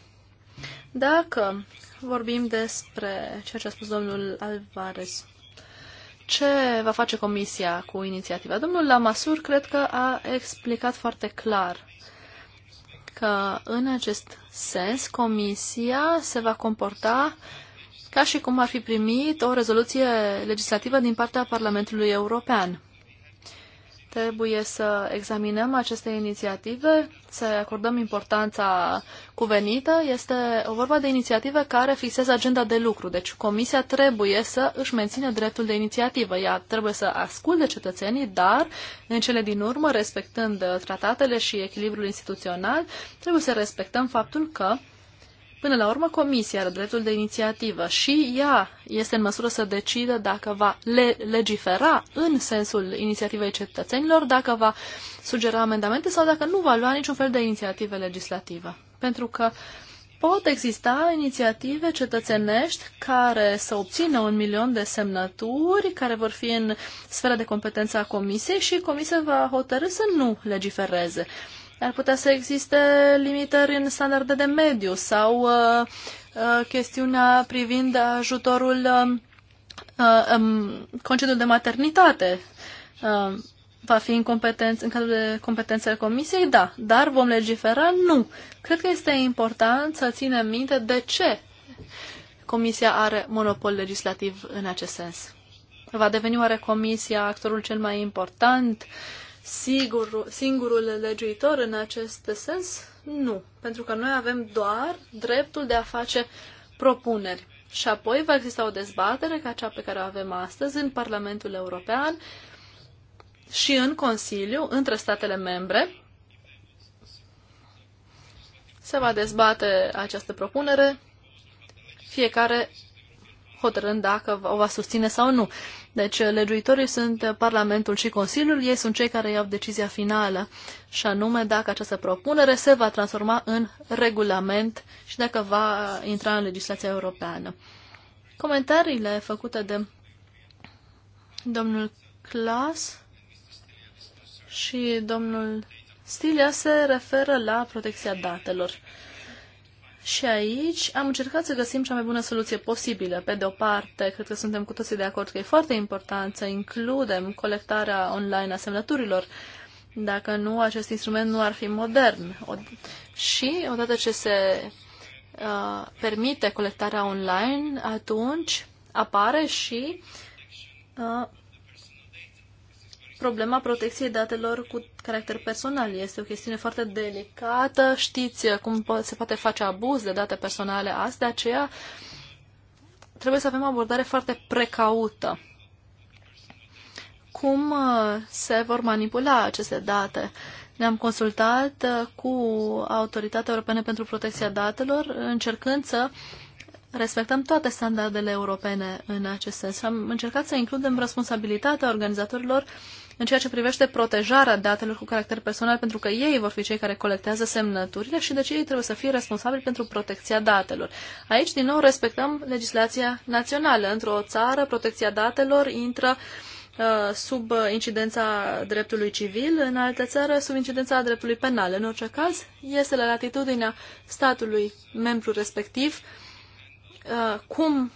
Dacă vorbim despre ceea ce a spus domnul Alvarez, ce va face Comisia cu inițiativa? Domnul Lamasur cred că a explicat foarte clar că în acest sens Comisia se va comporta ca și cum ar fi primit o rezoluție legislativă din partea Parlamentului European. Trebuie să examinăm aceste inițiative, să acordăm importanța cuvenită. Este o vorba de inițiative care fixează agenda de lucru, deci Comisia trebuie să își mențină dreptul de inițiativă. Ea trebuie să asculte cetățenii, dar, în cele din urmă, respectând tratatele și echilibrul instituțional, trebuie să respectăm faptul că Până la urmă, Comisia are dreptul de inițiativă și ea este în măsură să decidă dacă va le- legifera în sensul inițiativei cetățenilor, dacă va sugera amendamente sau dacă nu va lua niciun fel de inițiativă legislativă. Pentru că pot exista inițiative cetățenești care să obțină un milion de semnături care vor fi în sfera de competență a Comisiei și Comisia va hotărâ să nu legifereze ar putea să existe limitări în standarde de mediu sau uh, uh, chestiunea privind ajutorul uh, um, concediul de maternitate. va fi în, în cadrul de competențele comisiei? Da. Dar vom legifera? Nu. Cred că este important să ținem minte de ce comisia are monopol legislativ în acest sens. Va deveni oare comisia actorul cel mai important uh, sigur, singurul legiuitor în acest sens? Nu, pentru că noi avem doar dreptul de a face propuneri. Și apoi va exista o dezbatere ca cea pe care o avem astăzi în Parlamentul European și în Consiliu, între statele membre. Se va dezbate această propunere, fiecare hotărând dacă o va susține sau nu. Deci, uh, legiuitorii sunt uh, Parlamentul și Consiliul, ei sunt cei care iau decizia finală, și anume dacă această propunere se va transforma în regulament și dacă va uh, intra în legislația europeană. Comentariile făcute de domnul Clas și domnul Stilia se referă la protecția datelor. Și aici am încercat să găsim cea mai bună soluție posibilă. Pe de o parte, cred că suntem cu toții de acord că e foarte important să includem colectarea online a semnăturilor. Dacă nu, acest instrument nu ar fi modern. și odată ce se uh, permite colectarea online, atunci apare și uh, problema protecției datelor cu caracter personal. Este o chestiune foarte delicată. Știți cum se poate face abuz de date personale azi, de aceea trebuie să avem o abordare foarte precaută. Cum uh, se vor manipula aceste date? Ne-am consultat uh, cu Autoritatea Europeană pentru Protecția Datelor, încercând să respectăm toate standardele europene în acest sens. Am încercat să includem responsabilitatea organizatorilor în ceea ce privește protejarea datelor cu caracter personal, pentru că ei vor fi cei care colectează semnăturile și deci ei trebuie să fie responsabili pentru protecția datelor. Aici, din nou, respectăm legislația națională. Într-o țară, protecția datelor intră uh, sub incidența dreptului civil, în altă țară sub incidența dreptului penal. În orice caz, este la latitudinea statului membru respectiv uh, cum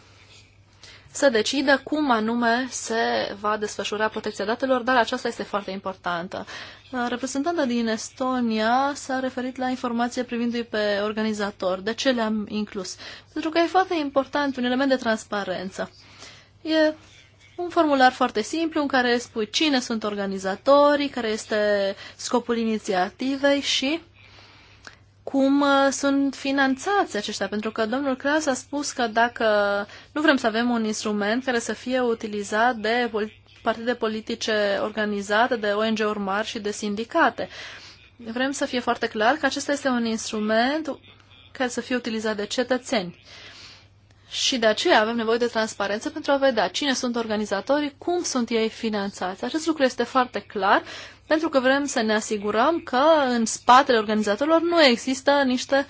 să decidă cum anume se va desfășura protecția datelor, dar aceasta este foarte importantă. Uh, reprezentanta din Estonia s-a referit la informație privindu-i pe organizator. De ce le-am inclus? Pentru că e foarte important un element de transparență. E un formular foarte simplu în care spui cine sunt organizatorii, care este scopul inițiativei și cum uh, sunt finanțați aceștia. Pentru că domnul Cras a spus că dacă nu vrem să avem un instrument care să fie utilizat de partide politice organizate, de ONG-uri mari și de sindicate. Vrem să fie foarte clar că acesta este un instrument care să fie utilizat de cetățeni. Și de aceea avem nevoie de transparență pentru a vedea cine sunt organizatorii, cum sunt ei finanțați. Acest lucru este foarte clar pentru că vrem să ne asigurăm că în spatele organizatorilor nu există niște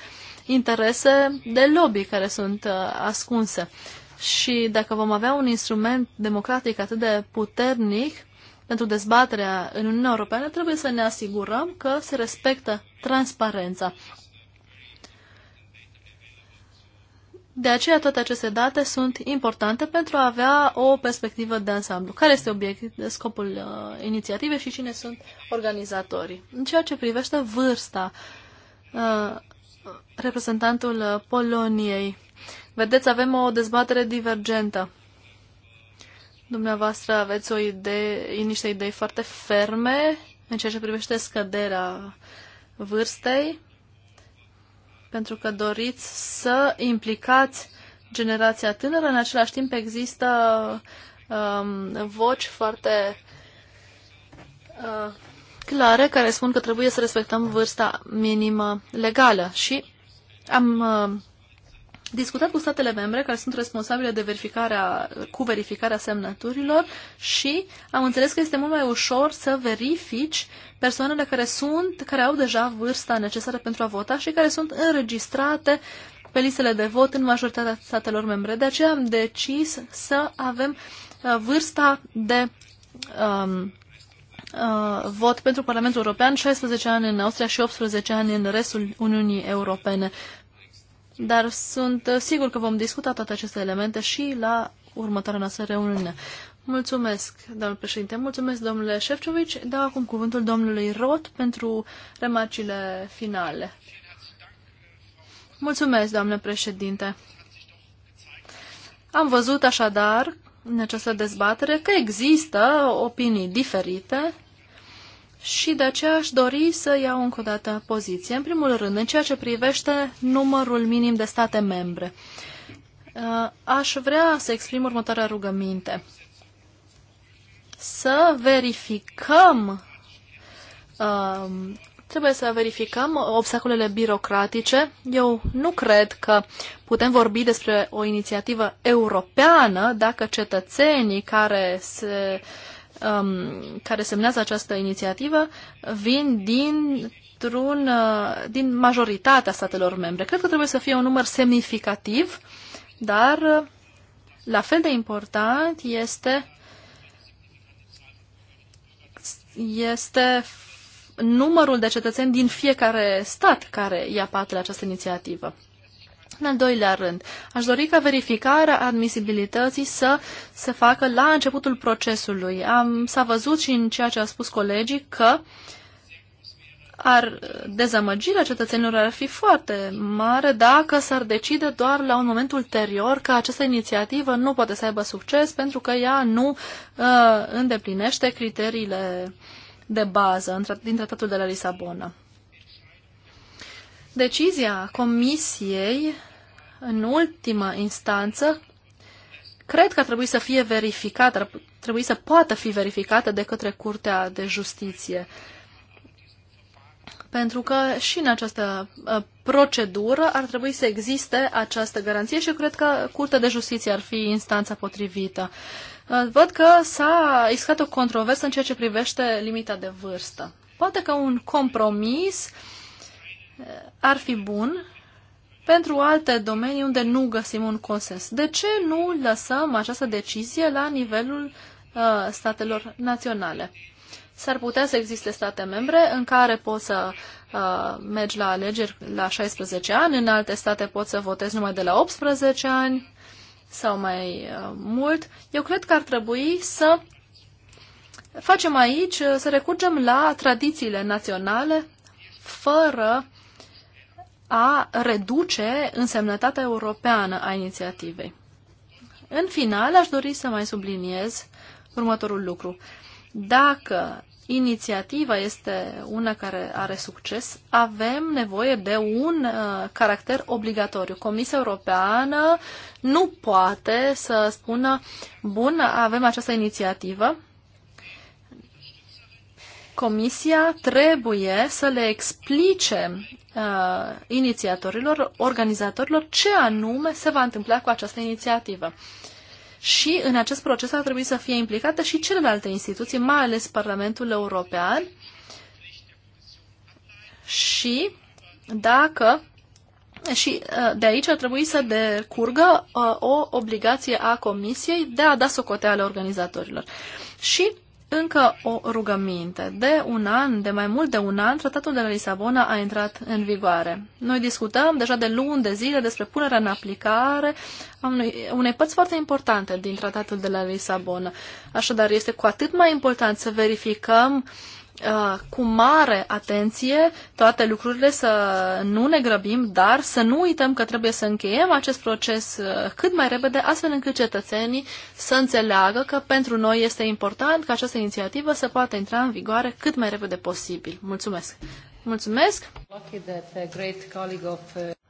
interese de lobby care sunt uh, ascunse și dacă vom avea un instrument democratic atât de puternic pentru dezbaterea în Uniunea Europeană, trebuie să ne asigurăm că se respectă transparența. De aceea toate aceste date sunt importante pentru a avea o perspectivă de ansamblu. Care este obiectul, scopul uh, inițiativei și cine sunt organizatorii? În ceea ce privește vârsta, uh, reprezentantul uh, Poloniei Vedeți, avem o dezbatere divergentă. Dumneavoastră aveți o idee, niște idei foarte ferme în ceea ce privește scăderea vârstei, pentru că doriți să implicați generația tânără. În același timp există um, voci foarte uh, clare care spun că trebuie să respectăm vârsta minimă legală și am uh, discutat cu statele membre care sunt responsabile de verificarea, cu verificarea semnăturilor și am înțeles că este mult mai ușor să verifici persoanele care sunt, care au deja vârsta necesară pentru a vota și care sunt înregistrate pe listele de vot în majoritatea statelor membre. De aceea am decis să avem uh, vârsta de um, uh, vot pentru Parlamentul European, 16 ani în Austria și 18 ani în restul Uniunii Europene, dar sunt uh, sigur că vom discuta toate aceste elemente și la următoarea noastră reuniune. Mulțumesc, domnul președinte. Mulțumesc, domnule Șefcovici. Dau acum cuvântul domnului Rot pentru remarcile finale. Mulțumesc, doamnă președinte. Am văzut așadar în această dezbatere că există opinii diferite și de aceea aș dori să iau încă o dată poziție. În primul rând, în ceea ce privește numărul minim de state membre, uh, aș vrea să exprim următoarea rugăminte. Să verificăm, uh, trebuie să verificăm obstacolele birocratice. Eu nu cred că putem vorbi despre o inițiativă europeană dacă cetățenii care se uh, um, care semnează această inițiativă vin din un uh, din majoritatea statelor membre. Cred că trebuie să fie un număr semnificativ, dar uh, la fel de important este este numărul de cetățeni din fiecare stat care ia parte la această inițiativă. În al doilea rând, aș dori ca verificarea admisibilității să se facă la începutul procesului. Am, s-a văzut și în ceea ce a spus colegii că ar dezamăgirea cetățenilor ar fi foarte mare dacă s-ar decide doar la un moment ulterior că această inițiativă nu poate să aibă succes pentru că ea nu uh, îndeplinește criteriile de bază din tratatul de la Lisabona. Decizia Comisiei în ultimă instanță, cred că ar trebui să fie verificată, ar trebui să poată fi verificată de către Curtea de Justiție. Pentru că și în această uh, procedură ar trebui să existe această garanție și eu cred că Curtea de Justiție ar fi instanța potrivită. Uh, văd că s-a iscat o controversă în ceea ce privește limita de vârstă. Poate că un compromis uh, ar fi bun pentru alte domenii unde nu găsim un consens. De ce nu lăsăm această decizie la nivelul uh, statelor naționale? S-ar putea să existe state membre în care poți să uh, mergi la alegeri la 16 ani, în alte state poți să votezi numai de la 18 ani sau mai uh, mult. Eu cred că ar trebui să facem aici, să recurgem la tradițiile naționale fără a reduce însemnătatea europeană a inițiativei. În final, aș dori să mai subliniez următorul lucru. Dacă inițiativa este una care are succes, avem nevoie de un uh, caracter obligatoriu. Comisia Europeană nu poate să spună, bun, avem această inițiativă, Comisia trebuie să le explice uh, inițiatorilor, organizatorilor, ce anume se va întâmpla cu această inițiativă. Și în acest proces ar trebui să fie implicată și celelalte instituții, mai ales Parlamentul European. Și dacă și uh, de aici ar trebui să decurgă uh, o obligație a Comisiei de a da socoteală organizatorilor. Și încă o rugăminte. De un an, de mai mult de un an, tratatul de la Lisabona a intrat în vigoare. Noi discutăm deja de luni de zile despre punerea în aplicare a unei, unei părți foarte importante din tratatul de la Lisabona. Așadar, este cu atât mai important să verificăm uh, Uh, cu mare atenție toate lucrurile, să nu ne grăbim, dar să nu uităm că trebuie să încheiem acest proces uh, cât mai repede, astfel încât cetățenii să înțeleagă că pentru noi este important ca această inițiativă să poată intra în vigoare cât mai repede posibil. Mulțumesc! Mulțumesc! Uh,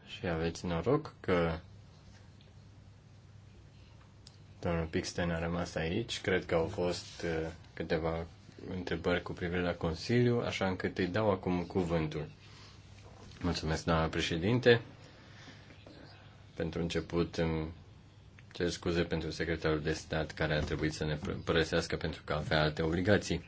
Și aveți noroc că domnul Pixten a rămas aici. Cred că au fost câteva întrebări cu privire la Consiliu, așa încât îi dau acum cuvântul. Mulțumesc, doamna președinte. Pentru început, îmi cer scuze pentru secretarul de stat care a trebuit să ne părăsească pentru că avea alte obligații.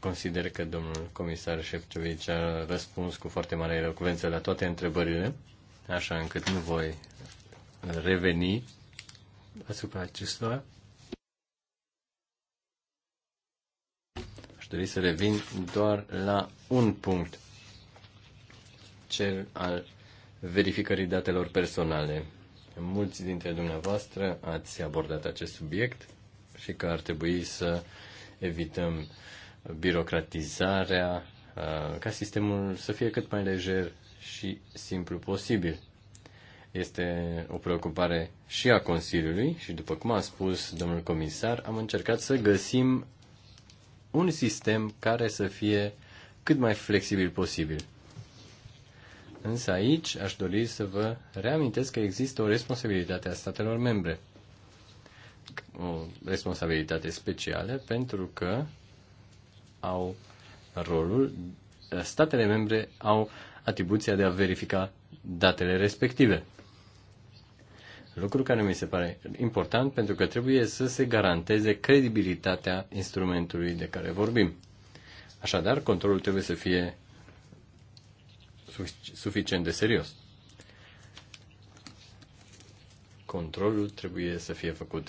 Consider că domnul comisar Șefcovici a răspuns cu foarte mare elocvență la toate întrebările, așa încât nu voi reveni asupra acestora. dori să revin doar la un punct, cel al verificării datelor personale. Mulți dintre dumneavoastră ați abordat acest subiect și că ar trebui să evităm birocratizarea, ca sistemul să fie cât mai lejer și simplu posibil. Este o preocupare și a Consiliului și, după cum a spus domnul comisar, am încercat să găsim un sistem care să fie cât mai flexibil posibil. Însă aici aș dori să vă reamintesc că există o responsabilitate a statelor membre. O responsabilitate specială pentru că au rolul, statele membre au atribuția de a verifica datele respective. Lucru care mi se pare important pentru că trebuie să se garanteze credibilitatea instrumentului de care vorbim. Așadar, controlul trebuie să fie suficient de serios. Controlul trebuie să fie făcut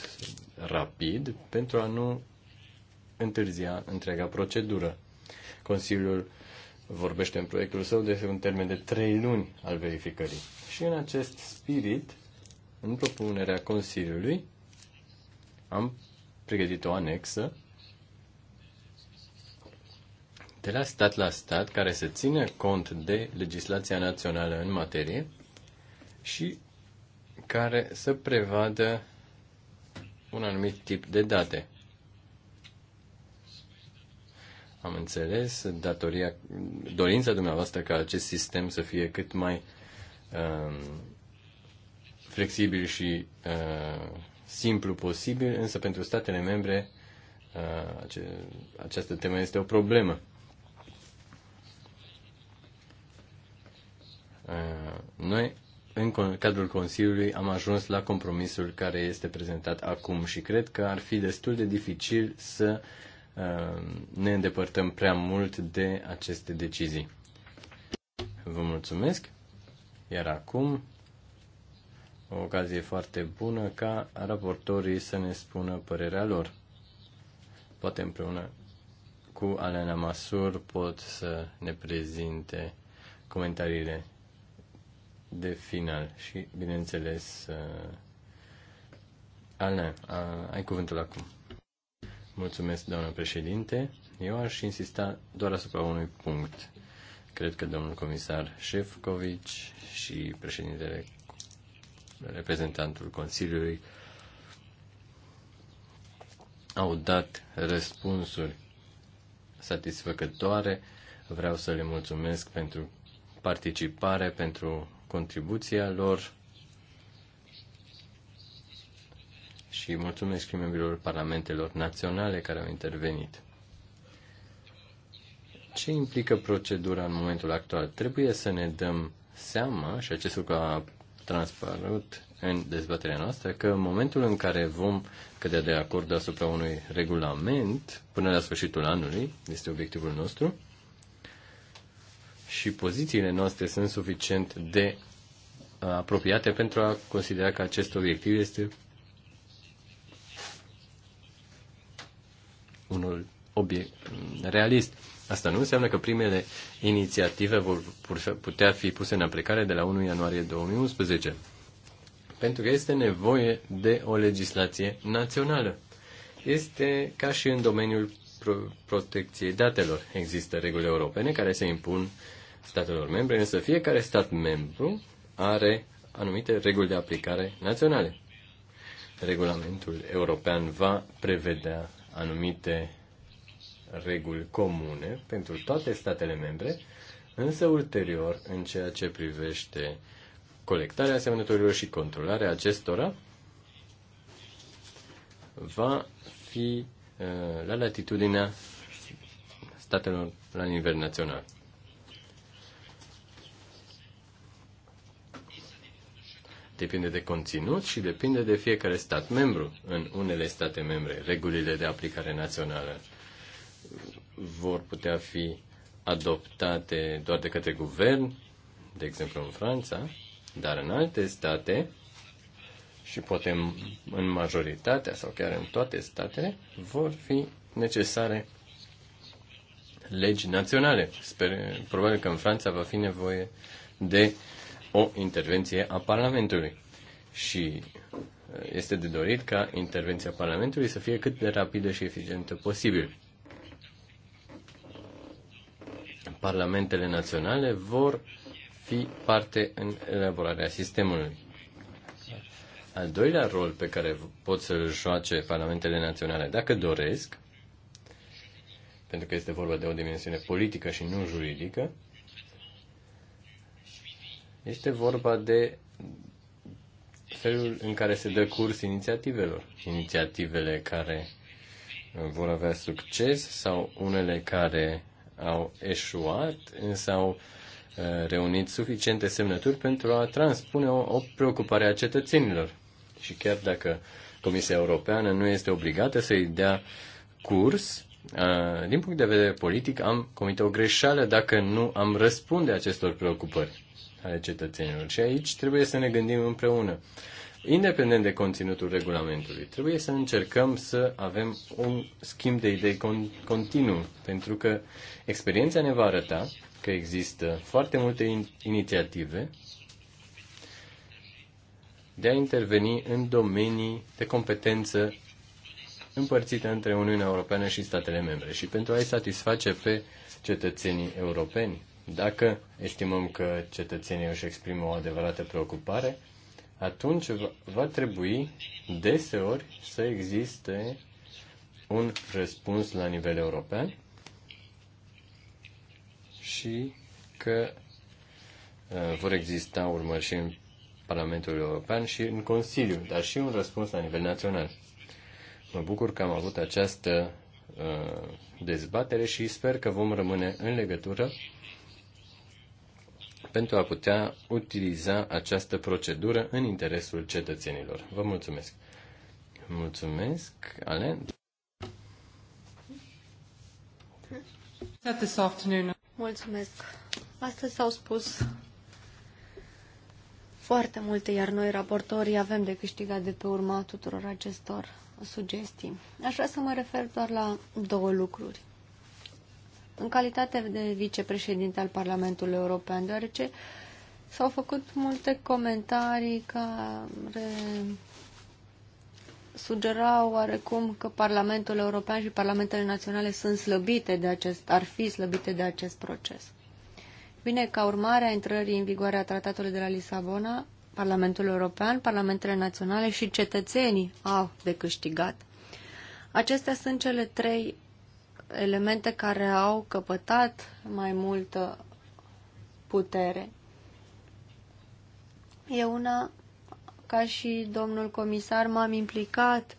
rapid pentru a nu întârzia întreaga procedură. Consiliul vorbește în proiectul său de un termen de trei luni al verificării. Și în acest spirit în propunerea Consiliului am pregătit o anexă de la stat la stat care să ține cont de legislația națională în materie și care să prevadă un anumit tip de date. Am înțeles datoria, dorința dumneavoastră ca acest sistem să fie cât mai uh, flexibil și uh, simplu posibil, însă pentru statele membre uh, ace- această temă este o problemă. Uh, noi, în cadrul Consiliului, am ajuns la compromisul care este prezentat acum și cred că ar fi destul de dificil să uh, ne îndepărtăm prea mult de aceste decizii. Vă mulțumesc! Iar acum o ocazie foarte bună ca raportorii să ne spună părerea lor. Poate împreună cu Alena Masur pot să ne prezinte comentariile de final și, bineînțeles, uh, Alena, ai cuvântul acum. Mulțumesc, doamnă președinte. Eu aș insista doar asupra unui punct. Cred că domnul comisar Șefcovici și președintele reprezentantul Consiliului au dat răspunsuri satisfăcătoare. Vreau să le mulțumesc pentru participare, pentru contribuția lor și mulțumesc și membrilor parlamentelor naționale care au intervenit. Ce implică procedura în momentul actual? Trebuie să ne dăm seama, și acest lucru a transparent în dezbaterea noastră că în momentul în care vom cădea de acord asupra unui regulament până la sfârșitul anului, este obiectivul nostru, și pozițiile noastre sunt suficient de uh, apropiate pentru a considera că acest obiectiv este unul obiect, realist. Asta nu înseamnă că primele inițiative vor putea fi puse în aplicare de la 1 ianuarie 2011, pentru că este nevoie de o legislație națională. Este ca și în domeniul protecției datelor. Există reguli europene care se impun statelor membre, însă fiecare stat membru are anumite reguli de aplicare naționale. Regulamentul european va prevedea anumite reguli comune pentru toate statele membre, însă ulterior, în ceea ce privește colectarea asemănătorilor și controlarea acestora, va fi uh, la latitudinea statelor la nivel național. Depinde de conținut și depinde de fiecare stat membru. În unele state membre, regulile de aplicare națională vor putea fi adoptate doar de către guvern, de exemplu în Franța, dar în alte state, și poate în majoritatea sau chiar în toate statele, vor fi necesare legi naționale. Sper, probabil că în Franța va fi nevoie de o intervenție a Parlamentului. Și uh, este de dorit ca intervenția Parlamentului să fie cât de rapidă și eficientă posibil. parlamentele naționale vor fi parte în elaborarea sistemului. Al doilea rol pe care pot să-l joace parlamentele naționale, dacă doresc, pentru că este vorba de o dimensiune politică și nu juridică, este vorba de felul în care se dă curs inițiativelor. Inițiativele care vor avea succes sau unele care au eșuat, însă au uh, reunit suficiente semnături pentru a transpune o, o preocupare a cetățenilor. Și chiar dacă Comisia Europeană nu este obligată să-i dea curs, uh, din punct de vedere politic am comit o greșeală dacă nu am răspunde acestor preocupări ale cetățenilor. Și aici trebuie să ne gândim împreună independent de conținutul regulamentului. Trebuie să încercăm să avem un schimb de idei con- continuu, pentru că experiența ne va arăta că există foarte multe in- inițiative de a interveni în domenii de competență împărțite între Uniunea Europeană și statele membre și pentru a-i satisface pe cetățenii europeni. Dacă estimăm că cetățenii își exprimă o adevărată preocupare, atunci va trebui deseori să existe un răspuns la nivel european și că uh, vor exista urmări și în Parlamentul European și în Consiliu, dar și un răspuns la nivel național. Mă bucur că am avut această uh, dezbatere și sper că vom rămâne în legătură pentru a putea utiliza această procedură în interesul cetățenilor. Vă mulțumesc! Mulțumesc, Alen! Mulțumesc! Astăzi s-au spus foarte multe, iar noi, raportorii, avem de câștigat de pe urma tuturor acestor sugestii. Aș vrea să mă refer doar la două lucruri în calitate de vicepreședinte al Parlamentului European, deoarece s-au făcut multe comentarii care sugerau oarecum că Parlamentul European și Parlamentele Naționale sunt slăbite de acest, ar fi slăbite de acest proces. Bine, ca urmare a intrării în vigoare a Tratatului de la Lisabona, Parlamentul European, Parlamentele Naționale și cetățenii au de câștigat. Acestea sunt cele trei elemente care au căpătat mai multă putere. E una, ca și domnul comisar, m-am implicat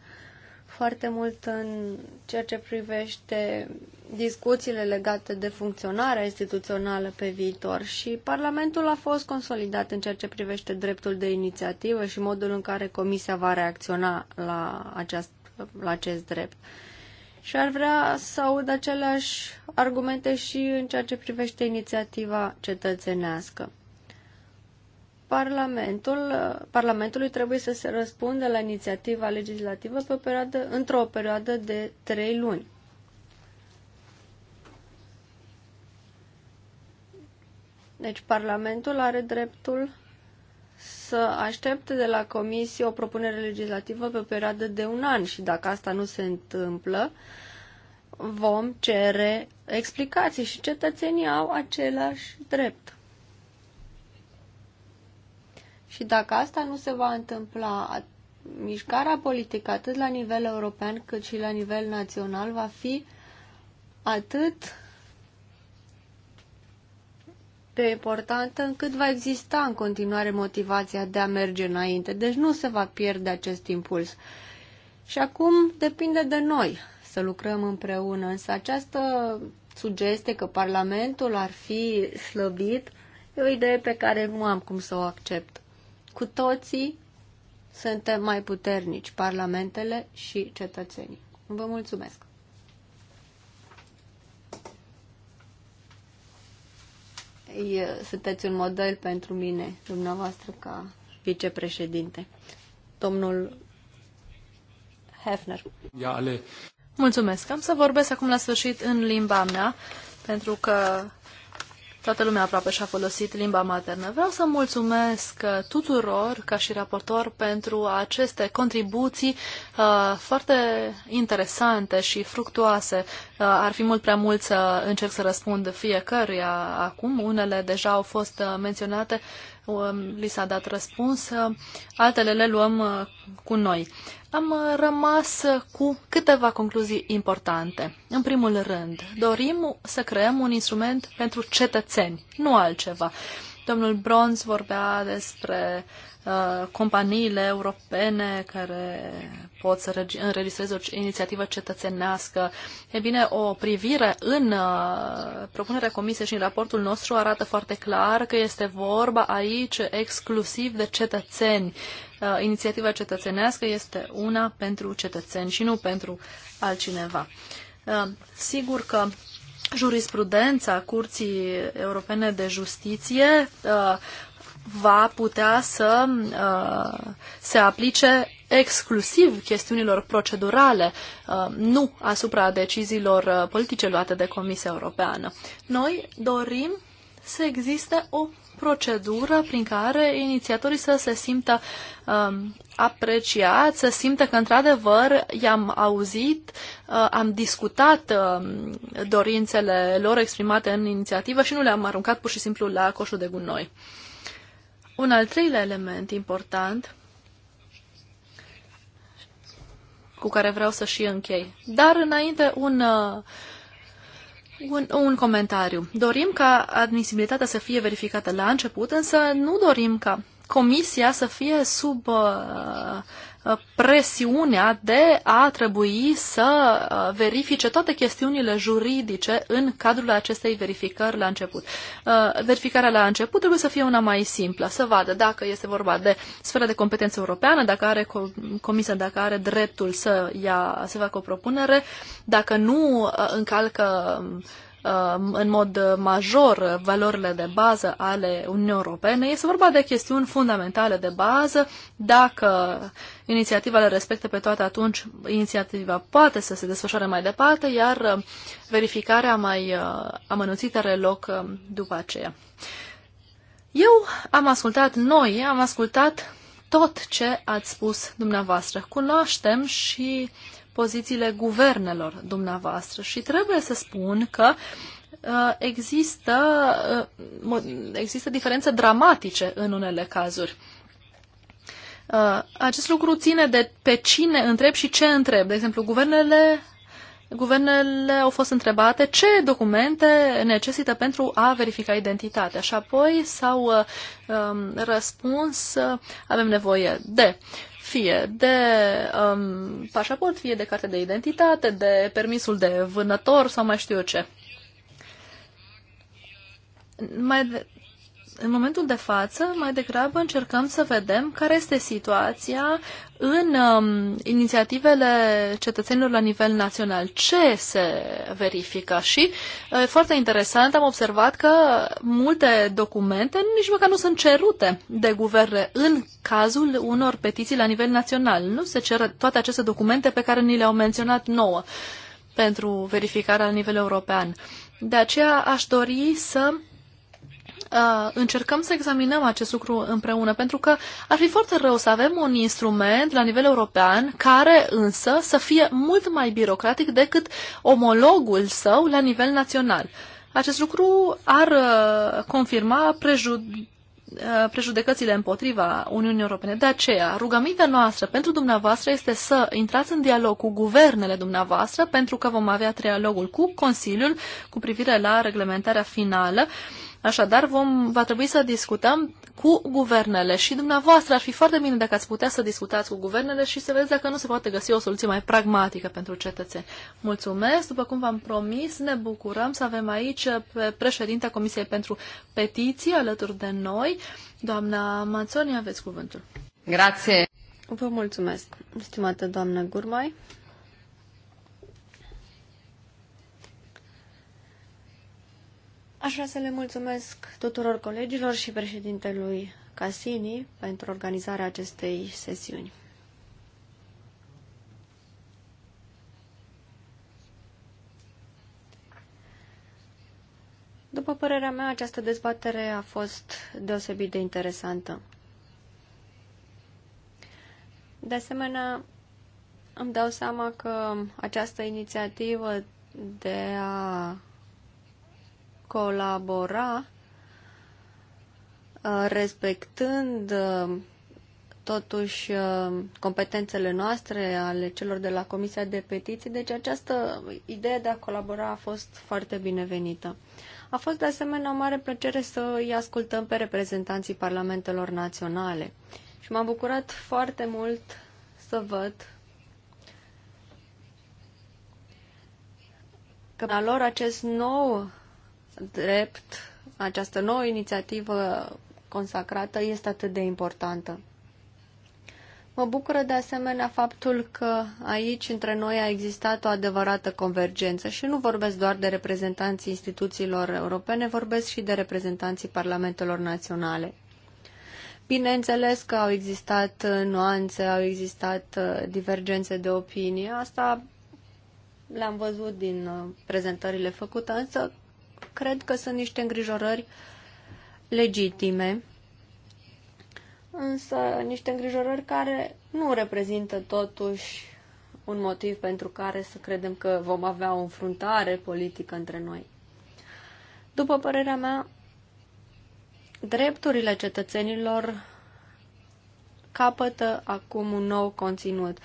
foarte mult în ceea ce privește discuțiile legate de funcționarea instituțională pe viitor și Parlamentul a fost consolidat în ceea ce privește dreptul de inițiativă și modul în care Comisia va reacționa la acest, la acest drept. Uh, și ar vrea să aud aceleași argumente și în ceea ce privește inițiativa cetățenească. Parlamentul, Parlamentului trebuie să se răspundă la inițiativa legislativă pe o perioadă, într-o perioadă de trei luni. Deci Parlamentul are dreptul să aștepte de la Comisie o propunere legislativă pe o perioadă de un an și dacă asta nu se întâmplă, vom cere explicații și cetățenii au același drept. Și dacă asta nu se va întâmpla, mișcarea politică atât la nivel european cât și la nivel național va fi atât de importantă încât va exista în continuare motivația de a merge înainte. Deci nu se va pierde acest impuls. Și acum depinde de noi să lucrăm împreună, însă această sugestie că Parlamentul ar fi slăbit e o idee pe care nu am cum să o accept. Cu toții suntem mai puternici, parlamentele și cetățenii. Vă mulțumesc! sunteți un model pentru mine, dumneavoastră, ca vicepreședinte. Domnul Hefner. Mulțumesc. Am să vorbesc acum la sfârșit în limba mea, pentru că Toată lumea aproape și-a folosit limba maternă. Vreau să mulțumesc tuturor, ca și raportor, pentru aceste contribuții uh, foarte interesante și fructuoase. Uh, ar fi mult prea mult să încerc să răspund fiecăruia acum. Unele deja au fost uh, menționate, uh, li s-a dat răspuns, uh, altele le luăm uh, cu noi. Am uh, rămas uh, cu câteva concluzii importante. În primul rând, dorim să creăm un instrument pentru cetățeni, nu altceva. Domnul Bronz vorbea despre uh, companiile europene care pot să înregistreze o inițiativă cetățenească. E bine, o privire în uh, propunerea comisiei și în raportul nostru arată foarte clar că este vorba aici exclusiv de cetățeni inițiativa cetățenească este una pentru cetățeni și nu pentru altcineva. Sigur că jurisprudența Curții Europene de Justiție va putea să se aplice exclusiv chestiunilor procedurale, nu asupra deciziilor politice luate de Comisia Europeană. Noi dorim să existe o procedură prin care inițiatorii să se simtă um, apreciați, să simtă că într-adevăr i-am auzit, uh, am discutat uh, dorințele lor exprimate în inițiativă și nu le-am aruncat pur și simplu la coșul de gunoi. Un al treilea element important cu care vreau să și închei. Dar înainte un uh, un, un comentariu. Dorim ca admisibilitatea să fie verificată la început, însă nu dorim ca comisia să fie sub uh, Uh, presiunea de a trebui să uh, verifice toate chestiunile juridice în cadrul acestei verificări la început. Uh, verificarea la început trebuie să fie una mai simplă, să vadă dacă este vorba de sfera de competență europeană, dacă are comisia, dacă are dreptul să, ia, să facă o propunere, dacă nu încalcă um, Um, în mod major valorile de bază ale Uniunii Europene. Este vorba de chestiuni fundamentale de bază. Dacă inițiativa le respectă pe toate, atunci inițiativa poate să se desfășoare mai departe, iar uh, verificarea mai uh, amănunțită are loc uh, după aceea. Eu am ascultat, noi am ascultat tot ce ați spus dumneavoastră. Cunoaștem și pozițiile guvernelor dumneavoastră și trebuie să spun că uh, există, uh, există diferențe dramatice în unele cazuri. Uh, acest lucru ține de pe cine întreb și ce întreb. De exemplu, guvernele guvernele au fost întrebate ce documente necesită pentru a verifica identitatea și apoi s-au um, răspuns avem nevoie de fie de um, pașaport, fie de carte de identitate, de permisul de vânător sau mai știu eu ce. Mai în momentul de față, mai degrabă încercăm să vedem care este situația în um, inițiativele cetățenilor la nivel național. Ce se verifică? Și, uh, e foarte interesant, am observat că multe documente nici măcar nu sunt cerute de guverne în cazul unor petiții la nivel național. Nu se cer toate aceste documente pe care ni le-au menționat nouă pentru verificarea la nivel european. De aceea aș dori să uh, încercăm să examinăm acest lucru împreună, pentru că ar fi foarte rău să avem un instrument la nivel european care însă să fie mult mai birocratic decât omologul său la nivel național. Acest lucru ar uh, confirma prejud- uh, prejudecățile împotriva Uniunii Europene. De aceea, rugămintea noastră pentru dumneavoastră este să intrați în dialog cu guvernele dumneavoastră, pentru că vom avea trialogul cu Consiliul cu privire la reglementarea finală Așadar, vom, va trebui să discutăm cu guvernele și dumneavoastră ar fi foarte bine dacă ați putea să discutați cu guvernele și să vedeți dacă nu se poate găsi o soluție mai pragmatică pentru cetățeni. Mulțumesc! După cum v-am promis, ne bucurăm să avem aici uh, pe președinta Comisiei pentru Petiții alături de noi. Doamna Mațoni, aveți cuvântul. Grație! Vă mulțumesc, stimată doamnă Gurmai. Aș vrea să le mulțumesc tuturor colegilor și președintelui Casini pentru organizarea acestei sesiuni. După părerea mea, această dezbatere a fost deosebit de interesantă. De asemenea, îmi dau seama că această inițiativă de a colabora uh, respectând uh, totuși uh, competențele noastre ale celor de la Comisia de Petiții, deci această idee de a colabora a fost foarte binevenită. A fost de asemenea o mare plăcere să îi ascultăm pe reprezentanții parlamentelor naționale și m-am bucurat foarte mult să văd că la lor acest nou drept această nouă inițiativă consacrată este atât de importantă. Mă bucură de asemenea faptul că aici între noi a existat o adevărată convergență și nu vorbesc doar de reprezentanții instituțiilor europene, vorbesc și de reprezentanții parlamentelor naționale. Bineînțeles că au existat nuanțe, au existat uh, divergențe de opinie, asta le-am văzut din uh, prezentările făcute, însă cred că sunt niște îngrijorări legitime, însă niște îngrijorări care nu reprezintă totuși un motiv pentru care să credem că vom avea o înfruntare politică între noi. După părerea mea, drepturile cetățenilor capătă acum un nou conținut.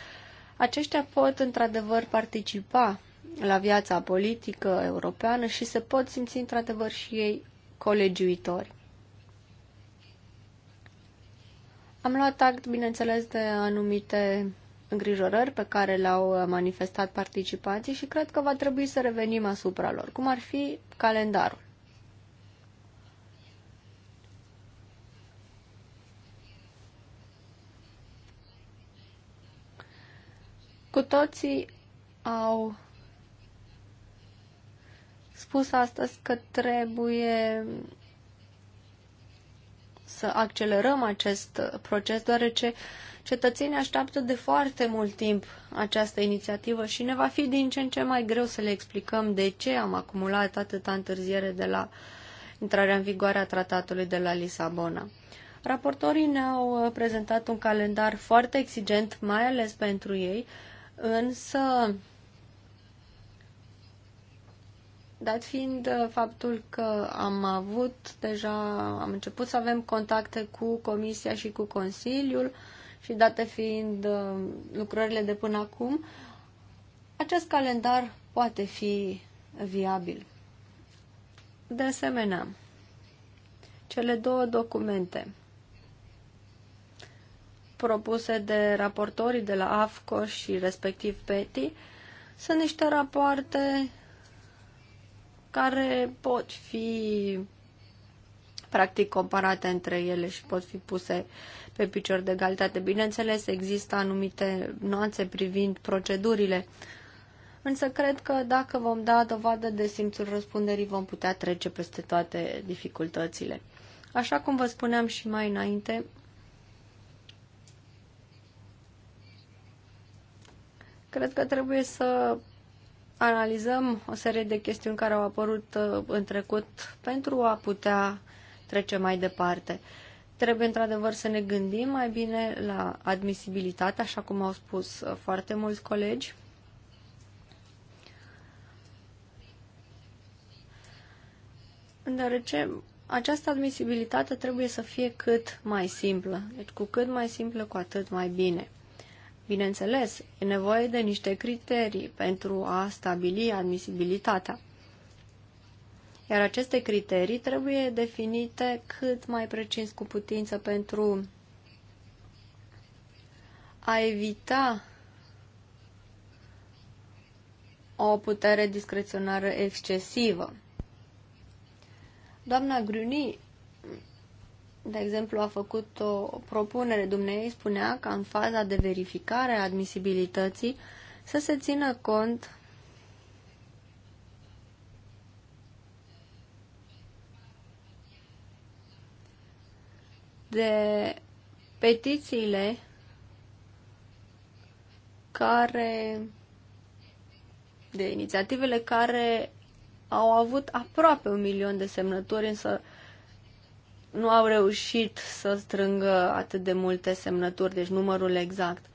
Aceștia pot într-adevăr participa la viața politică europeană și se pot simți într-adevăr și ei colegiuitori. Am luat act, bineînțeles, de anumite îngrijorări pe care le-au manifestat participanții și cred că va trebui să revenim asupra lor, cum ar fi calendarul. Cu toții au spus astăzi că trebuie să accelerăm acest proces, deoarece cetățenii așteaptă de foarte mult timp această inițiativă și ne va fi din ce în ce mai greu să le explicăm de ce am acumulat atâta întârziere de la intrarea în vigoare a tratatului de la Lisabona. Raportorii ne-au prezentat un calendar foarte exigent, mai ales pentru ei, însă Dat fiind uh, faptul că am avut deja, am început să avem contacte cu Comisia și cu Consiliul și date fiind uh, lucrările de până acum, acest calendar poate fi viabil. De asemenea, cele două documente propuse de raportorii de la AFCO și respectiv PETI sunt niște rapoarte care pot fi practic comparate între ele și pot fi puse pe picior de egalitate. Bineînțeles, există anumite nuanțe privind procedurile, însă cred că dacă vom da dovadă de simțul răspunderii, vom putea trece peste toate dificultățile. Așa cum vă spuneam și mai înainte, cred că trebuie să analizăm o serie de chestiuni care au apărut uh, în trecut pentru a putea trece mai departe. Trebuie într-adevăr să ne gândim mai bine la admisibilitate, așa cum au spus uh, foarte mulți colegi. Deoarece această admisibilitate trebuie să fie cât mai simplă. Deci cu cât mai simplă, cu atât mai bine. Bineînțeles, e nevoie de niște criterii pentru a stabili admisibilitatea. Iar aceste criterii trebuie definite cât mai precis cu putință pentru a evita o putere discreționară excesivă. Doamna Gruni de exemplu, a făcut o propunere, Dumneavoastră spunea că în faza de verificare a admisibilității să se țină cont de petițiile care de inițiativele care au avut aproape un milion de semnături, însă uh, nu au reușit să strângă atât de multe semnături, deci numărul exact.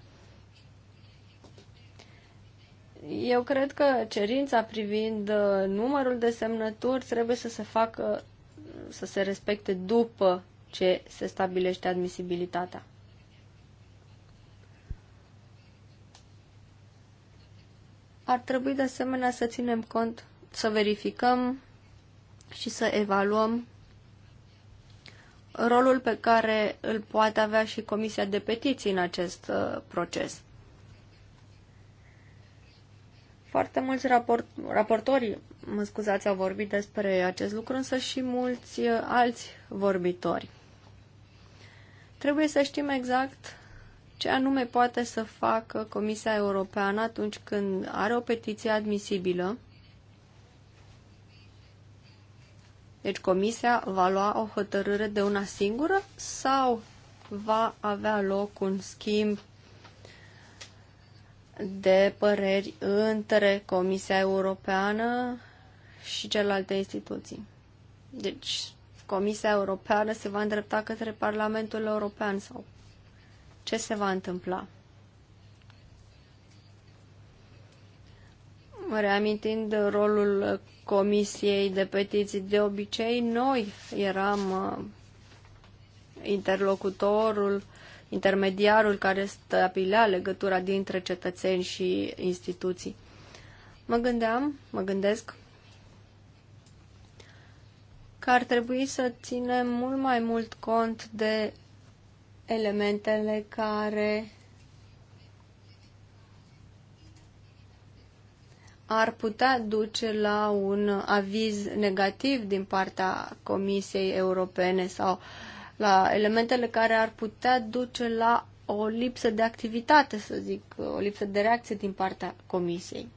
Eu cred că cerința privind uh, numărul de semnături trebuie să se facă, să se respecte după ce se stabilește admisibilitatea. Ar trebui de asemenea să ținem cont, să verificăm și să evaluăm rolul pe care îl poate avea și Comisia de Petiții în acest uh, proces. Foarte mulți raport, raportori, mă scuzați, au vorbit despre acest lucru, însă și mulți uh, alți vorbitori. Trebuie să știm exact ce anume poate să facă Comisia Europeană atunci când are o petiție admisibilă Deci comisia va lua o hotărâre de una singură sau va avea loc un schimb de păreri între Comisia Europeană și celelalte instituții. Deci, Comisia Europeană se va îndrepta către Parlamentul European sau ce se va întâmpla? reamintind rolul Comisiei de Petiții, de obicei noi eram uh, interlocutorul, intermediarul care stabilea legătura dintre cetățeni și instituții. Mă gândeam, mă gândesc că ar trebui să ținem mult mai mult cont de elementele care ar putea duce la un aviz negativ din partea Comisiei Europene sau la elementele care ar putea duce la o lipsă de activitate, să zic, o lipsă de reacție din partea Comisiei.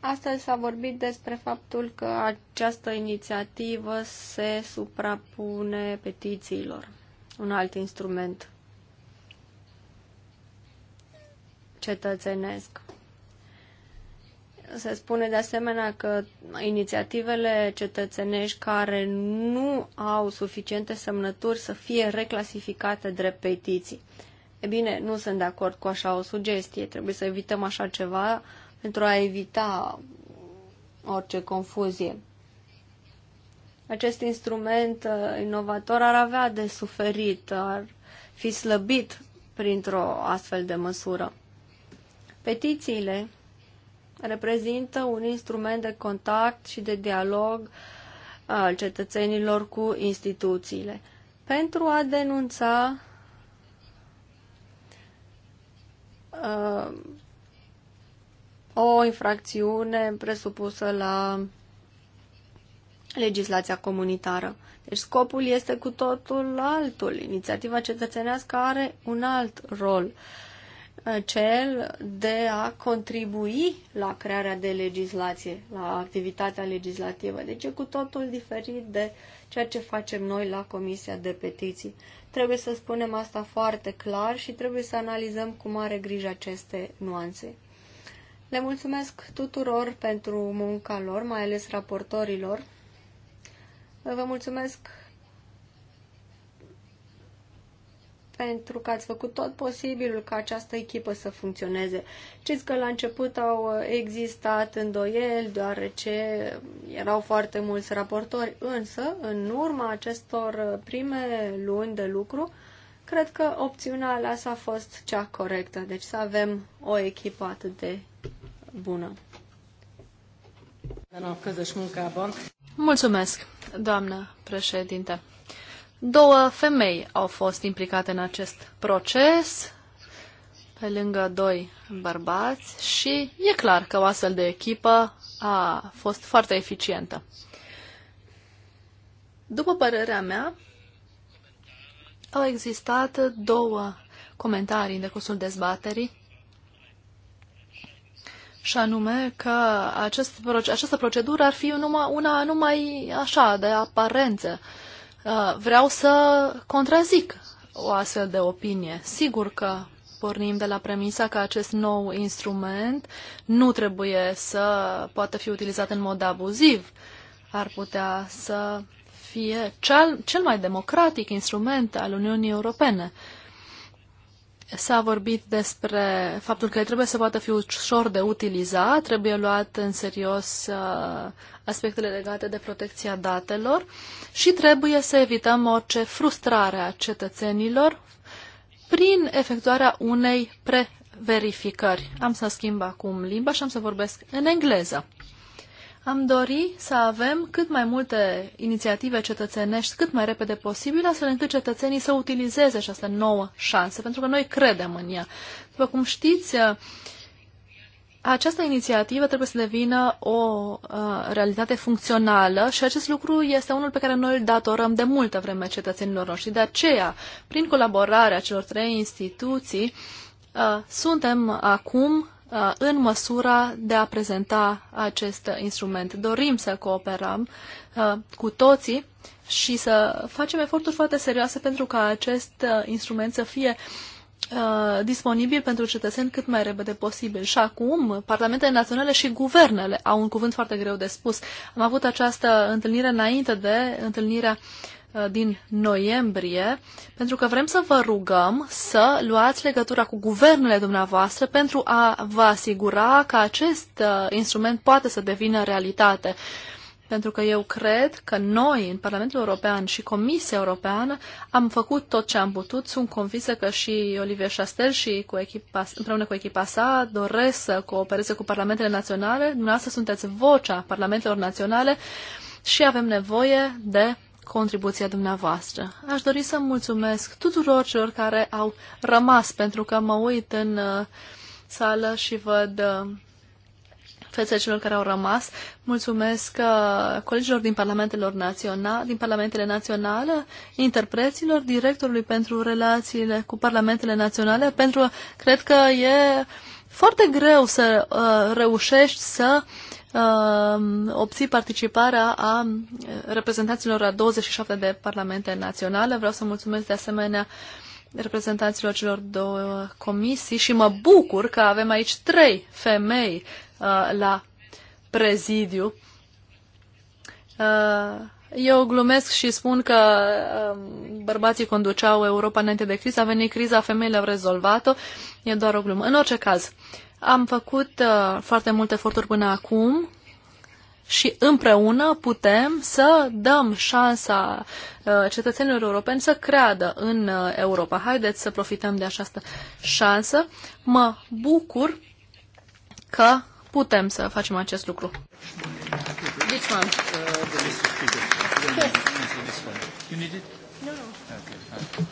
Astăzi s-a vorbit despre faptul că această inițiativă se suprapune petițiilor un alt instrument cetățenesc. Se spune de asemenea că inițiativele cetățenești care nu au suficiente semnături să fie reclasificate drept petiții. E bine, nu sunt de acord cu așa o sugestie. Trebuie să evităm așa ceva pentru a evita orice confuzie acest instrument uh, inovator ar avea de suferit, ar fi slăbit printr-o astfel de măsură. Petițiile reprezintă un instrument de contact și de dialog al uh, cetățenilor cu instituțiile pentru a denunța uh, o infracțiune presupusă la legislația comunitară. Deci scopul este cu totul altul. Inițiativa cetățenească are un alt rol, uh, cel de a contribui la crearea de legislație, la activitatea legislativă. Deci e cu totul diferit de ceea ce facem noi la Comisia de Petiții. Trebuie să spunem asta foarte clar și trebuie să analizăm cu mare grijă aceste nuanțe. Le mulțumesc tuturor pentru munca lor, mai ales raportorilor, Vă mulțumesc pentru că ați făcut tot posibilul ca această echipă să funcționeze. Știți că la început au existat îndoieli, deoarece erau foarte mulți raportori, însă, în urma acestor prime luni de lucru, cred că opțiunea aleasă a fost cea corectă, deci să avem o echipă atât de bună. A Mulțumesc, doamnă președinte. Două femei au fost implicate în acest proces, pe lângă doi bărbați și e clar că o astfel de echipă a fost foarte eficientă. După părerea mea, au existat două comentarii în decursul dezbaterii și anume că acest, această procedură ar fi numai, una numai așa, de aparențe. Uh, vreau să contrazic o astfel de opinie. Sigur că pornim de la premisa că acest nou instrument nu trebuie să poată fi utilizat în mod abuziv. Ar putea să fie cel, cel mai democratic instrument al Uniunii Europene. Uh, S-a vorbit despre faptul că trebuie să poată fi ușor de utilizat, trebuie luat în serios uh, aspectele legate de protecția datelor și trebuie să evităm orice frustrare a cetățenilor prin efectuarea unei preverificări. Am să schimb acum limba și am să vorbesc în engleză. Am dori să avem cât mai multe inițiative cetățenești cât mai repede posibil, astfel încât cetățenii să utilizeze această nouă șansă, pentru că noi credem în ea. După cum știți, această inițiativă trebuie să devină o uh, realitate funcțională și acest lucru este unul pe care noi îl datorăm de multă vreme cetățenilor noștri. De aceea, prin colaborarea celor trei instituții, uh, suntem acum Uh, în măsura de a prezenta acest instrument. Dorim să cooperăm uh, cu toții și să facem eforturi foarte serioase pentru ca acest uh, instrument să fie disponibil pentru cetățeni cât mai repede posibil. Și acum, parlamentele naționale și guvernele au un cuvânt foarte greu de spus. Am avut această întâlnire înainte de întâlnirea uh, Uh, din noiembrie, pentru că vrem să vă rugăm să luați legătura cu guvernele dumneavoastră pentru a vă asigura că acest uh, instrument poate să devină realitate. Pentru că eu cred că noi, în Parlamentul European și Comisia Europeană, am făcut tot ce am putut. Sunt convinsă că și Olivier Chastel și cu echipa, împreună cu echipa sa doresc să coopereze cu Parlamentele Naționale. Dumneavoastră sunteți vocea Parlamentelor Naționale și avem nevoie de contribuția dumneavoastră. Aș dori să mulțumesc tuturor celor care au rămas, pentru că mă uit în uh, sală și văd uh, fețele celor care au rămas. Mulțumesc uh, colegilor din, parlamentelor naționale, din parlamentele naționale, interpreților, directorului pentru relațiile cu parlamentele naționale, pentru că cred că e foarte greu să uh, reușești să uh, Um, obții participarea a uh, reprezentanților a 27 de parlamente naționale. Vreau să mulțumesc de asemenea reprezentanților celor două comisii și mă bucur că avem aici trei femei uh, la prezidiu. Uh, eu glumesc și spun că um, bărbații conduceau Europa înainte de criză, a venit criza, femeile au rezolvat-o, e doar o glumă. În orice caz, uh, am făcut uh, foarte multe eforturi până acum și împreună putem să dăm șansa uh, cetățenilor europeni să creadă în uh, Europa. Haideți să profităm de această șansă. Mă bucur că putem să facem acest lucru. Uh, you